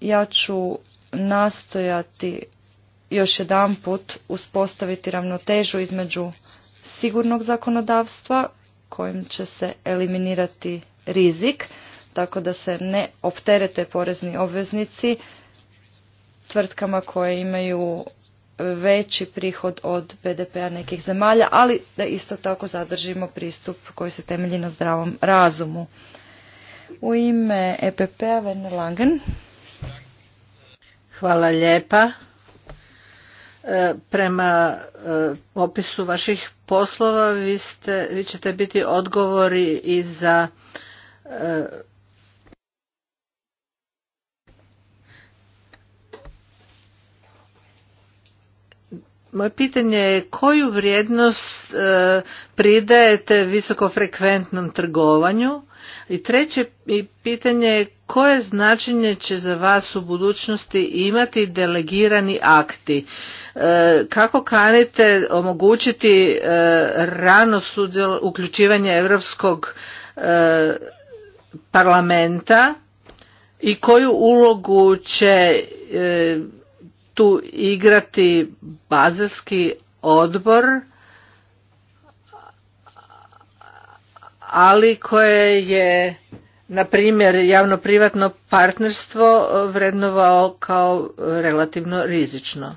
Ja ću nastojati još jedanput uspostaviti ravnotežu između sigurnog zakonodavstva kojim će se eliminirati rizik, tako da se ne opterete porezni obveznici tvrtkama koje imaju veći prihod od BDP-a nekih zemalja, ali da isto tako zadržimo pristup koji se temelji na zdravom razumu. U ime EPP-a Werner Langen. Hvala lijepa. E, prema e, opisu vaših poslova vi, ste, vi ćete biti odgovori i za e, Moje pitanje je koju vrijednost pridajete visokofrekventnom trgovanju i treće pitanje je koje značenje će za vas u budućnosti imati delegirani akti? E, kako kanite omogućiti e, rano uključivanje Europskog e, parlamenta i koju ulogu će tu igrati bazarski odbor ali koje je na primjer javno-privatno partnerstvo eh, vrednovao kao eh, relativno rizično.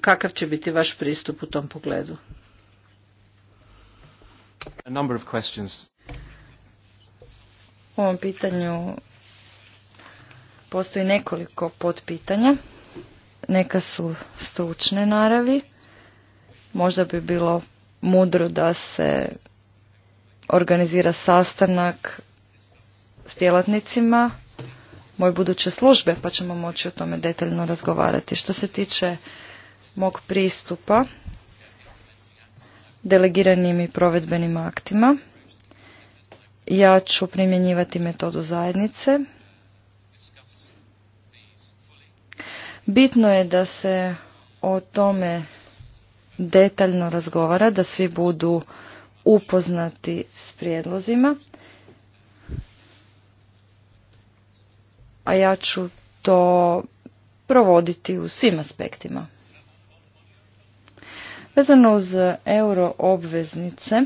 Kakav će biti vaš pristup u tom pogledu? U ovom pitanju postoji nekoliko potpitanja. Neka su stručne naravi. Možda bi bilo mudro da se organizira sastanak s djelatnicima moje buduće službe, pa ćemo moći o tome detaljno razgovarati. Što se tiče mog pristupa delegiranim i provedbenim aktima, ja ću primjenjivati metodu zajednice. Bitno je da se o tome detaljno razgovara, da svi budu upoznati s prijedlozima. A ja ću to provoditi u svim aspektima. Vezano uz euro obveznice,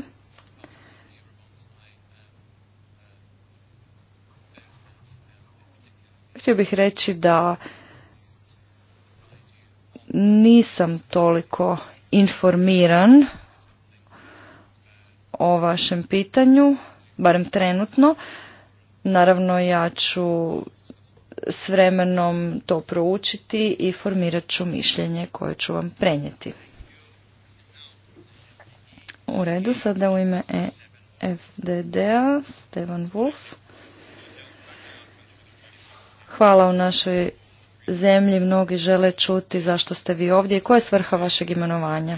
htio bih reći da nisam toliko informiran o vašem pitanju, barem trenutno. Naravno ja ću s vremenom to proučiti i formirat ću mišljenje koje ću vam prenijeti. U redu, sada u ime e FDD-a, Stevan Wolf. Hvala u našoj zemlji mnogi žele čuti zašto ste vi ovdje i koja je svrha vašeg imenovanja.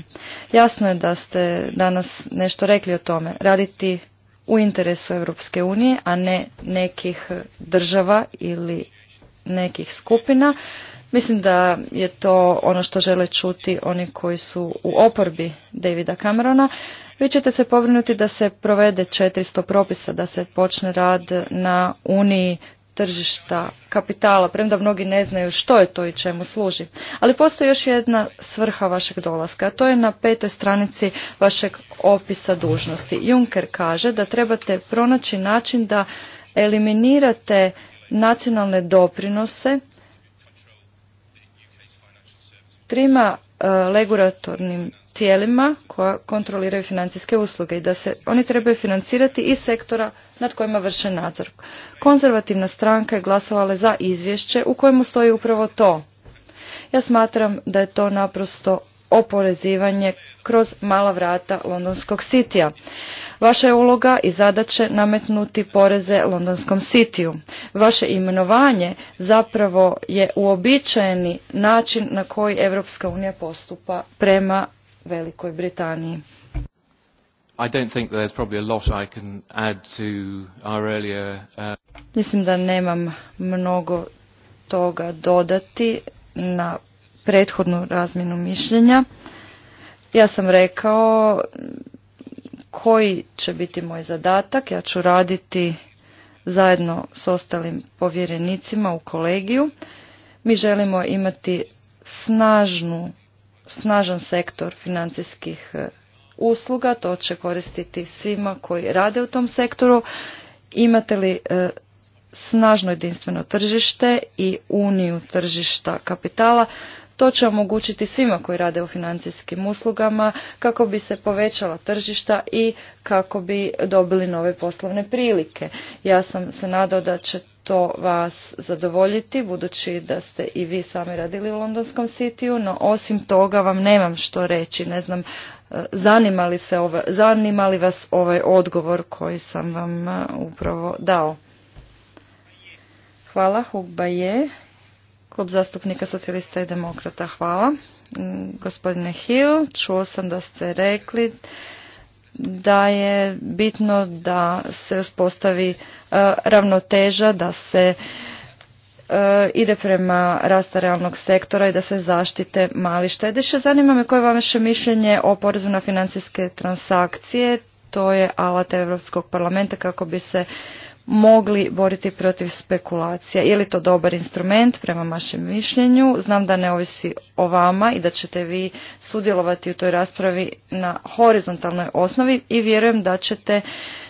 Jasno je da ste danas nešto rekli o tome. Raditi u interesu Europske unije, a ne nekih država ili nekih skupina. Mislim da je to ono što žele čuti oni koji su u oporbi Davida Camerona. Vi ćete se povrnuti da se provede 400 propisa, da se počne rad na Uniji tržišta kapitala, premda mnogi ne znaju što je to i čemu služi. Ali postoji još jedna svrha vašeg dolaska, a to je na petoj stranici vašeg opisa dužnosti. Juncker kaže da trebate pronaći način da eliminirate nacionalne doprinose trima e, regulatornim tijelima koja kontroliraju financijske usluge i da se oni trebaju financirati iz sektora nad kojima vrše nadzor. Konzervativna stranka je glasovala za izvješće u kojemu stoji upravo to. Ja smatram da je to naprosto oporezivanje kroz mala vrata londonskog sitija. Vaša je uloga i zadaće nametnuti poreze londonskom sitiju. Vaše imenovanje zapravo je uobičajeni način na koji Europska unija postupa prema Velikoj Britaniji. I don't think there's probably a lot I can add to our earlier, uh, Mislim da nemam mnogo toga dodati na prethodnu razmjenu mišljenja. Ja sam rekao koji će biti moj zadatak. Ja ću raditi zajedno s ostalim povjerenicima u kolegiju. Mi želimo imati snažnu snažan sektor financijskih e, usluga, to će koristiti svima koji rade u tom sektoru. Imate li e, snažno jedinstveno tržište i uniju tržišta kapitala, to će omogućiti svima koji rade u financijskim uslugama kako bi se povećala tržišta i kako bi dobili nove poslovne prilike. Ja sam se nadao da će to vas zadovoljiti, budući da ste i vi sami radili u Londonskom sitiju, no osim toga vam nemam što reći, ne znam, e, zanima li, se ova, zanima vas ovaj odgovor koji sam vam e, upravo dao. Hvala, Hugba je. Klub zastupnika socijalista i demokrata, hvala. Mm, gospodine Hill, čuo sam da ste rekli da je bitno da se uspostavi e, ravnoteža, da se e, ide prema rasta realnog sektora i da se zaštite mali štediše. Zanima me koje je vaše mišljenje o porezu na financijske transakcije. To je alat Europskog parlamenta kako bi se mogli boriti protiv spekulacija. Je li to dobar instrument prema vašem mišljenju? Znam da ne ovisi o vama i da ćete vi sudjelovati u toj raspravi na horizontalnoj osnovi i vjerujem da ćete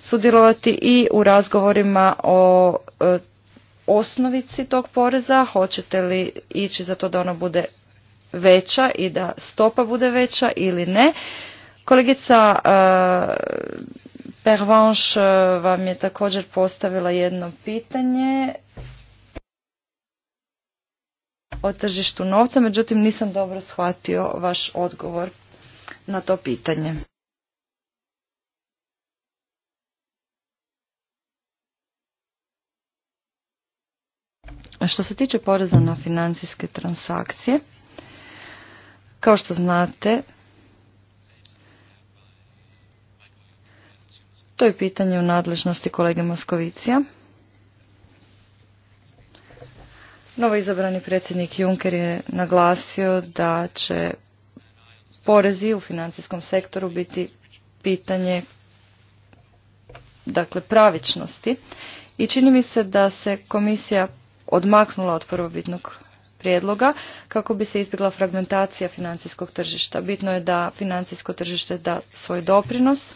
sudjelovati i u razgovorima o e, osnovici tog poreza. Hoćete li ići za to da ona bude veća i da stopa bude veća ili ne? Kolegica e, Pervanš eh, vam je također postavila jedno pitanje o tržištu novca, međutim nisam dobro shvatio vaš odgovor na to pitanje. Što se tiče poreza na financijske transakcije, kao što znate, To je pitanje u nadležnosti kolege Moskovicija. izabrani predsjednik Juncker je naglasio da će porezi u financijskom sektoru biti pitanje dakle pravičnosti i čini mi se da se komisija odmaknula od prvobitnog prijedloga kako bi se izbjegla fragmentacija financijskog tržišta. Bitno je da financijsko tržište da svoj doprinos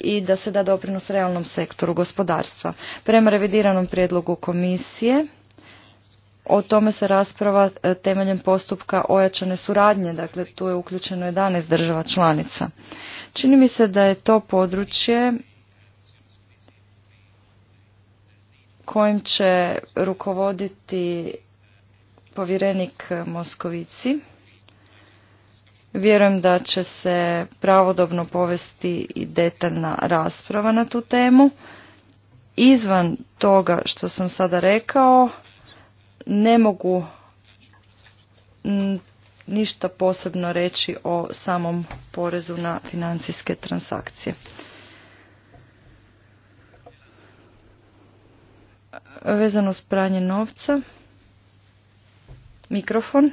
i da se da doprinos realnom sektoru gospodarstva. Prema revidiranom prijedlogu komisije o tome se rasprava e, temeljem postupka ojačane suradnje, dakle tu je uključeno 11 država članica. Čini mi se da je to područje kojim će rukovoditi povjerenik Moskovici. Vjerujem da će se pravodobno povesti i detaljna rasprava na tu temu. Izvan toga što sam sada rekao, ne mogu ništa posebno reći o samom porezu na financijske transakcije. Vezano s pranje novca. Mikrofon.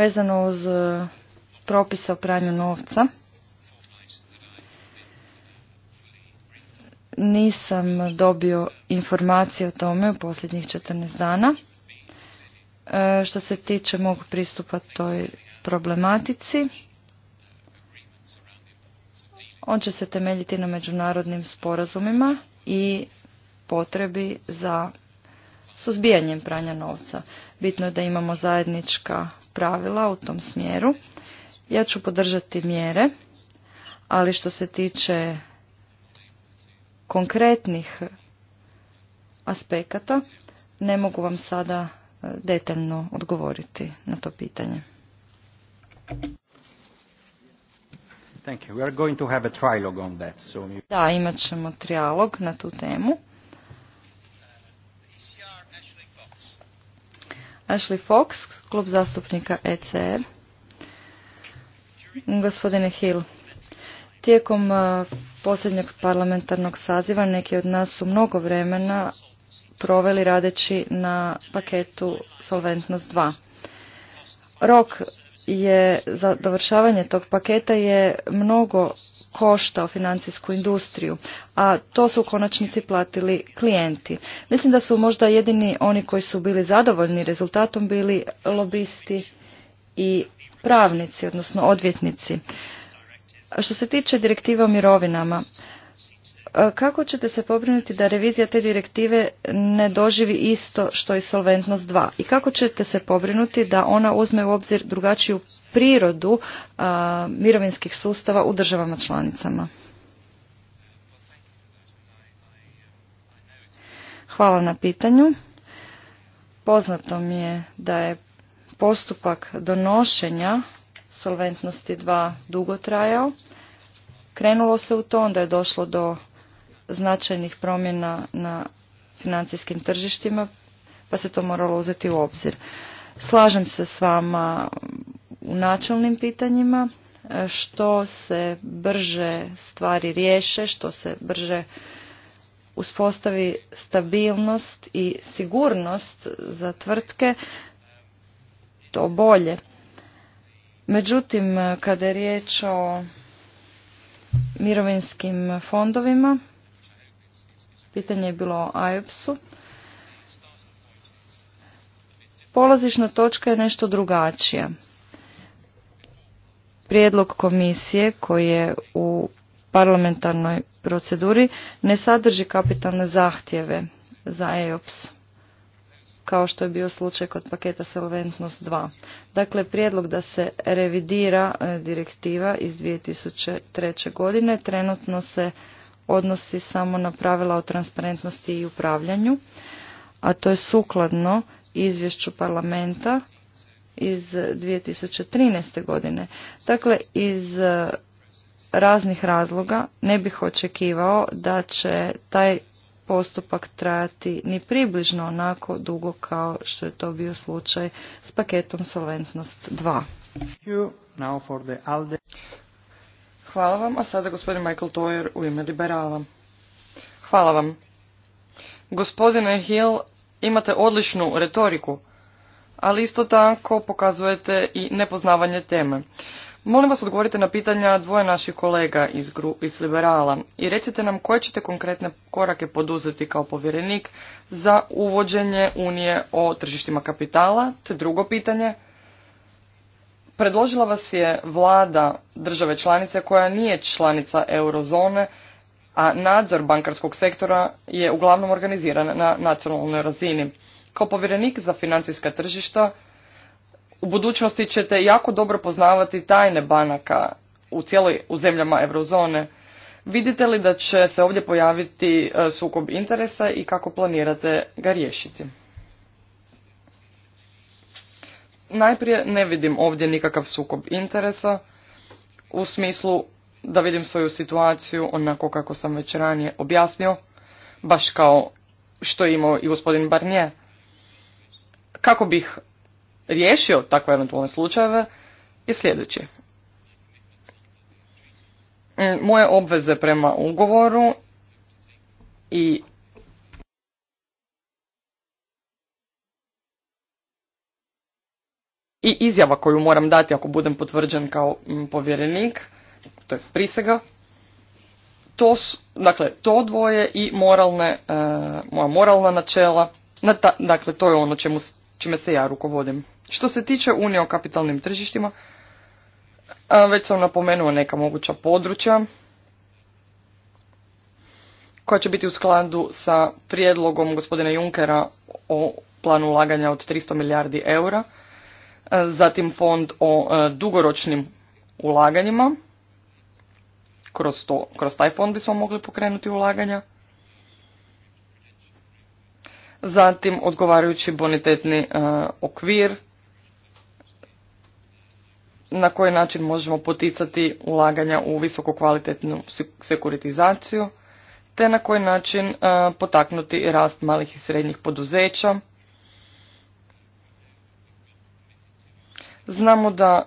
vezano uz e, propisa o pranju novca. Nisam dobio informacije o tome u posljednjih 14 dana. E, što se tiče mog pristupa toj problematici, on će se temeljiti na međunarodnim sporazumima i potrebi za suzbijanjem pranja novca. Bitno je da imamo zajednička pravila u tom smjeru. Ja ću podržati mjere, ali što se tiče konkretnih aspekata, ne mogu vam sada e, detaljno odgovoriti na to pitanje. Da, imat ćemo trijalog na tu temu. Ashley Fox, klub zastupnika ECR. Gospodine Hill, tijekom uh, posljednjeg parlamentarnog saziva neki od nas su mnogo vremena proveli radeći na paketu Solventnost 2. Rok je za dovršavanje tog paketa je mnogo koštao financijsku industriju, a to su u konačnici platili klijenti. Mislim da su možda jedini oni koji su bili zadovoljni rezultatom bili lobisti i pravnici, odnosno odvjetnici. što se tiče direktiva o mirovinama, E, kako ćete se pobrinuti da revizija te direktive ne doživi isto što i Solventnost 2? I kako ćete se pobrinuti da ona uzme u obzir drugačiju prirodu e, mirovinskih sustava u državama članicama? Hvala na pitanju. Poznato mi je da je postupak donošenja Solventnosti 2 dugo trajao. Krenulo se u to, onda je došlo do značajnih promjena na financijskim tržištima, pa se to moralo uzeti u obzir. Slažem se s vama u načelnim pitanjima, e, što se brže stvari riješe, što se brže uspostavi stabilnost i sigurnost za tvrtke, to bolje. Međutim, e, kada je riječ o mirovinskim fondovima, Pitanje je bilo o IOPS-u. E Polazišna točka je nešto drugačija. Prijedlog komisije koji je u parlamentarnoj proceduri ne sadrži kapitalne zahtjeve za EOPS kao što je bio slučaj kod paketa Solventnost 2. Dakle, prijedlog da se revidira e, direktiva iz 2003. godine trenutno se odnosi samo na pravila o transparentnosti i upravljanju, a to je sukladno izvješću parlamenta iz 2013. godine. Dakle, iz eh, raznih razloga ne bih očekivao da će taj postupak trajati ni približno onako dugo kao što je to bio slučaj s paketom Solventnost 2. Hvala vam, a sada gospodin Michael Toyer u ime liberala. Hvala vam. Gospodine Hill, imate odličnu retoriku, ali isto tako pokazujete i nepoznavanje teme. Molim vas odgovorite na pitanja dvoje naših kolega iz, gru, iz Liberala i recite nam koje ćete konkretne korake poduzeti kao povjerenik za uvođenje Unije o tržištima kapitala, te drugo pitanje – Predložila vas je vlada države članice koja nije članica eurozone, a nadzor bankarskog sektora je uglavnom organiziran na nacionalnoj razini. Kao povjerenik za financijska tržišta, u budućnosti ćete jako dobro poznavati tajne banaka u cijeloj u zemljama eurozone. Vidite li da će se ovdje pojaviti e, sukob interesa i kako planirate ga riješiti? Najprije ne vidim ovdje nikakav sukob interesa u smislu da vidim svoju situaciju onako kako sam već ranije objasnio, baš kao što je imao i gospodin Barnier. Kako bih riješio takve eventualne slučajeve je sljedeći. Mm, moje obveze prema ugovoru i i izjava koju moram dati ako budem potvrđen kao mm, povjerenik, to je prisega, to su, dakle, to dvoje i moralne, e, moja moralna načela, dakle, to je ono čemu, čime se ja rukovodim. Što se tiče Unije o kapitalnim tržištima, e, već sam napomenuo neka moguća područja koja će biti u skladu sa prijedlogom gospodina Junkera o planu ulaganja od 300 milijardi eura zatim fond o e, dugoročnim ulaganjima, kroz, kroz taj fond bismo mogli pokrenuti ulaganja, zatim odgovarajući bonitetni e, okvir, na koji način možemo poticati ulaganja u visoko kvalitetnu sekuritizaciju, te na koji način e, potaknuti rast malih i srednjih poduzeća, Znamo da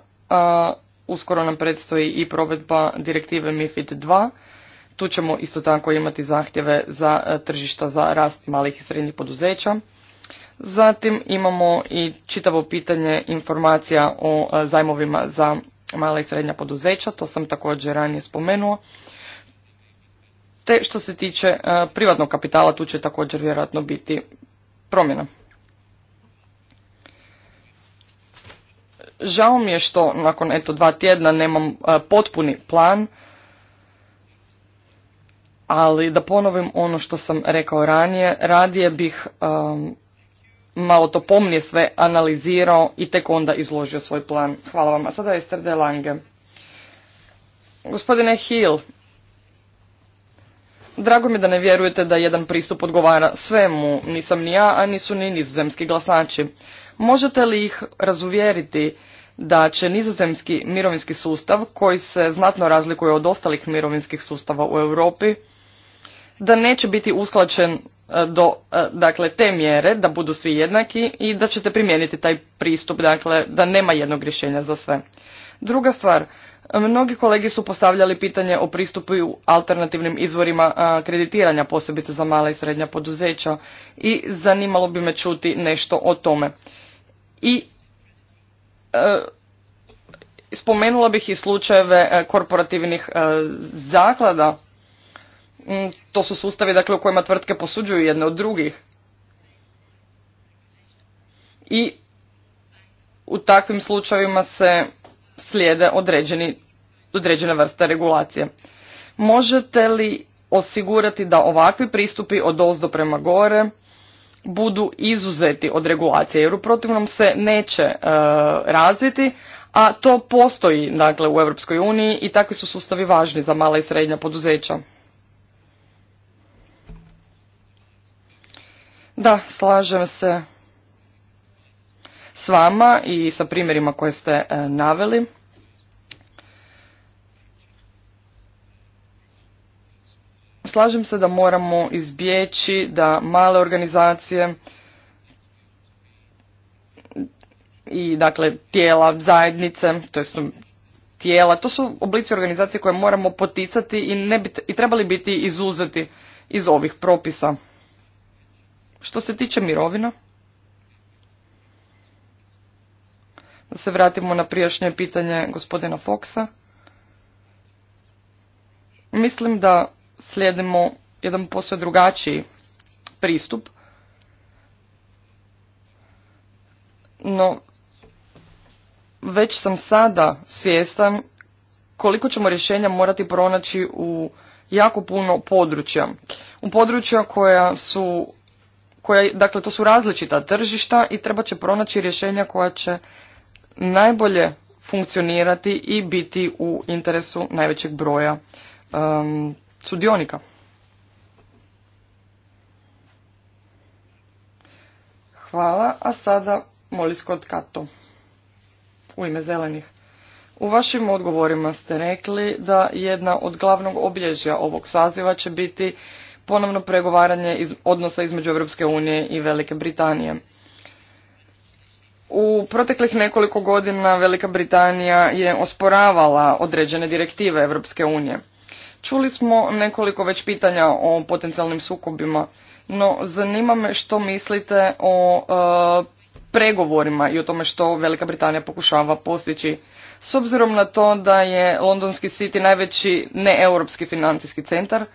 uskoro nam predstoji i provedba direktive MIFID 2. Tu ćemo isto tako imati zahtjeve za tržišta za rast malih i srednjih poduzeća. Zatim imamo i čitavo pitanje informacija o zajmovima za mala i srednja poduzeća, to sam također ranije spomenuo. Te što se tiče privatnog kapitala, tu će također vjerojatno biti promjena. Žao mi je što nakon eto dva tjedna nemam e, potpuni plan, ali da ponovim ono što sam rekao ranije, radije bih malo to pomnije sve analizirao i tek onda izložio svoj plan. Hvala vam. A sada je Ester Lange. Gospodine Hill, drago mi je da ne vjerujete da jedan pristup odgovara svemu, nisam ni ja, a nisu ni nizozemski glasači. Možete li ih razuvjeriti da će nizozemski mirovinski sustav, koji se znatno razlikuje od ostalih mirovinskih sustava u Europi, da neće biti usklačen e, do e, dakle, te mjere, da budu svi jednaki i da ćete primijeniti taj pristup, dakle, da nema jednog rješenja za sve. Druga stvar, mnogi kolegi su postavljali pitanje o pristupu alternativnim izvorima kreditiranja, posebice za mala i srednja poduzeća i zanimalo bi me čuti nešto o tome. I E, spomenula bih i slučajeve e, korporativnih e, zaklada. Mm, to su sustavi dakle, u kojima tvrtke posuđuju jedne od drugih. I u takvim slučajevima se slijede određeni, određene vrste regulacije. Možete li osigurati da ovakvi pristupi od ozdo prema gore budu izuzeti od regulacije jer u protivnom se neće e, razviti, a to postoji dakle u Europskoj uniji i takvi su sustavi važni za mala i srednja poduzeća. Da, slažem se s vama i sa primjerima koje ste e, naveli. Slažem se da moramo izbjeći da male organizacije i dakle tijela zajednice, to tijela, to su oblici organizacije koje moramo poticati i, ne i trebali biti izuzeti iz ovih propisa. Što se tiče mirovina, da se vratimo na prijašnje pitanje gospodina Foksa, mislim da slijedimo jedan posve drugačiji pristup. No, već sam sada svjestan koliko ćemo rješenja morati pronaći u jako puno područja. U područja koja su, koja, dakle to su različita tržišta i treba će pronaći rješenja koja će najbolje funkcionirati i biti u interesu najvećeg broja sudionika. Hvala, a sada moli Scott Kato u ime zelenih. U vašim odgovorima ste rekli da jedna od glavnog obilježja ovog saziva će biti ponovno pregovaranje odnosa između Europske unije i Velike Britanije. U proteklih nekoliko godina Velika Britanija je osporavala određene direktive Europske unije. Čuli smo nekoliko već pitanja o potencijalnim sukobima, no zanima me što mislite o e, pregovorima i o tome što Velika Britanija pokušava postići. S obzirom na to da je Londonski City najveći neeuropski financijski centar,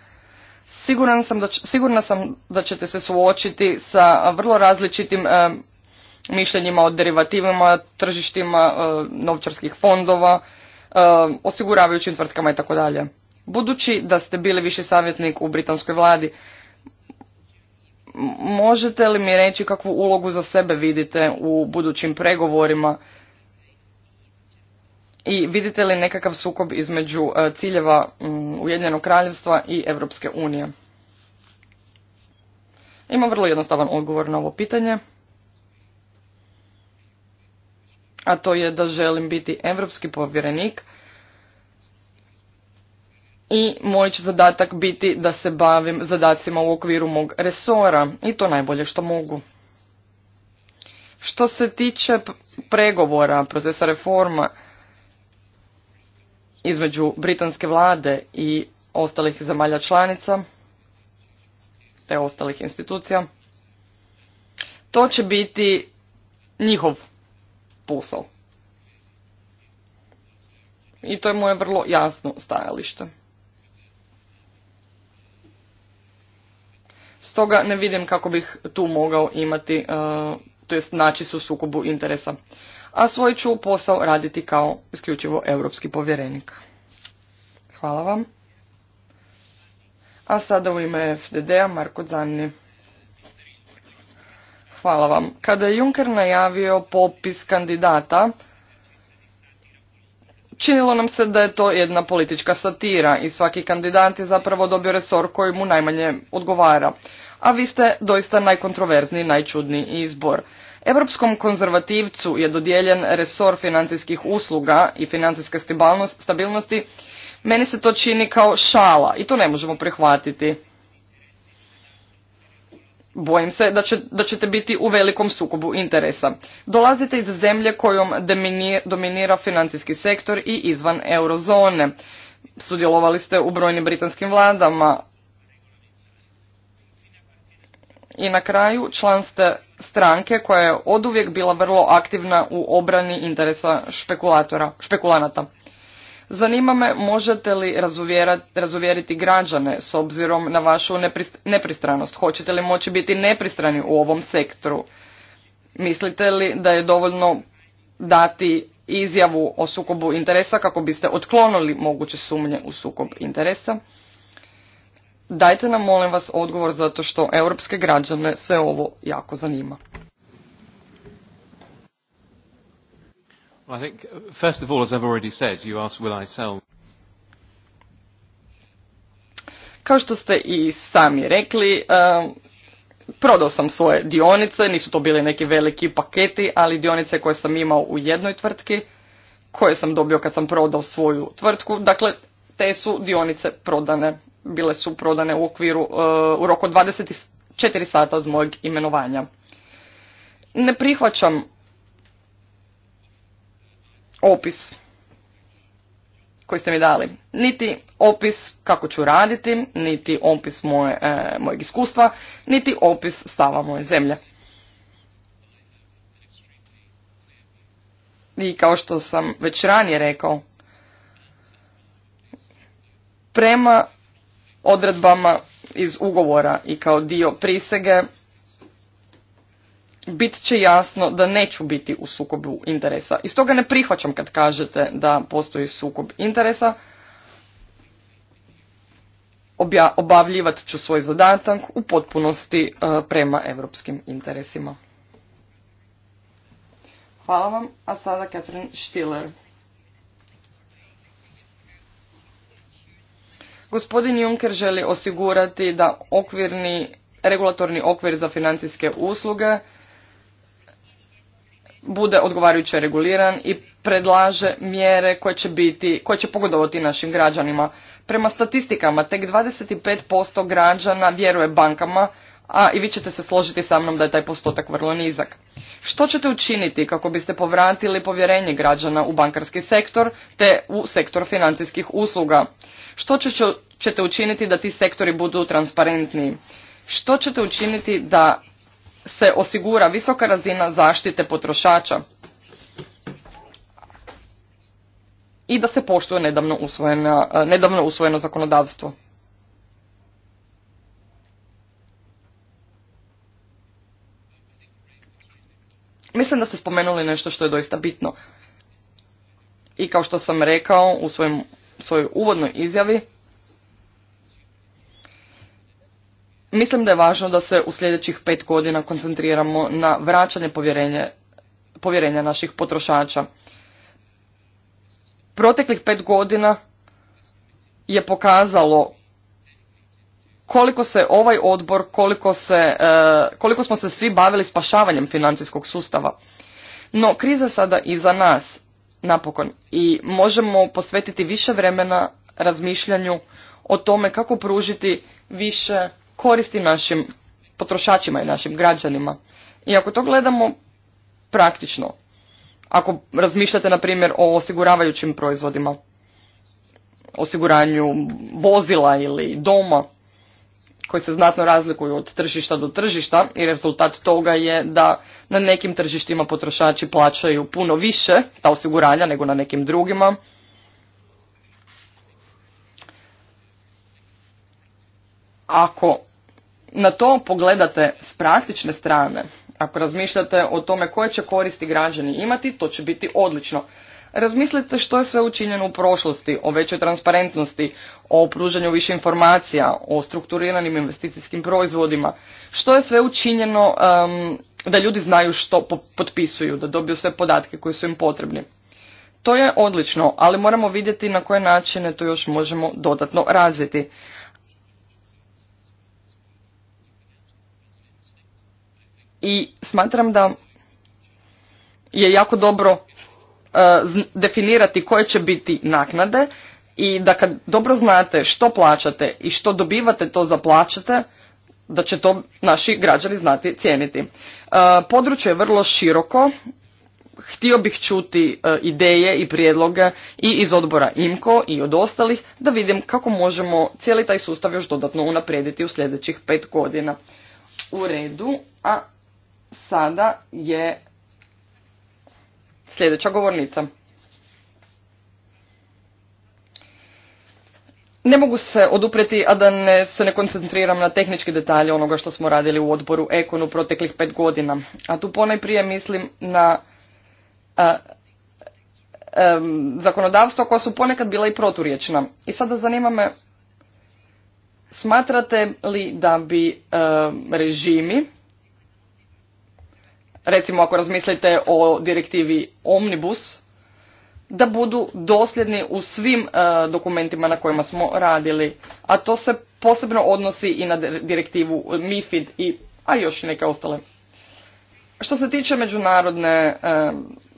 siguran sam da sigurna sam da ćete se suočiti sa vrlo različitim e, mišljenjima o derivativima, tržištima e, novčarskih fondova, osiguravajućim tvrtkama i tako dalje. Budući da ste bili viši savjetnik u britanskoj vladi, možete li mi reći kakvu ulogu za sebe vidite u budućim pregovorima i vidite li nekakav sukob između e, ciljeva Ujedinjenog kraljevstva i Europske unije? Ima vrlo jednostavan odgovor na ovo pitanje, a to je da želim biti europski povjerenik – i moj će zadatak biti da se bavim zadacima u okviru mog resora i to najbolje što mogu. Što se tiče pregovora, procesa reforma između britanske vlade i ostalih zemalja članica, te ostalih institucija, to će biti njihov posao. I to je moje vrlo jasno stajalište. Stoga ne vidim kako bih tu mogao imati, e, to jest naći su sukobu interesa. A svoj ću posao raditi kao isključivo europski povjerenik. Hvala vam. A sada u ime FDD-a Marko Zanni. Hvala vam. Kada je Juncker najavio popis kandidata, Činilo nam se da je to jedna politička satira i svaki kandidat je zapravo dobio resor koji mu najmanje odgovara. A vi ste doista najkontroverzniji, najčudniji izbor. Europskom konzervativcu je dodijeljen resor financijskih usluga i financijske stabilnosti. Meni se to čini kao šala i to ne možemo prihvatiti bojim se da, da ćete biti u velikom sukobu interesa. Dolazite iz zemlje kojom dominira financijski sektor i izvan eurozone. Sudjelovali ste u brojnim britanskim vladama. I na kraju član ste stranke koja je oduvijek bila vrlo aktivna u obrani interesa špekulanata. Zanima me možete li razuvjeriti građane s obzirom na vašu nepristranost? Hoćete li moći biti nepristrani u ovom sektoru? Mislite li da je dovoljno dati izjavu o sukobu interesa kako biste otklonili moguće sumnje u sukob interesa? Dajte nam molim vas odgovor zato što europske građane sve ovo jako zanima. I think, first of all, as I've already said, you asked, will I sell? Kao što ste i sami rekli, um, prodao sam svoje dionice, nisu to bili neki veliki paketi, ali dionice koje sam imao u jednoj tvrtki, koje sam dobio kad sam prodao svoju tvrtku, dakle, te su dionice prodane, bile su prodane u okviru, uh, u roku 24 sata od mojeg imenovanja. Ne prihvaćam opis koji ste mi dali. Niti opis kako ću raditi, niti opis moje, e, mojeg iskustva, niti opis stava moje zemlje. I kao što sam već ranije rekao, prema odredbama iz ugovora i kao dio prisege bit će jasno da neću biti u sukobu interesa. I stoga ne prihvaćam kad kažete da postoji sukob interesa. Obja, obavljivat ću svoj zadatak u potpunosti e, prema europskim interesima. Hvala vam, a sada Katrin Stiller. Gospodin Juncker želi osigurati da okvirni regulatorni okvir za financijske usluge bude odgovarajuće reguliran i predlaže mjere koje će, biti, koje će pogodovati našim građanima. Prema statistikama, tek 25% građana vjeruje bankama, a i vi ćete se složiti sa mnom da je taj postotak vrlo nizak. Što ćete učiniti kako biste povratili povjerenje građana u bankarski sektor te u sektor financijskih usluga? Što ćete učiniti da ti sektori budu transparentniji? Što ćete učiniti da se osigura visoka razina zaštite potrošača i da se poštuje nedavno usvojeno, nedavno usvojeno zakonodavstvo. Mislim da ste spomenuli nešto što je doista bitno. I kao što sam rekao u svojoj uvodnoj izjavi, Mislim da je važno da se u sljedećih pet godina koncentriramo na vraćanje povjerenja, povjerenja naših potrošača. Proteklih pet godina je pokazalo koliko se ovaj odbor, koliko, se, e, koliko smo se svi bavili spašavanjem financijskog sustava. No, kriza je sada iza nas, napokon, i možemo posvetiti više vremena razmišljanju o tome kako pružiti više koristi našim potrošačima i našim građanima. I ako to gledamo praktično, ako razmišljate na primjer o osiguravajućim proizvodima, osiguranju vozila ili doma, koji se znatno razlikuju od tržišta do tržišta i rezultat toga je da na nekim tržištima potrošači plaćaju puno više ta osiguranja nego na nekim drugima. Ako na to pogledate s praktične strane, ako razmišljate o tome koje će koristi građani imati, to će biti odlično. Razmislite što je sve učinjeno u prošlosti, o većoj transparentnosti, o pružanju više informacija, o strukturiranim investicijskim proizvodima, što je sve učinjeno da ljudi znaju što potpisuju, da dobiju sve podatke koji su im potrebni. To je odlično, ali moramo vidjeti na koje načine to još možemo dodatno razviti. i smatram da je jako dobro e, definirati koje će biti naknade i da kad dobro znate što plaćate i što dobivate to za plaćate, da će to naši građani znati cijeniti. E, područje je vrlo široko, htio bih čuti e, ideje i prijedloge i iz odbora IMKO i od ostalih da vidim kako možemo cijeli taj sustav još dodatno unaprijediti u sljedećih pet godina. U redu, a sada je sljedeća govornica. Ne mogu se odupreti, a da ne, se ne koncentriram na tehničke detalje onoga što smo radili u odboru Ekonu proteklih pet godina. A tu ponajprije mislim na a, zakonodavstva koja su ponekad bila i proturječna. I sada zanima me, smatrate li da bi režimi recimo ako razmislite o direktivi Omnibus, da budu dosljedni u svim e, dokumentima na kojima smo radili. A to se posebno odnosi i na direktivu MIFID, i, a još i neke ostale. Što se tiče međunarodne e,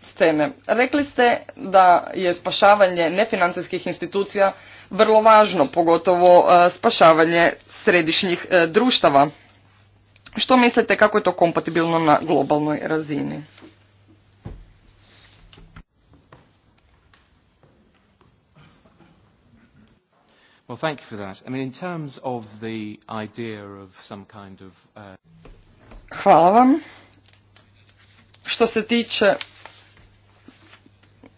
scene, rekli ste da je spašavanje nefinancijskih institucija vrlo važno, pogotovo e, spašavanje središnjih e, društava. Što mislite kako je to kompatibilno na globalnoj razini? Well, thank Hvala vam. Što se tiče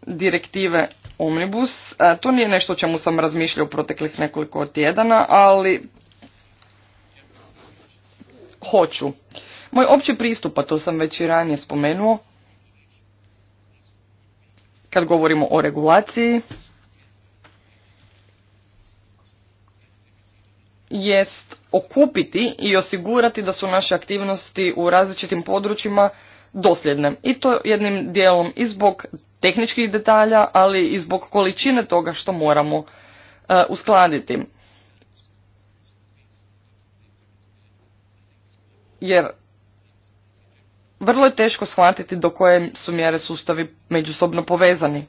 direktive Omnibus, e, to nije nešto o čemu sam razmišljao u proteklih nekoliko tjedana, ali hoću. Moj opći pristup, a to sam već i ranije spomenuo, kad govorimo o regulaciji, jest okupiti i osigurati da su naše aktivnosti u različitim područjima dosljedne. I to jednim dijelom i zbog tehničkih detalja, ali i zbog količine toga što moramo e, uskladiti. jer vrlo je teško shvatiti do koje su mjere sustavi međusobno povezani.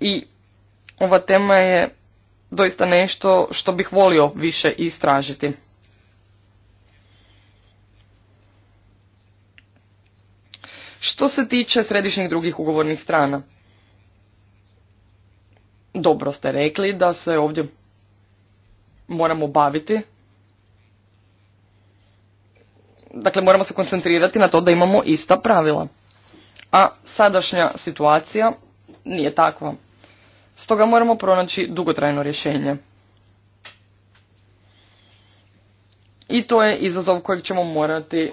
I ova tema je doista nešto što bih volio više istražiti. Što se tiče središnjih drugih ugovornih strana, dobro ste rekli da se ovdje moramo baviti. Dakle, moramo se koncentrirati na to da imamo ista pravila. A sadašnja situacija nije takva. Stoga moramo pronaći dugotrajno rješenje. I to je izazov kojeg ćemo morati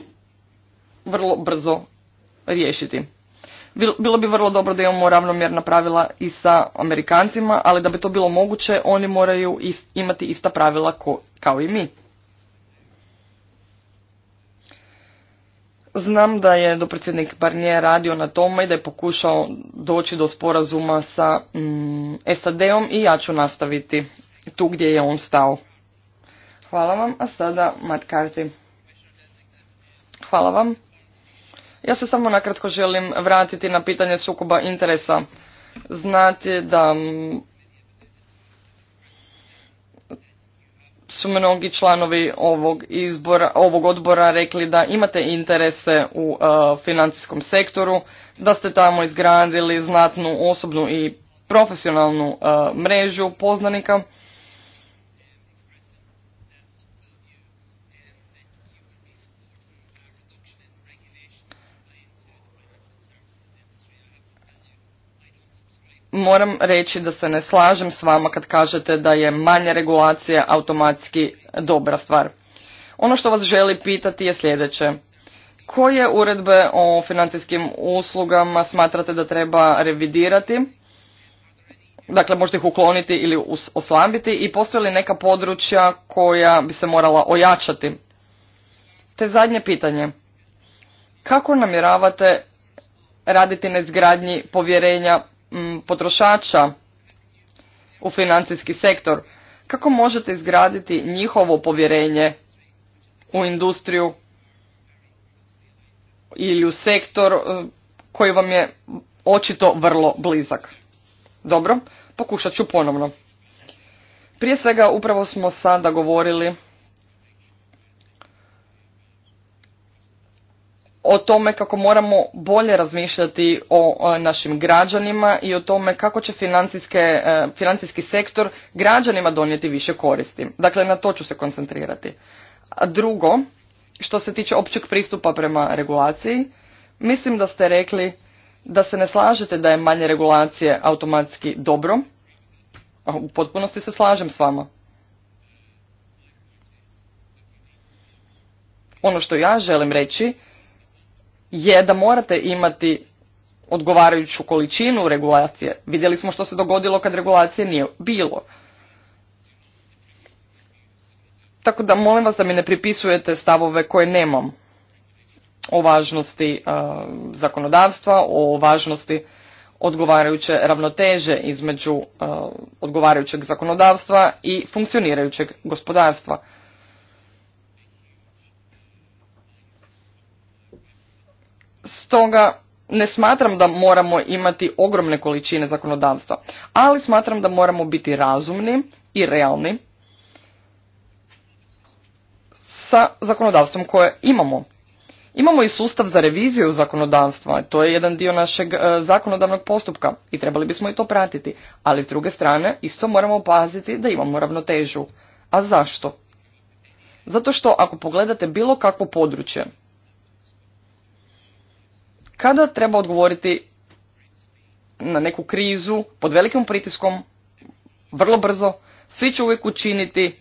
vrlo brzo riješiti. Bilo bi vrlo dobro da imamo ravnomjerna pravila i sa Amerikancima, ali da bi to bilo moguće, oni moraju imati ista pravila kao i mi. Znam da je dopredsjednik Barnier radio na tome i da je pokušao doći do sporazuma sa mm, SAD-om i ja ću nastaviti tu gdje je on stao. Hvala vam, a sada Matt Carty. Hvala vam. Ja se samo nakratko želim vratiti na pitanje sukoba interesa. Znate da mm, su mnogi članovi ovog, izbora, ovog odbora rekli da imate interese u e, financijskom sektoru, da ste tamo izgradili znatnu osobnu i profesionalnu e, mrežu poznanika moram reći da se ne slažem s vama kad kažete da je manje regulacije automatski dobra stvar. Ono što vas želi pitati je sljedeće. Koje uredbe o financijskim uslugama smatrate da treba revidirati? Dakle, možete ih ukloniti ili oslabiti i postoje li neka područja koja bi se morala ojačati? Te zadnje pitanje. Kako namjeravate raditi na izgradnji povjerenja potrošača u financijski sektor, kako možete izgraditi njihovo povjerenje u industriju ili u sektor e, koji vam je očito vrlo blizak. Dobro, pokušat ću ponovno. Prije svega upravo smo sada govorili o tome kako moramo bolje razmišljati o našim građanima i o tome kako će e, financijski sektor građanima donijeti više koristi. Dakle, na to ću se koncentrirati. A drugo, što se tiče općeg pristupa prema regulaciji, mislim da ste rekli da se ne slažete da je manje regulacije automatski dobro. U potpunosti se slažem s vama. Ono što ja želim reći je da morate imati odgovarajuću količinu regulacije. Vidjeli smo što se dogodilo kad regulacije nije bilo. Tako da molim vas da mi ne pripisujete stavove koje nemam o važnosti e, zakonodavstva, o važnosti odgovarajuće ravnoteže između e, odgovarajućeg zakonodavstva i funkcionirajućeg gospodarstva. Stoga ne smatram da moramo imati ogromne količine zakonodavstva, ali smatram da moramo biti razumni i realni sa zakonodavstvom koje imamo. Imamo i sustav za reviziju zakonodavstva, to je jedan dio našeg e, zakonodavnog postupka i trebali bismo i to pratiti, ali s druge strane isto moramo paziti da imamo ravnotežu. A zašto? Zato što ako pogledate bilo kakvo područje, kada treba odgovoriti na neku krizu pod velikim pritiskom, vrlo brzo, svi će uvijek učiniti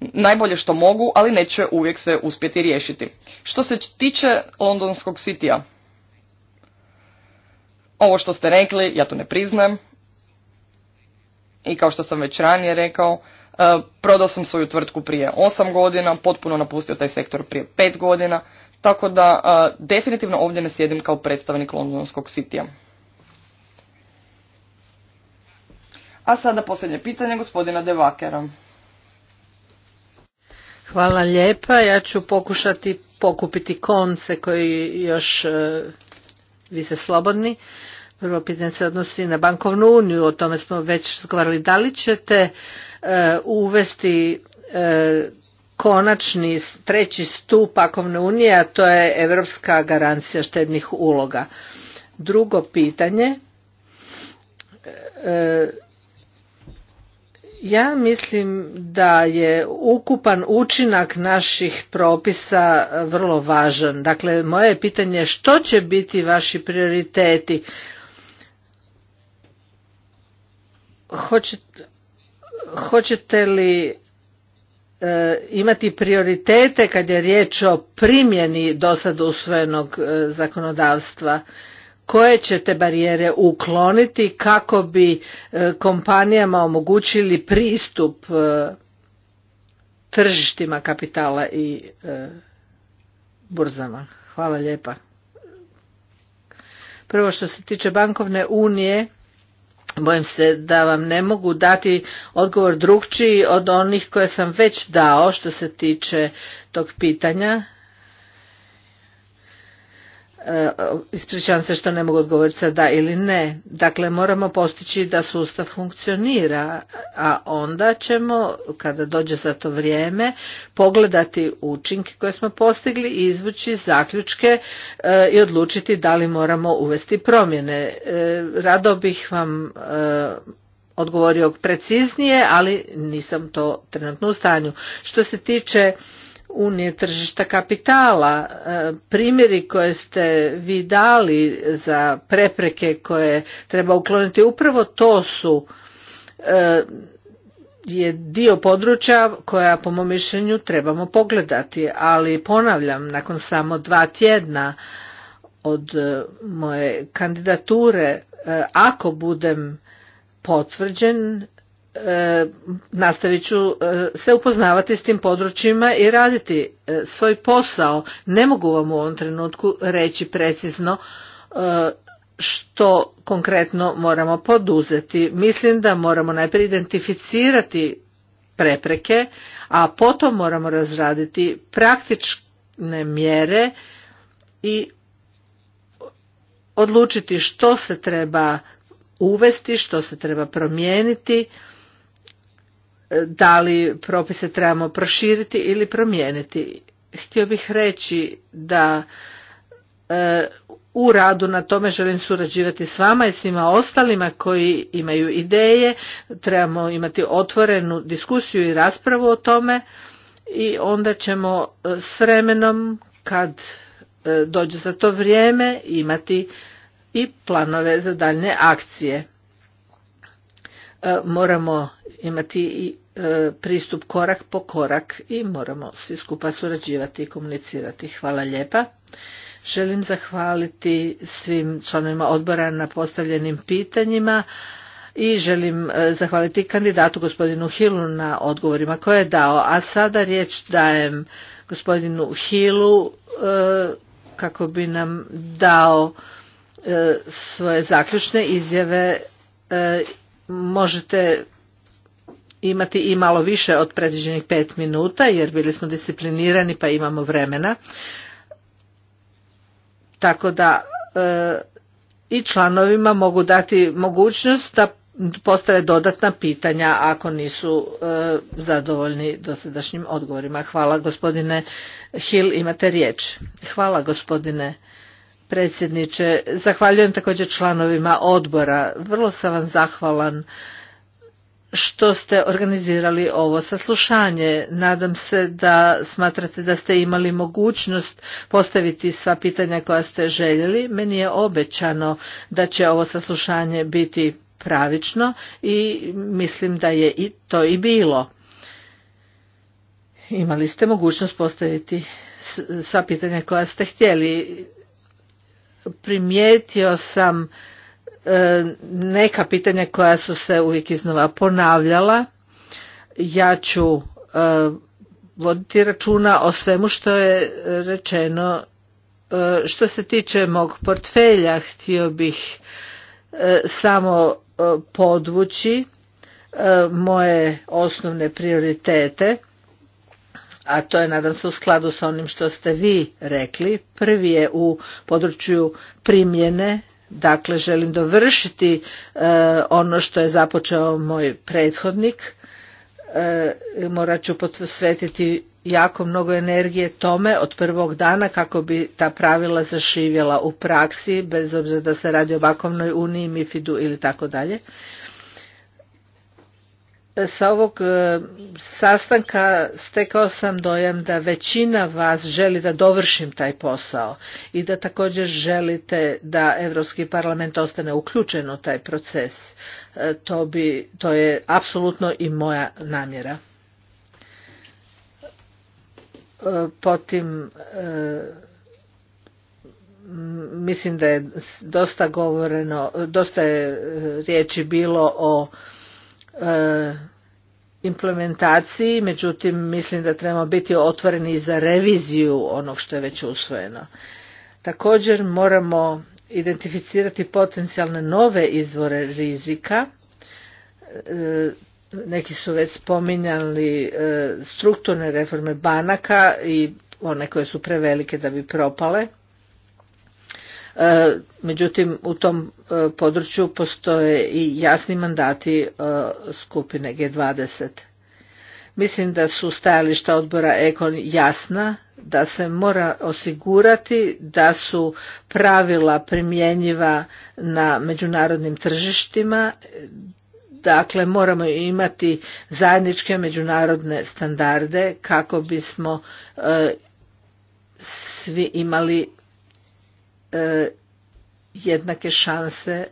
najbolje što mogu, ali neće uvijek sve uspjeti riješiti. Što se tiče londonskog sitija, ovo što ste rekli, ja to ne priznajem. I kao što sam već ranije rekao, e, prodao sam svoju tvrtku prije 8 godina, potpuno napustio taj sektor prije 5 godina, tako da definitivno ovdje ne sjedim kao predstavnik londonskog sitija. A sada posljednje pitanje gospodina Devakera. Hvala lijepa. Ja ću pokušati pokupiti konce koji još e, vi se slobodni. Prvo pitanje se odnosi na bankovnu uniju, o tome smo već razgovarali. Da li ćete e, uvesti e, konačni treći stup pakovne unije, a to je Europska garancija štednih uloga. Drugo pitanje, e, ja mislim da je ukupan učinak naših propisa vrlo važan. Dakle, moje pitanje je što će biti vaši prioriteti? hoćete li E, imati prioritete kad je riječ o primjeni dosad usvojenog e, zakonodavstva koje ćete barijere ukloniti kako bi e, kompanijama omogućili pristup tržištima kapitala i burzama. Hvala lijepa. Prvo što se tiče bankovne unije, Bojim se da vam ne mogu dati odgovor drugčiji od onih koje sam već dao što se tiče tog pitanja. E, ispričavam se što ne mogu odgovoriti sa da ili ne. Dakle, moramo postići da sustav funkcionira, a onda ćemo, kada dođe za to vrijeme, pogledati učinke koje smo postigli i izvući zaključke e, i odlučiti da li moramo uvesti promjene. E, rado bih vam odgovorio preciznije, ali nisam to trenutno u stanju. Što se tiče unije tržišta kapitala. E, primjeri koje ste vi dali za prepreke koje treba ukloniti upravo to su e, je dio područja koja po mom mišljenju trebamo pogledati, ali ponavljam, nakon samo dva tjedna od e, moje kandidature, ako budem potvrđen, E, nastavit ću e, se upoznavati s tim područjima i raditi e, svoj posao. Ne mogu vam u ovom trenutku reći precizno što konkretno moramo poduzeti. Mislim da moramo najprije identificirati prepreke, a potom moramo razraditi praktične mjere i odlučiti što se treba uvesti, što se treba promijeniti E, da li propise trebamo proširiti ili promijeniti. Htio bih reći da e, u radu na tome želim surađivati s vama i svima ostalima koji imaju ideje. Trebamo imati otvorenu diskusiju i raspravu o tome i onda ćemo e, s vremenom kad dođe za to vrijeme imati i planove za daljne akcije. Moramo imati i E, pristup korak po korak i moramo svi skupa surađivati i komunicirati. Hvala lijepa. Želim zahvaliti svim članovima odbora na postavljenim pitanjima i želim e, zahvaliti kandidatu gospodinu Hilu na odgovorima koje je dao. A sada riječ dajem gospodinu Hilu e, kako bi nam dao svoje zaključne izjave. Možete imati i malo više od predviđenih pet minuta jer bili smo disciplinirani pa imamo vremena. Tako da e, i članovima mogu dati mogućnost da postave dodatna pitanja ako nisu e, zadovoljni dosadašnjim odgovorima. Hvala gospodine Hill, imate riječ. Hvala gospodine predsjedniče. Zahvaljujem također članovima odbora. Vrlo sam vam zahvalan što ste organizirali ovo saslušanje. Nadam se da smatrate da ste imali mogućnost postaviti sva pitanja koja ste željeli. Meni je obećano da će ovo saslušanje biti pravično i mislim da je i to i bilo. Imali ste mogućnost postaviti sva pitanja koja ste htjeli. Primijetio sam E, neka pitanja koja su se uvijek iznova ponavljala. Ja ću e, voditi računa o svemu što je rečeno. E, što se tiče mog portfelja, htio bih samo podvući moje osnovne prioritete, a to je nadam se u skladu sa onim što ste vi rekli. Prvi je u području primjene Dakle, želim dovršiti e, ono što je započeo moj prethodnik. E, morat ću posvetiti jako mnogo energije tome od prvog dana kako bi ta pravila zašivjela u praksi, bez obzira da se radi o bakovnoj uniji, MIFID-u ili tako dalje sa ovog e, sastanka stekao sam dojam da većina vas želi da dovršim taj posao i da također želite da Europski parlament ostane uključen u taj proces. E, to, bi, to je apsolutno i moja namjera. E, potim mislim da je dosta govoreno, dosta je riječi bilo o E, implementaciji, međutim mislim da trebamo biti otvoreni za reviziju onog što je već usvojeno. Također moramo identificirati potencijalne nove izvore rizika. E, neki su već spominjali e, strukturne reforme banaka i one koje su prevelike da bi propale. E, međutim u tom e, području postoje i jasni mandati e, skupine G20. Mislim da su stajališta odbora Ekon jasna, da se mora osigurati da su pravila primjenjiva na međunarodnim tržištima, dakle moramo imati zajedničke međunarodne standarde kako bismo svi imali E, jednake šanse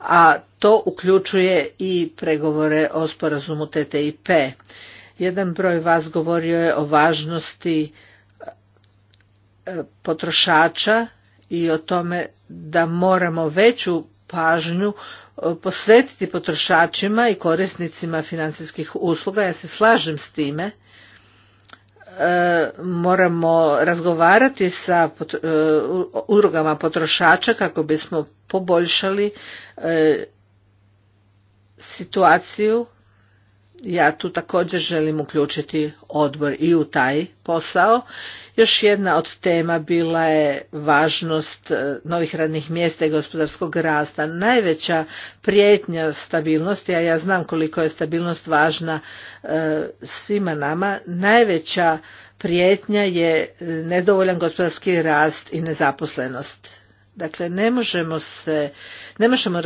a to uključuje i pregovore o sporazumu TTIP. Jedan broj vas govorio je o važnosti e, potrošača i o tome da moramo veću pažnju e, posvetiti potrošačima i korisnicima financijskih usluga. Ja se slažem s time moramo razgovarati sa e, udrugama potrošača kako bismo poboljšali e, situaciju. Ja tu također želim uključiti odbor i u taj posao još jedna od tema bila je važnost e, novih radnih mjesta i gospodarskog rasta. Najveća prijetnja stabilnosti, a ja znam koliko je stabilnost važna e, svima nama, najveća prijetnja je e, nedovoljan gospodarski rast i nezaposlenost. Dakle, ne možemo se, ne možemo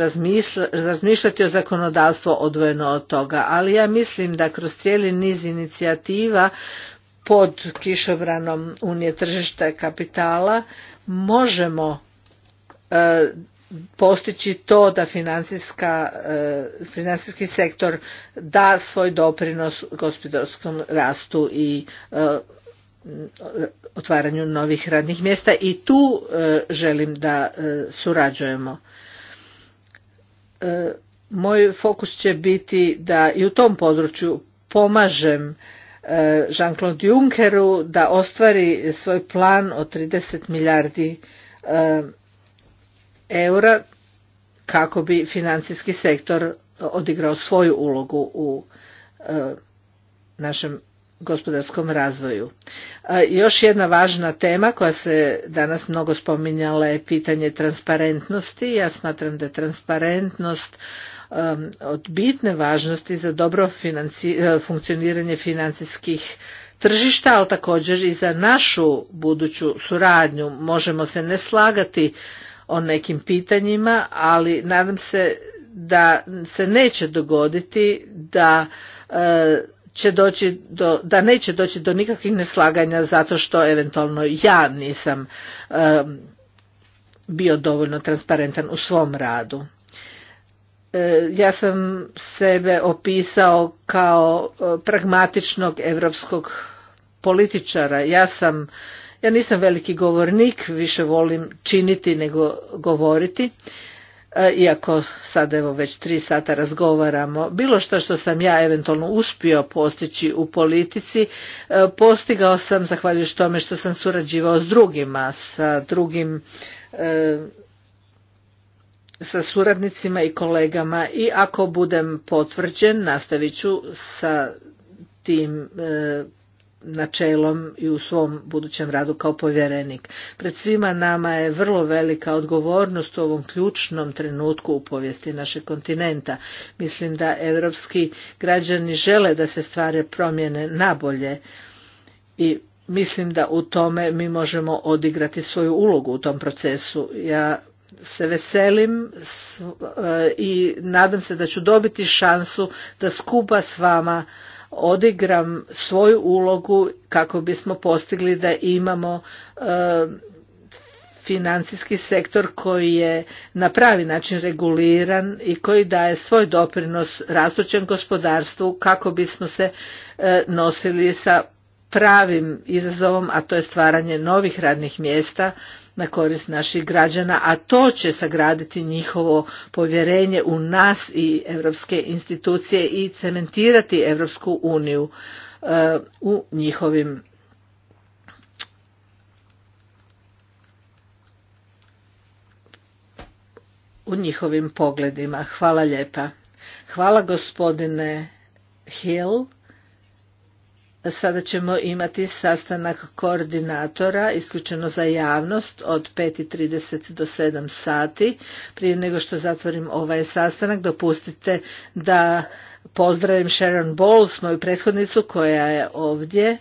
razmišljati o zakonodavstvu odvojeno od toga, ali ja mislim da kroz cijeli niz inicijativa pod kišobranom unije tržišta kapitala možemo e, postići to da e, financijski sektor da svoj doprinos gospodarskom rastu i e, otvaranju novih radnih mjesta i tu želim da surađujemo. Moj fokus će biti da i u tom području pomažem Jean-Claude Junckeru da ostvari svoj plan od 30 milijardi e, eura kako bi financijski sektor odigrao svoju ulogu u e, našem gospodarskom razvoju. E, još jedna važna tema koja se danas mnogo spominjala je pitanje transparentnosti. Ja smatram da je transparentnost Um, od bitne važnosti za dobro e, funkcioniranje financijskih tržišta, ali također i za našu buduću suradnju. Možemo se ne slagati o nekim pitanjima, ali nadam se da se neće dogoditi da e, će doći do, da neće doći do nikakvih neslaganja zato što eventualno ja nisam e, bio dovoljno transparentan u svom radu. E, ja sam sebe opisao kao e, pragmatičnog europskog političara. Ja sam ja nisam veliki govornik, više volim činiti nego govoriti. E, iako sad evo već tri sata razgovaramo, bilo što što sam ja eventualno uspio postići u politici, postigao sam zahvaljujući tome što sam surađivao s drugima, sa drugim sa suradnicima i kolegama i ako budem potvrđen nastavit ću sa tim e, načelom i u svom budućem radu kao povjerenik. Pred svima nama je vrlo velika odgovornost u ovom ključnom trenutku u povijesti našeg kontinenta. Mislim da europski građani žele da se stvari promjene nabolje i mislim da u tome mi možemo odigrati svoju ulogu u tom procesu. Ja se veselim e, i nadam se da ću dobiti šansu da skupa s vama odigram svoju ulogu kako bismo postigli da imamo e, financijski sektor koji je na pravi način reguliran i koji daje svoj doprinos rastućem gospodarstvu kako bismo se e, nosili sa pravim izazovom, a to je stvaranje novih radnih mjesta na korist naših građana, a to će sagraditi njihovo povjerenje u nas i europske institucije i cementirati Europsku uniju e, u njihovim u njihovim pogledima. Hvala lijepa. Hvala gospodine Hill. Sada ćemo imati sastanak koordinatora isključeno za javnost od 5.30 do 7 sati. Prije nego što zatvorim ovaj sastanak dopustite da pozdravim Sharon Bowles, moju prethodnicu koja je ovdje.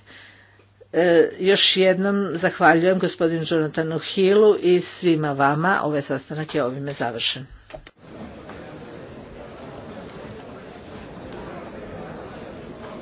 E, još jednom zahvaljujem gospodinu Jonathanu Hillu i svima vama. Ovaj sastanak je ovime završen.